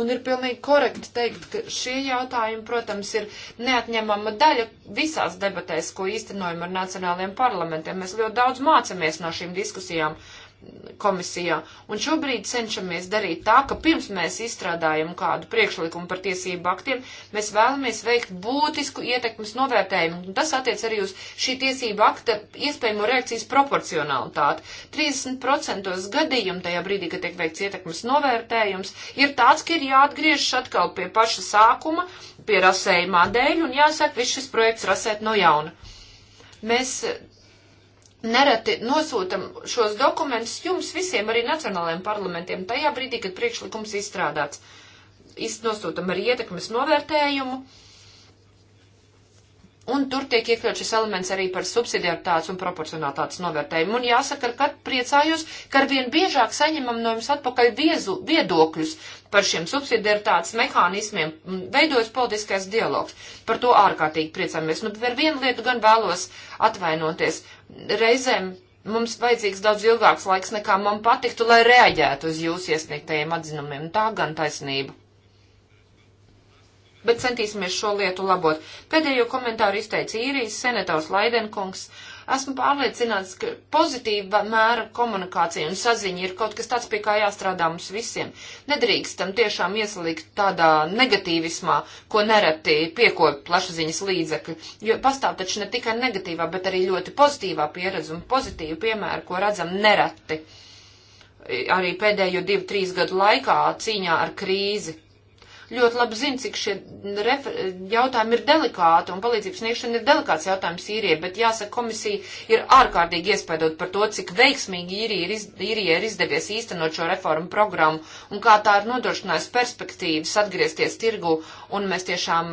Un ir pilnīgi korekti teikt, ka šie jautājumi, protams, ir neatņemama daļa visās debatēs, ko īstenojam ar nacionāliem parlamentiem. Mēs ļoti daudz mācāmies no šīm diskusijām komisijā. Un šobrīd cenšamies darīt tā, ka pirms mēs izstrādājam kādu priekšlikumu par tiesību aktiem, mēs vēlamies veikt būtisku ietekmes novērtējumu. Tas attiec arī uz šī tiesību akta iespējamo reakcijas proporcionalitāti. 30% gadījumu tajā brīdī, kad tiek veikts ietekmes novērtējums, ir tāds, ka ir jāatgriežas atkal pie paša sākuma, pie rasējumā dēļ un jāsāk viss šis projekts rasēt no jauna. Mēs nereti nosūtam šos dokumentus jums visiem, arī nacionālajiem parlamentiem, tajā brīdī, kad priekšlikums izstrādāts. Nosūtam arī ietekmes novērtējumu. Un tur tiek iekļauts šis elements arī par subsidiaritātes un proporcionātātes novērtējumu. Un jāsaka, ka priecājos, ka arvien biežāk saņemam no jums atpakaļ viezu, viedokļus par šiem subsidiaritātes mehānismiem, veidojas politiskais dialogs. Par to ārkārtīgi priecājamies. Nu, par vienu lietu gan vēlos atvainoties reizēm mums vajadzīgs daudz ilgāks laiks, nekā man patiktu, lai reaģētu uz jūsu iesniegtajiem atzinumiem. Tā gan taisnība. Bet centīsimies šo lietu labot. Pēdējo komentāru izteica īrijas senators Laidenkungs. Uh, Esmu pārliecināts, ka pozitīva mēra komunikācija un saziņa ir kaut kas tāds, pie kā jāstrādā mums visiem. Nedrīkstam tiešām ieslikt tādā negatīvismā, ko nereti piekoja plašsaziņas līdzekļi, jo pastāv taču ne tikai negatīvā, bet arī ļoti pozitīvā pieredze un pozitīva piemēra, ko redzam nereti arī pēdējo divu, trīs gadu laikā cīņā ar krīzi ļoti labi zina, cik šie jautājumi ir delikāti un palīdzības sniegšana ir delikāts jautājums īrijai, bet jāsaka, komisija ir ārkārtīgi iespaidot par to, cik veiksmīgi īrijai ir, iz, īrija ir izdevies īstenot šo reformu programmu un kā tā ir nodrošinājusi perspektīvas atgriezties tirgu un mēs tiešām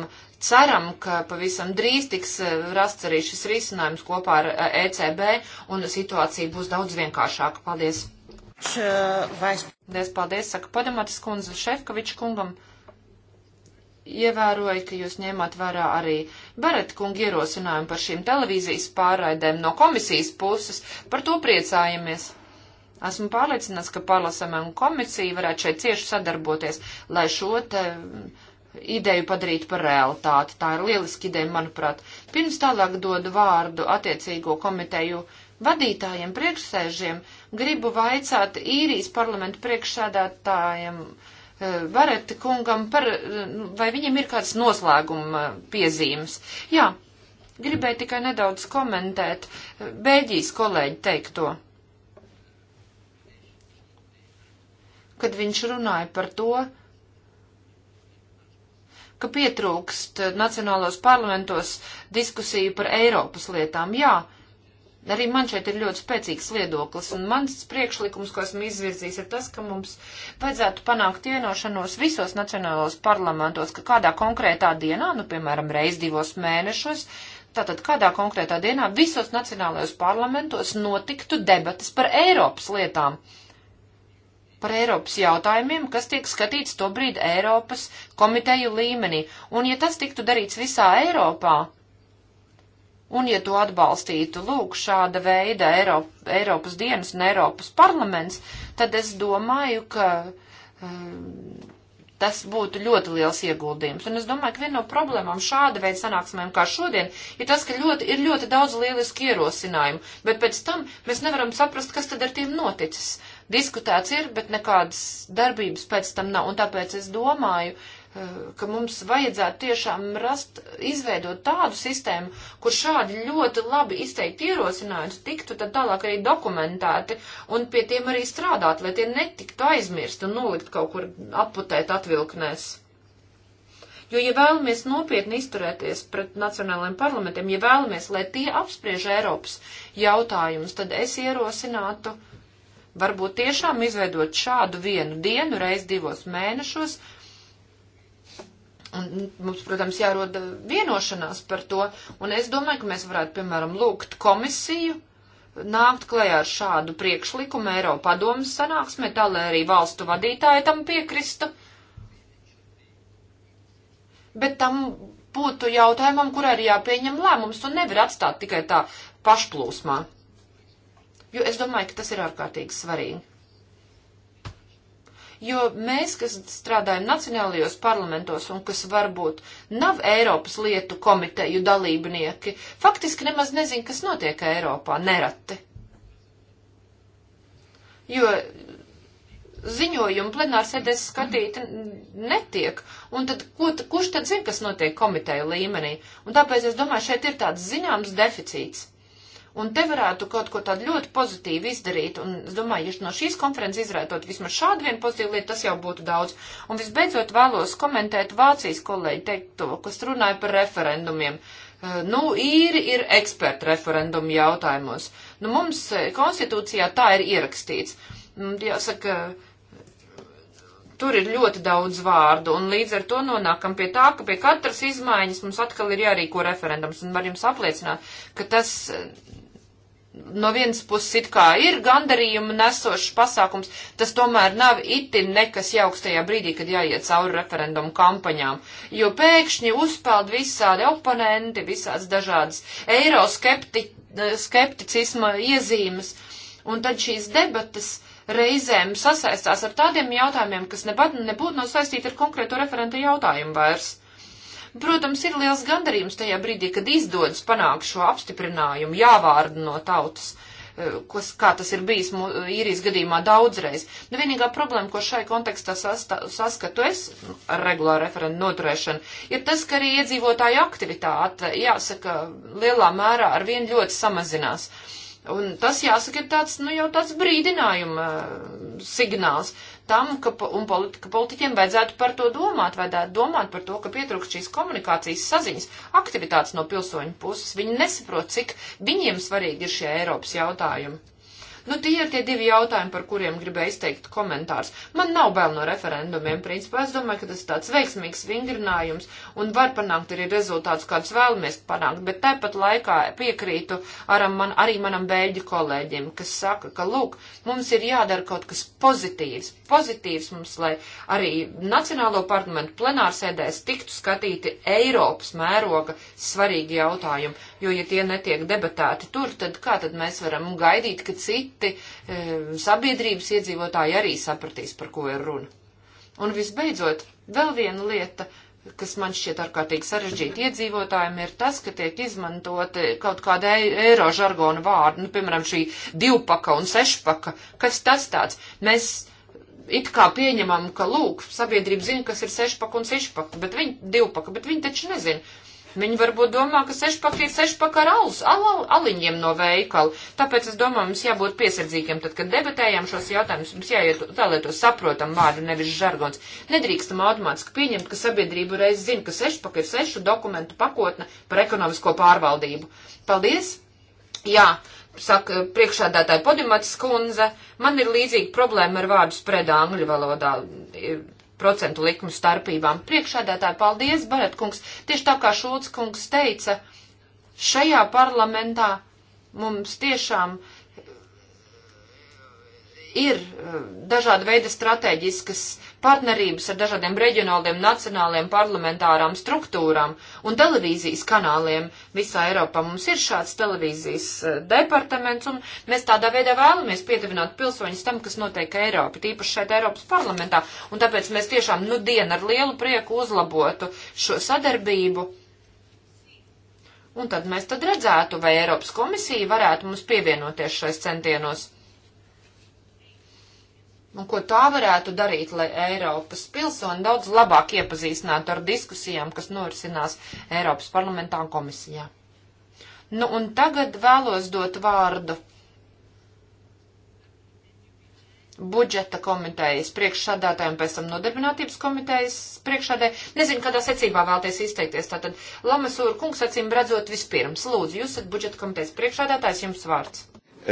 ceram, ka pavisam drīz tiks eh, rasts arī šis risinājums kopā ar ECB eh, e un situācija būs daudz vienkāršāka. Paldies! Paldies, paldies, saka Padamatis kundze Šefkoviča kungam ievēroju, ka jūs ņēmāt vērā arī Baretkunga ierosinājumu par šīm televīzijas pārraidēm no komisijas puses. Par to priecājamies. Esmu pārliecināts, ka parlasamē un komisija varētu šeit cieši sadarboties, lai šo te mm, ideju padarītu par realitāti. Tā ir lieliski ideja, manuprāt. Pirms tālāk dodu vārdu attiecīgo komiteju vadītājiem, priekšsēžiem, gribu vaicāt īrijas parlamentu priekšsēdētājiem Vareti kungam par, vai viņam ir kāds noslēguma piezīmes? Jā, gribēju tikai nedaudz komentēt Bēģijas kolēģi teikto. Kad viņš runāja par to, ka pietrūkst nacionālos parlamentos diskusiju par Eiropas lietām, jā, uh, Arī man šeit ir ļoti spēcīgs viedoklis, un mans priekšlikums, ko esmu izvirzījis, ir tas, ka mums vajadzētu panākt vienošanos visos nacionālos parlamentos, ka kādā konkrētā dienā, nu, piemēram, reiz divos mēnešos, tātad kādā konkrētā dienā visos nacionālajos parlamentos notiktu debatas par Eiropas lietām, par Eiropas jautājumiem, kas tiek skatīts tobrīd Eiropas komiteju līmenī. Un ja tas tiktu darīts visā Eiropā, Un, ja to atbalstītu, lūk, šāda veida Eiropa, Eiropas dienas un Eiropas parlaments, tad es domāju, ka um, tas būtu ļoti liels ieguldījums. Un es domāju, ka viena no problēmām šāda veida sanāksmēm kā šodien ir tas, ka ļoti, ir ļoti daudz lieliski ierosinājumu, bet pēc tam mēs nevaram saprast, kas tad ar tiem noticis. Diskutēts ir, bet nekādas darbības pēc tam nav. Un tāpēc es domāju, uh, Eh, ka mums vajadzētu tiešām rast, izveidot tādu sistēmu, kur šādi ļoti labi izteikti ierosinājumi tiktu tad tālāk arī dokumentēti un pie tiem arī strādāt, lai tie netiktu aizmirst un nolikt kaut kur aputēt atvilknēs. Jo, ja vēlamies nopietni izturēties pret nacionālajiem parlamentiem, ja vēlamies, lai tie apspriež Eiropas jautājumus, tad es ierosinātu varbūt tiešām izveidot šādu vienu dienu reiz divos mēnešos, Un mums, protams, jāroda vienošanās par to, un es domāju, ka mēs varētu, piemēram, lūgt komisiju nākt klajā ar šādu priekšlikumu Eiropadomas sanāksmē, tā lai arī valstu vadītāji tam piekristu. Bet tam būtu jautājumam, kur arī jāpieņem lēmums, un nevar atstāt tikai tā pašplūsmā. Jo es domāju, ka tas ir ārkārtīgi svarīgi jo mēs, kas strādājam nacionālajos parlamentos un kas varbūt nav Eiropas lietu komiteju dalībnieki, faktiski nemaz nezin, kas notiek Eiropā nerati. Jo ziņojumi plenārsēdēs skatīti netiek. Un tad, ko, kurš tad zina, kas notiek komiteja līmenī? Un tāpēc es domāju, šeit ir tāds zināms deficīts. Un te varētu kaut ko tādu ļoti pozitīvu izdarīt. Un es domāju, ja no šīs konferences izrētot vismaz šādu vienu pozitīvu lietu, tas jau būtu daudz. Un visbeidzot vēlos komentēt Vācijas kolēģi teikto, kas runāja par referendumiem. Eh, nu, īri ir eksperti referendumu jautājumos. Nu, mums eh, konstitūcijā tā ir ierakstīts. Mm, jāsaka, tur ir ļoti daudz vārdu, un līdz ar to nonākam pie tā, ka pie katras izmaiņas mums atkal ir jārīko referendums, un var jums apliecināt, ka tas eh, no vienas puses it kā ir gandarījuma nesošs pasākums, tas tomēr nav itin nekas jauks tajā brīdī, kad jāiet cauri referendumu kampaņām, jo pēkšņi uzpeld visādi oponenti, visāds dažādas eiroskepticisma eh, iezīmes, un tad šīs debatas reizēm sasaistās ar tādiem jautājumiem, kas nepat nebūtu nav saistīti ar konkrēto referenta jautājumu vairs. Protams, ir liels gandarījums tajā brīdī, kad izdodas panākt šo apstiprinājumu, jāvārda no tautas eh, kas, kā tas ir bijis īrijas gadījumā daudzreiz. Nu, vienīgā problēma, ko šai kontekstā sasta, saskatu es ar regulāru referendu noturēšanu, ir tas, ka arī iedzīvotāju aktivitāte, jāsaka, lielā mērā ar vien ļoti samazinās. Un tas, jāsaka, ir tāds, nu, jau tāds brīdinājuma eh, signāls tam, ka, un politi, ka politiķiem vajadzētu par to domāt, vajadzētu domāt par to, ka pietrūkst šīs komunikācijas saziņas, aktivitātes no pilsoņu puses. Viņi nesaprot, cik viņiem svarīgi ir šie Eiropas jautājumi. Nu, tie ir tie divi jautājumi, par kuriem gribēju izteikt komentārs. Man nav bail no referendumiem, principā. Es domāju, ka tas ir tāds veiksmīgs vingrinājums un var panākt arī rezultātus, kādus vēlamies panākt. Bet tāpat laikā piekrītu ar man, arī manam bēļu kolēģiem, kas saka, ka, lūk, mums ir jādara kaut kas pozitīvs. Pozitīvs mums, lai arī Nacionālo parlamentu plenārsēdēs tiktu skatīti Eiropas mēroga svarīgi jautājumi jo ja tie netiek debatēti tur, tad kā tad mēs varam gaidīt, ka citi e, sabiedrības iedzīvotāji arī sapratīs, par ko ir runa. Un visbeidzot, vēl viena lieta, kas man šķiet ārkārtīgi sarežģīta iedzīvotājiem, ir tas, ka tiek izmantoti e, kaut kāda e, eiro žargona vārdi, nu, piemēram, šī divpaka un sešpaka. Kas tas tāds? Mēs it kā pieņemam, ka, lūk, sabiedrība zina, kas ir sešpaka un sešpaka, bet viņi divpaka, bet viņi taču nezina. Viņi varbūt domā, ka sešpakti ir sešpaka ar alus, al, al, aliņiem no veikala. Tāpēc es domāju, mums jābūt piesardzīgiem, tad, kad debatējam šos jautājumus, mums jāiet tā, lai to saprotam vārdu, nevis žargons. Nedrīkstam automātiski pieņemt, ka sabiedrība reiz zina, ka sešpaka ir sešu dokumentu pakotne par ekonomisko pārvaldību. Paldies! Jā, saka priekšādātāja Podimats kundze, man ir līdzīga problēma ar vārdu spredā angļu valodā. Ir, procentu likmu starpībām. Priekšādātāji, paldies, Barat kungs. Tieši tā kā Šulc kungs teica, šajā parlamentā mums tiešām uh, ir eh, dažāda veida strateģiskas partnerības ar dažādiem reģionāliem, nacionāliem, parlamentārām struktūrām un televīzijas kanāliem visā Eiropā. Mums ir šāds televīzijas eh, departaments, un mēs tādā veidā vēlamies pietuvināt pilsoņus tam, kas notiek Eiropā, tīpaši šeit Eiropas parlamentā, un tāpēc mēs tiešām nu dienu ar lielu prieku uzlabotu šo sadarbību. Un tad mēs tad redzētu, vai Eiropas komisija varētu mums pievienoties šais centienos. Un ko tā varētu darīt, lai Eiropas pilsoni daudz labāk iepazīstinātu ar diskusijām, kas norisinās Eiropas parlamentā un komisijā. Nu, un tagad vēlos dot vārdu budžeta komitejas priekšsādātājiem, pēc tam nodarbinātības komitejas priekšsādē. Nezinu, kādā secībā vēlties izteikties. Tātad Lamasūra kungs acīm redzot vispirms. Lūdzu, jūs esat budžeta komitejas priekšsādātājs, jums vārds.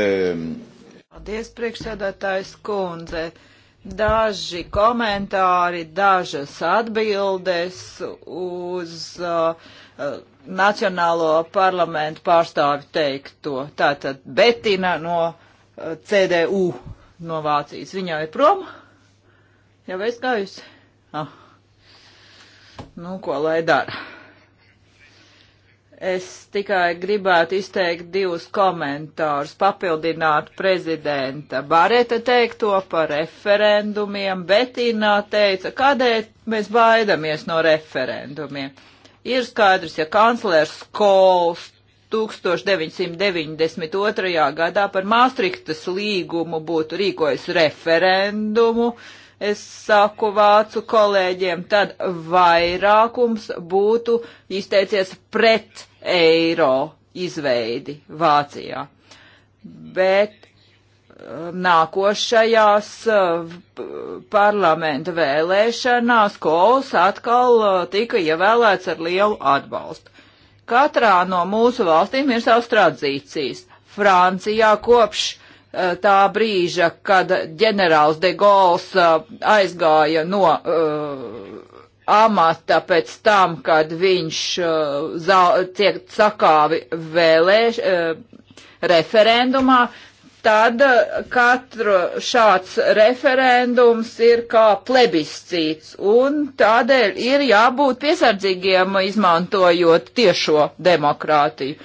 Um. Paldies, priekšsēdētājs kundze. Daži komentāri, dažas atbildes uz uh, uh, Nacionālo parlamentu pārstāvi teikto. Tātad Betina no uh, CDU no Vācijas. Viņa ir prom? Jau aizgājusi? Ah. Nu, ko lai dara? Es tikai gribētu izteikt divus komentārus, papildināt prezidenta Bareta teikto par referendumiem, bet Inā teica, kādēļ mēs baidamies no referendumiem. Ir skaidrs, ja kanclers Kols 1992. gadā par Māstriktas līgumu būtu rīkojis referendumu, uh, es saku vācu kolēģiem, tad vairākums būtu izteicies pret eiro izveidi Vācijā. Bet uh, nākošajās uh, parlamenta vēlēšanās Kols atkal uh, tika ievēlēts ar lielu atbalstu. Katrā no mūsu valstīm ir savas tradīcijas. Francijā kopš Eh, tā brīža, kad ģenerālis de Gauls eh, aizgāja no uh, amata pēc tam, kad viņš uh, zau, tiek sakāvi vēlēš, uh, referendumā, tad katru šāds referendums ir kā plebiscīts, un tādēļ ir jābūt piesardzīgiem izmantojot tiešo demokrātiju.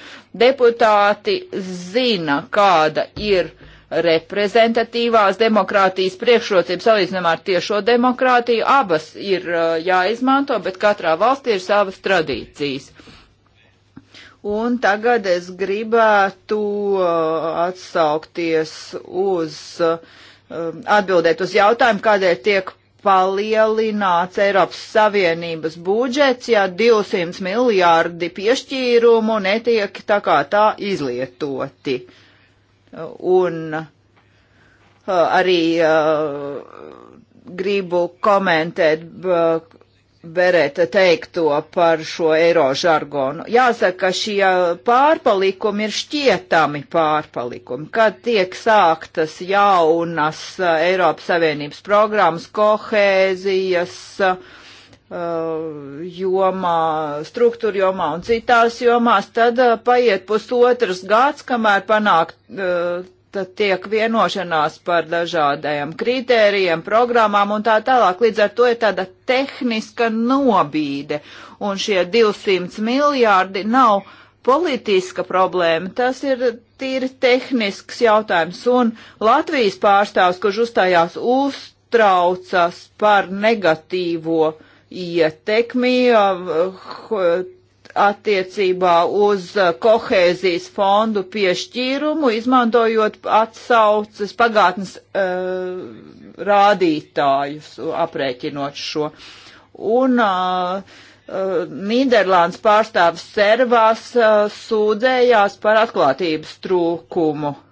Deputāti zina, kāda ir uh, reprezentatīvās demokrātijas priekšrocības salīdzinājumā ar tiešo demokrātiju. Abas ir uh, jāizmanto, bet katrā valstī ir savas tradīcijas. Un tagad es gribētu uh, atsaukties uz, uh, atbildēt uz jautājumu, kādēļ tiek palielināts Eiropas Savienības budžets, ja 200 miljārdi piešķīrumu netiek tā kā tā izlietoti. Uh, un uh, arī uh, gribu komentēt Bereta teikto par šo eiro žargonu. Jāsaka, ka šie pārpalikumi ir šķietami pārpalikumi. Kad tiek sāktas jaunas uh, Eiropas Savienības programmas, kohēzijas, uh, Uh, jomā, struktūra jomā un citās jomās, tad uh, paiet pusotras gads, kamēr panāk, uh, tad tiek vienošanās par dažādajiem kritērijiem, programmām un tā tālāk. Līdz ar to ir tāda tehniska nobīde, un šie 200 miljārdi nav politiska problēma, tas ir tīri tehnisks jautājums, un Latvijas pārstāvs, kurš uzstājās, uztraucas par negatīvo uh, ietekmi uh, attiecībā uz uh, kohēzijas fondu piešķīrumu, izmantojot atsaucas pagātnes uh, rādītājus, aprēķinot šo. Un uh, uh Nīderlandes pārstāvis Servās uh, sūdzējās par atklātības trūkumu. Uh,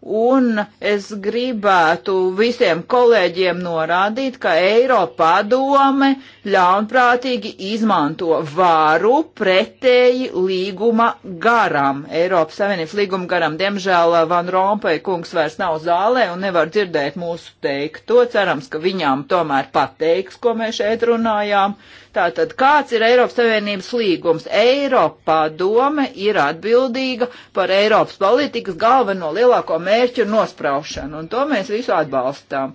Un es gribētu visiem kolēģiem norādīt, ka Eiropa padome ļaunprātīgi izmanto vāru pretēji līguma garam. Eiropas Savienības līguma garam, diemžēl, Van Rompēja kungs vairs nav zālē un nevar dzirdēt mūsu teikto. Cerams, ka viņām tomēr pateiks, ko mēs šeit runājām. Tātad, kāds ir Eiropas Savienības līgums? Eiropā doma ir atbildīga par Eiropas politikas galveno lielāko mērķu nospraušanu, un to mēs visu atbalstām.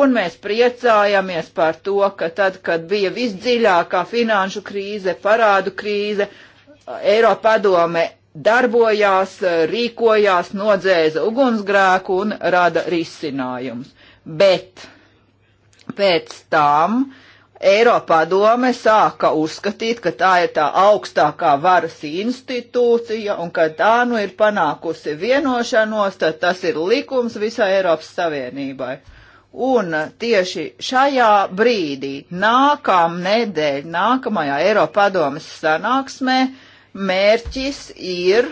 Un mēs priecājamies par to, ka tad, kad bija visdziļākā finanšu krīze, parādu krīze, Eiropa padome darbojās, rīkojās, nodzēza ugunsgrēku un rada risinājumus. Bet pēc tam Eiropā doma sāka uzskatīt, ka tā ir tā augstākā varas institūcija un ka tā nu ir panākusi vienošanos, tad tas ir likums visai Eiropas Savienībai. Un tieši šajā brīdī, nākam nedēļ, nākamajā Eiropadomas sanāksmē, mērķis ir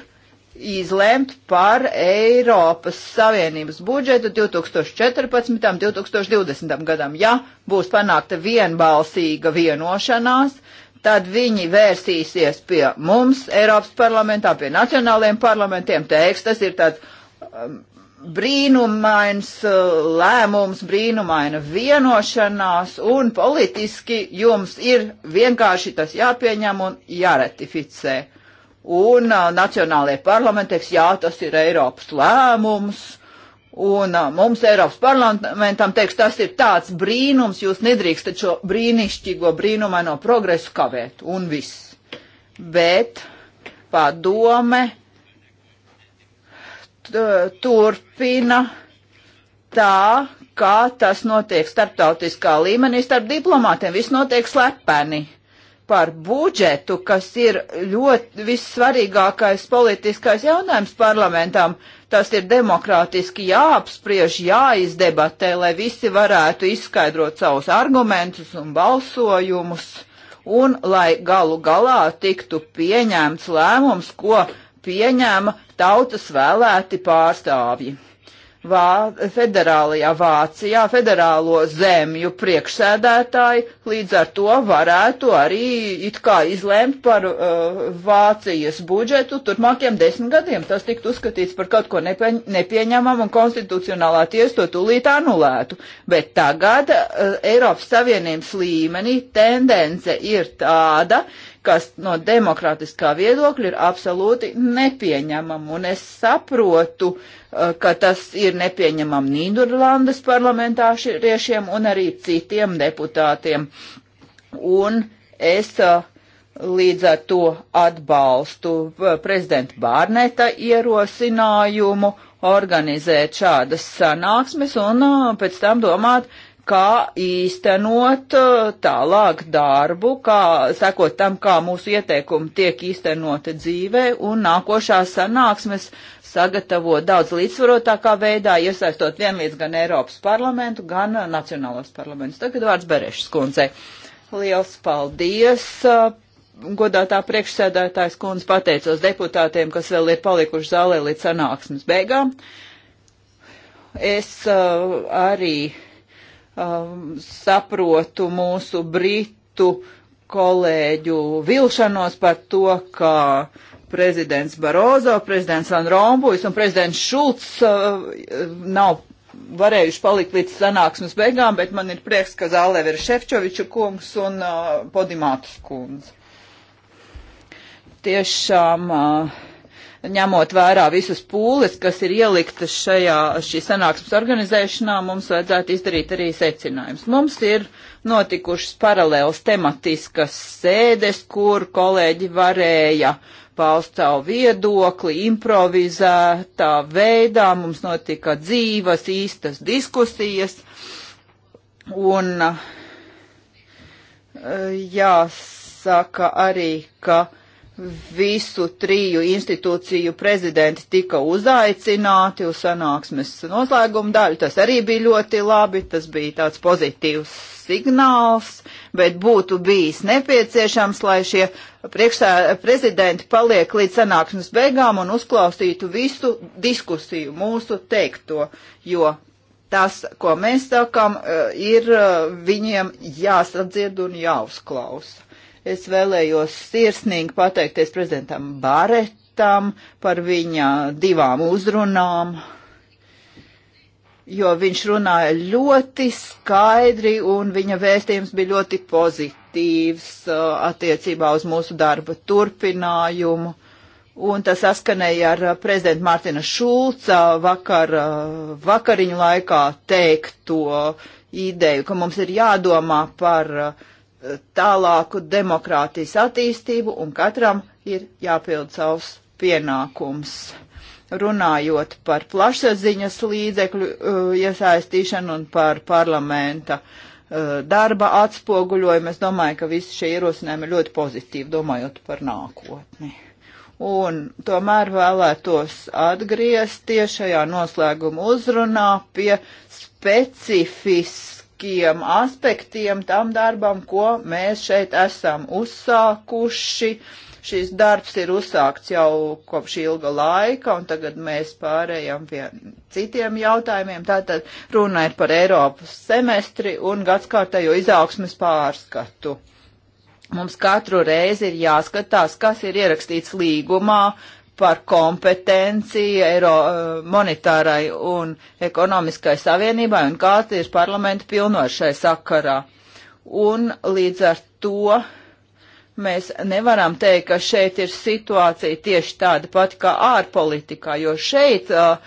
izlemt par Eiropas Savienības budžetu 2014. un 2020. gadam. Ja būs panākta vienbalsīga vienošanās, tad viņi vērsīsies pie mums Eiropas parlamentā, pie nacionālajiem parlamentiem, teiks, tas ir tāds um, brīnumains uh, lēmums, brīnumaina vienošanās, un politiski jums ir vienkārši tas jāpieņem un jāratificē un uh, nacionālajie parlamenti teiks, jā, tas ir Eiropas lēmums, un uh, mums Eiropas parlamentam teiks, tas ir tāds brīnums, jūs nedrīkstat šo brīnišķīgo brīnumaino progresu kavēt, un viss. Bet padome turpina tā, kā tas notiek starptautiskā līmenī starp diplomātiem, viss notiek slepeni. Uh, par budžetu, kas ir ļoti vissvarīgākais politiskais jautājums parlamentam. Tas ir demokrātiski jāapspriež, jāizdebatē, lai visi varētu izskaidrot savus argumentus un balsojumus, un lai galu galā tiktu pieņemts lēmums, ko pieņēma tautas vēlēti pārstāvji. Vā, federālajā Vācijā, federālo zemju priekšsēdētāji līdz ar to varētu arī it kā izlēmt par uh, Vācijas budžetu turpmākiem desmit gadiem. Tas tiktu uzskatīts par kaut ko nepie, nepieņemam un konstitucionālā tiesa to tūlīt anulētu. Bet tagad uh, Eiropas Savienības līmenī tendence ir tāda, kas no demokrātiskā viedokļa ir absolūti nepieņemama. Un es saprotu, uh, Uh, ka tas ir nepieņemam Nīderlandes parlamentāriešiem un arī citiem deputātiem. Un es uh, līdz ar to atbalstu uh, prezidenta Bārneta ierosinājumu organizēt šādas sanāksmes un pēc tam domāt, kā īstenot tālāk darbu, kā sekot tam, kā mūsu ieteikumi tiek īstenoti dzīvē, un nākošās sanāksmes sagatavot daudz līdzsvarotākā veidā, iesaistot vienlīdz gan Eiropas parlamentu, gan uh, Nacionālos parlamentus. Tagad vārds Berešas kundzei. Liels paldies! Uh, godātā priekšsēdētājs kundze pateicos deputātiem, kas vēl ir palikuši zālē līdz sanāksmes beigām. Es uh, arī um, saprotu mūsu britu kolēģu vilšanos par to, ka prezidents Barozo, prezidents Van Rompuis un prezidents Šulcs uh, nav varējuši palikt līdz sanāksmes beigām, bet man ir prieks, ka zālē ir Šefčoviča kungs un uh, Podimātas kungs. Tiešām, uh, ņemot vērā visas pūles, kas ir ieliktas šajā šī sanāksmes organizēšanā, mums vajadzētu izdarīt arī secinājums. Mums ir notikušas paralēlas tematiskas sēdes, kur kolēģi varēja uh, paust savu viedokli improvizētā veidā. Mums notika dzīvas, īstas diskusijas. Un eh, jāsaka arī, ka visu triju institūciju prezidenti tika uzaicināti uz sanāksmes noslēguma daļu. Tas arī bija ļoti labi, tas bija tāds pozitīvs signāls, bet būtu bijis nepieciešams, lai šie priekšsā prezidenti paliek līdz sanāksmes beigām un uzklausītu visu diskusiju, mūsu teikto, jo tas, ko mēs sakam, eh, ir eh, viņiem jāsadzird un jāuzklausa. Es vēlējos sirsnīgi pateikties prezidentam Baretam par viņa divām uzrunām jo viņš runāja ļoti skaidri un viņa vēstījums bija ļoti pozitīvs uh, attiecībā uz mūsu darba turpinājumu. Un tas saskanēja ar uh, prezidenta Mārtiņa Šulca vakar, uh, vakariņu laikā teikto ideju, ka mums ir jādomā par tālāku demokrātijas attīstību un katram ir jāpild savs pienākums runājot par plašsaziņas līdzekļu uh, iesaistīšanu un par parlamenta uh, darba atspoguļojumu. Es domāju, ka visi šie ierosinājumi ir ļoti pozitīvi, domājot par nākotni. Un tomēr vēlētos atgriezties šajā noslēguma uzrunā pie specifiskiem aspektiem tam darbam, ko mēs šeit esam uzsākuši. Uh, Šis darbs ir uzsākts jau kopš ilga laika, un tagad mēs pārējām pie citiem jautājumiem. Tātad runa ir par Eiropas semestri un gadskārtējo izaugsmes pārskatu. Mums katru reizi ir jāskatās, kas ir ierakstīts līgumā, par kompetenci Eiro eh, monetārai un ekonomiskai savienībai un kāds ir parlamenta pilnošai sakarā. Un līdz ar to Mēs nevaram teikt, ka šeit ir situācija tieši tāda pati kā ārpolitikā, jo šeit uh,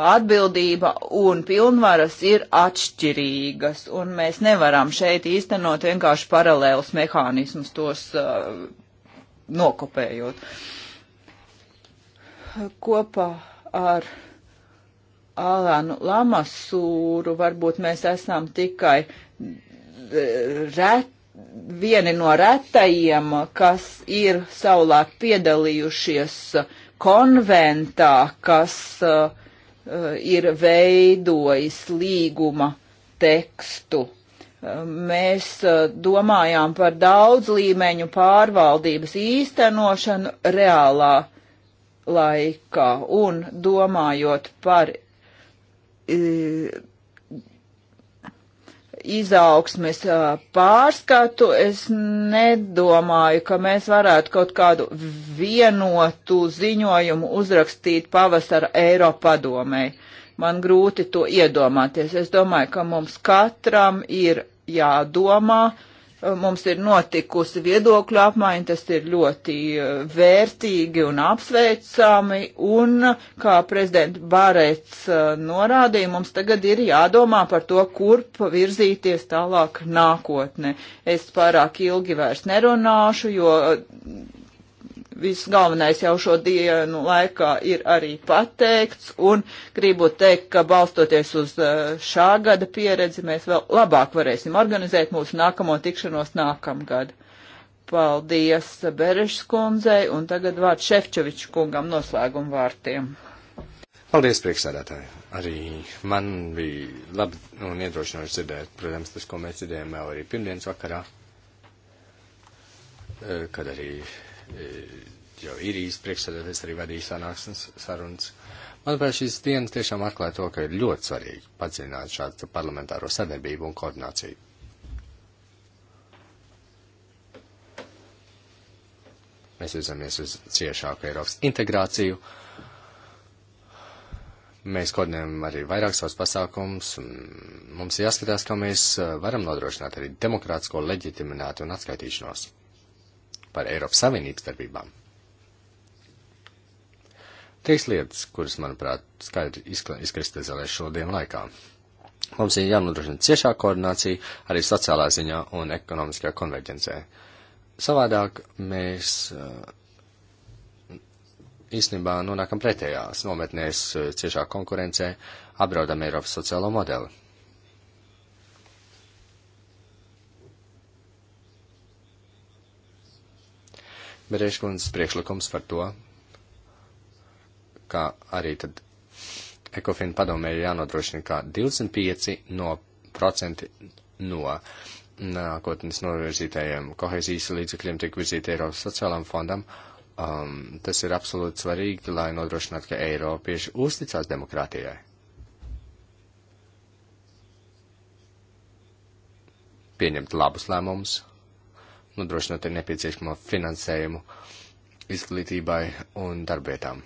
atbildība un pilnvaras ir atšķirīgas, un mēs nevaram šeit īstenot vienkārši paralēlus mehānismus tos uh, nokopējot. Kopā ar Alānu Lamasūru varbūt mēs esam tikai uh, reti vieni no retajiem, kas ir savulāk piedalījušies konventā, kas uh, ir veidojis līguma tekstu. Mēs eh, domājām par daudz līmeņu pārvaldības īstenošanu reālā laikā un domājot par eh, izaugsmes pārskatu, es nedomāju, ka mēs varētu kaut kādu vienotu ziņojumu uzrakstīt pavasara Eiropadomei. Man grūti to iedomāties. Es domāju, ka mums katram ir jādomā, uh, Mums ir notikusi viedokļu apmaiņa, tas ir ļoti e, vērtīgi un apsveicami, un, kā prezidents Bārēts e, norādīja, mums tagad ir jādomā par to, kurp virzīties tālāk nākotnē. Es pārāk ilgi vairs nerunāšu, jo viss galvenais jau šo dienu laikā ir arī pateikts, un gribu teikt, ka balstoties uz uh, šā gada pieredzi, mēs vēl labāk varēsim organizēt mūsu nākamo tikšanos nākamgad. Paldies Berešs kundzei, un tagad vārds Šefčoviču kungam noslēgumu vārtiem. Paldies, priekšsēdētāji. Arī man bija labi un iedrošinoši dzirdēt, protams, tas, ko mēs dzirdējām jau arī pirmdienas vakarā, eh, kad arī jo īrijas priekšsēdētājs arī vadīja sanāksmes sarunas. Manuprāt, šīs dienas tiešām atklāja to, ka ir ļoti svarīgi padziļināt šādu parlamentāro sadarbību un koordināciju. Mēs virzamies uz ciešāku Eiropas integrāciju. Mēs koordinējam arī vairāk savus pasākumus. Mums jāskatās, kā mēs eh, varam nodrošināt arī demokrātisko leģitimitāti un atskaitīšanos par Eiropas Savienības darbībām. Trīs lietas, kuras, manuprāt, skaidri izkristalizēs šodien laikā. Mums ir jānodrošina ciešā koordinācija arī sociālā ziņā un ekonomiskajā konverģencē. Savādāk mēs eh, īstenībā nonākam pretējās nometnēs eh, ciešā konkurencē, apdraudam Eiropas sociālo modeli. Bereškundas priekšlikums par to, kā arī tad Ekofina padomē ir jānodrošina, kā 25% no, procenti no nākotnes novirzītajiem kohezijas līdzekļiem tiek virzīti Eiropas sociālām fondam. Um, tas ir absolūti svarīgi, lai nodrošinātu, ka Eiropieši uzticās demokrātijai. Pieņemt labus lēmumus, nodrošinot ir nepieciešamo finansējumu izglītībai un darbietām.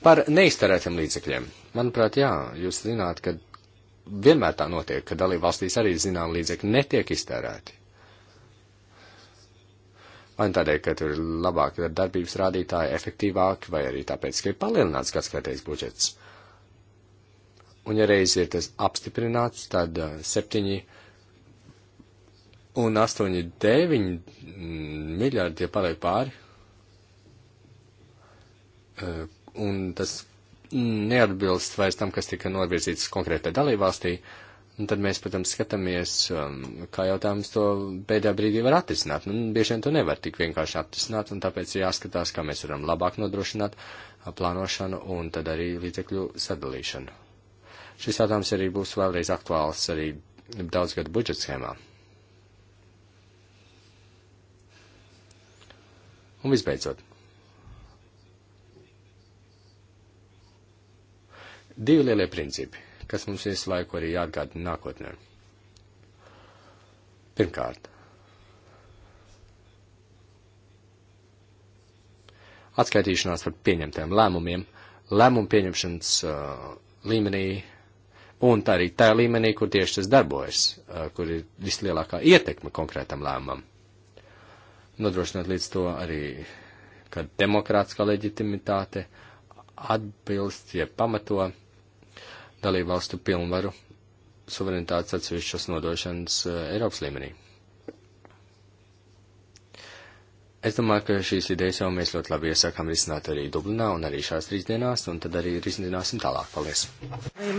Par neizterētiem līdzekļiem. Manuprāt, jā, jūs zināt, ka vienmēr tā notiek, ka dalībvalstīs arī zinām līdzekļi netiek iztērēti. Vai nu tādēļ, ka tur ir labāki darbības rādītāji, efektīvāki, vai arī tāpēc, ka ir palielināts kāds kārtējs budžets. Un ja reiz ir tas apstiprināts, tad eh, septiņi uh, un 8,9 miljardi, ja paliek pāri. Eh, un tas neatbilst vairs tam, kas tika novirzīts konkrētai dalībvalstī. Un tad mēs, protams, skatāmies, um, kā jautājums to pēdējā brīdī var atrisināt. Nu, bieži vien to nevar tik vienkārši atrisināt, un tāpēc ir jāskatās, kā mēs varam labāk nodrošināt uh, plānošanu un tad arī līdzekļu sadalīšanu. Šis jautājums arī būs vēlreiz aktuāls arī daudzgadu budžetskēmā. Un visbeidzot. Divi lielie principi, kas mums visu laiku arī jāatgādina nākotnē. Pirmkārt, atskaitīšanās par pieņemtiem lēmumiem, lēmumu pieņemšanas uh, līmenī un tā arī tajā līmenī, kur tieši tas darbojas, uh, kur ir vislielākā ietekme konkrētam lēmumam nodrošināt līdz to arī, ka demokrātiskā leģitimitāte atbilst, ja pamato dalību valstu pilnvaru suverenitātes atsevišķas nodošanas eh, Eiropas līmenī. Es domāju, ka šīs idejas jau mēs ļoti labi iesākām risināt arī Dublinā un arī šās trīs dienās, un tad arī risināsim tālāk. Paldies!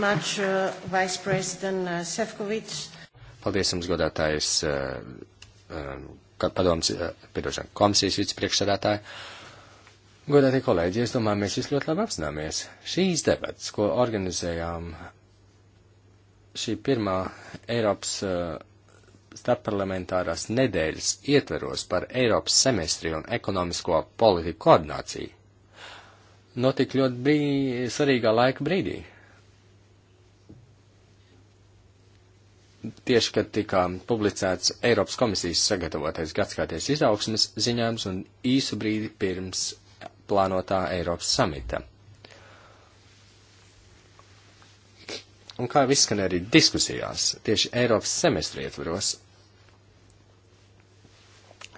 Much, uh, uh Paldies jums, godātājs uh, uh, padoms, eh, piedošana, komisijas vicepriekšsēdētāji. Godātie kolēģi, es domāju, mēs visi ļoti labi apzināmies. Šīs debats, ko organizējām šī pirmā Eiropas eh, starpparlamentārās nedēļas ietveros par Eiropas semestri un ekonomisko politiku koordināciju, notika ļoti brī, svarīgā laika brīdī. tieši, kad tika publicēts Eiropas komisijas sagatavotais gadskaities izaugsmes ziņojums un īsu brīdi pirms plānotā Eiropas samita. Un kā izskan arī diskusijās, tieši Eiropas semestri ietvaros,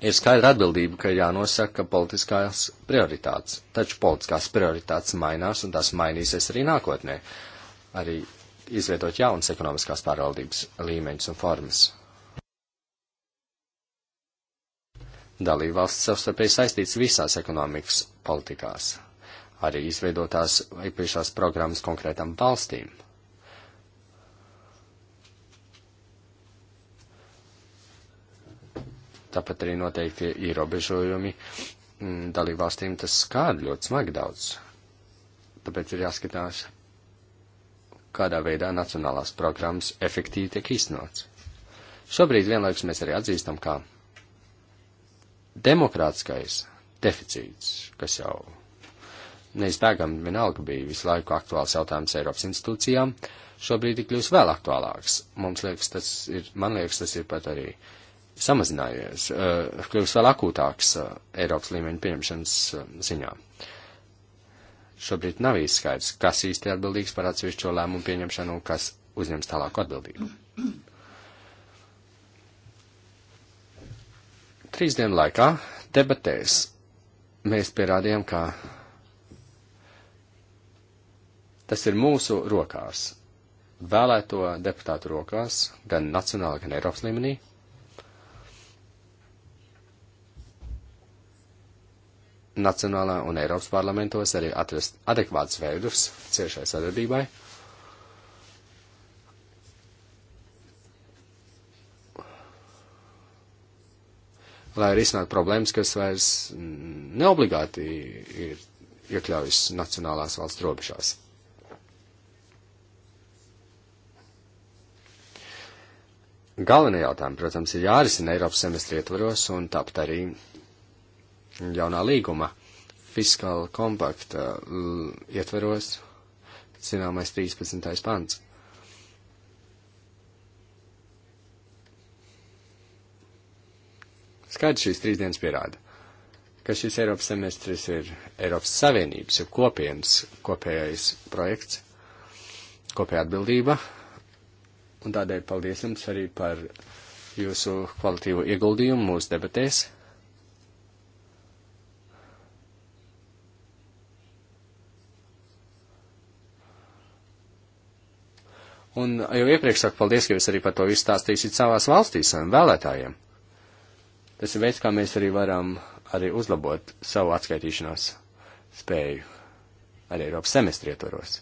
ir skaidra atbildība, ka jānosaka politiskās prioritātes. Taču politiskās prioritātes mainās, un tās mainīsies arī nākotnē. Arī izveidot jaunas ekonomiskās pārvaldības līmeņus un formas. Dalībvalsts savstarpēji saistīts visās ekonomikas politikās, arī izveidotās iepriekšās programmas konkrētām valstīm. Tāpat arī noteikti ierobežojumi mm, dalībvalstīm tas skār ļoti smagi daudz. Tāpēc ir jāskatās kādā veidā nacionālās programmas efektīvi tiek īstenots. Šobrīd vienlaikus mēs arī atzīstam, ka demokrātiskais deficīts, kas jau neizbēgam vienalga bija visu laiku aktuāls jautājums Eiropas institūcijām, šobrīd ir kļūst vēl aktuālāks. Mums liekas, tas ir, man liekas, tas ir pat arī samazinājies, eh, kļūst vēl akūtāks eh, Eiropas līmeņa pieņemšanas eh, ziņā. Uh, šobrīd nav īsti skaidrs, kas īsti atbildīgs par atsevišķo lēmumu pieņemšanu un kas uzņems tālāku atbildību. Trīs dienu laikā debatēs mēs pierādījām, ka tas ir mūsu rokās, vēlēto deputātu rokās, gan nacionāla, gan Eiropas līmenī, nacionālā un Eiropas parlamentos arī atrast adekvātus veidus ciešai sadarbībai. Lai arī iznāk problēmas, kas vairs neobligāti ir iekļaujas nacionālās valsts robežās. Galvenie jautājumi, protams, ir jārisina Eiropas semestri ietvaros un tāpat arī jaunā līguma fiskāla kompakta uh, ietveros zināmais 13. pants. Skaidrs šīs trīs dienas pierāda, ka šis Eiropas semestris ir Eiropas Savienības, ir kopienas kopējais projekts, kopējā atbildība, un tādēļ paldies jums arī par jūsu kvalitīvo ieguldījumu mūsu debatēs. Un jau iepriekš saku paldies, ka jūs arī par to visu stāstīsiet savās valstīs saviem vēlētājiem. Tas ir veids, kā mēs arī varam arī uzlabot savu atskaitīšanās spēju arī Eiropas semestri ietvaros.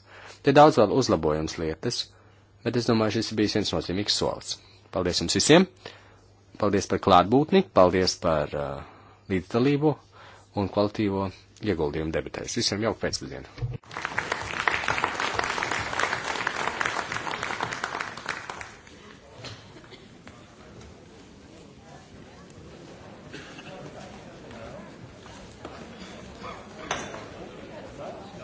Te daudz vēl uzlabojums lietas, bet es domāju, šis ir bijis viens nozīmīgs solis. Paldies jums visiem! Paldies par klātbūtni, paldies par uh, līdzdalību un kvalitīvo ieguldījumu debatēs. Visiem jauku pēcpusdienu!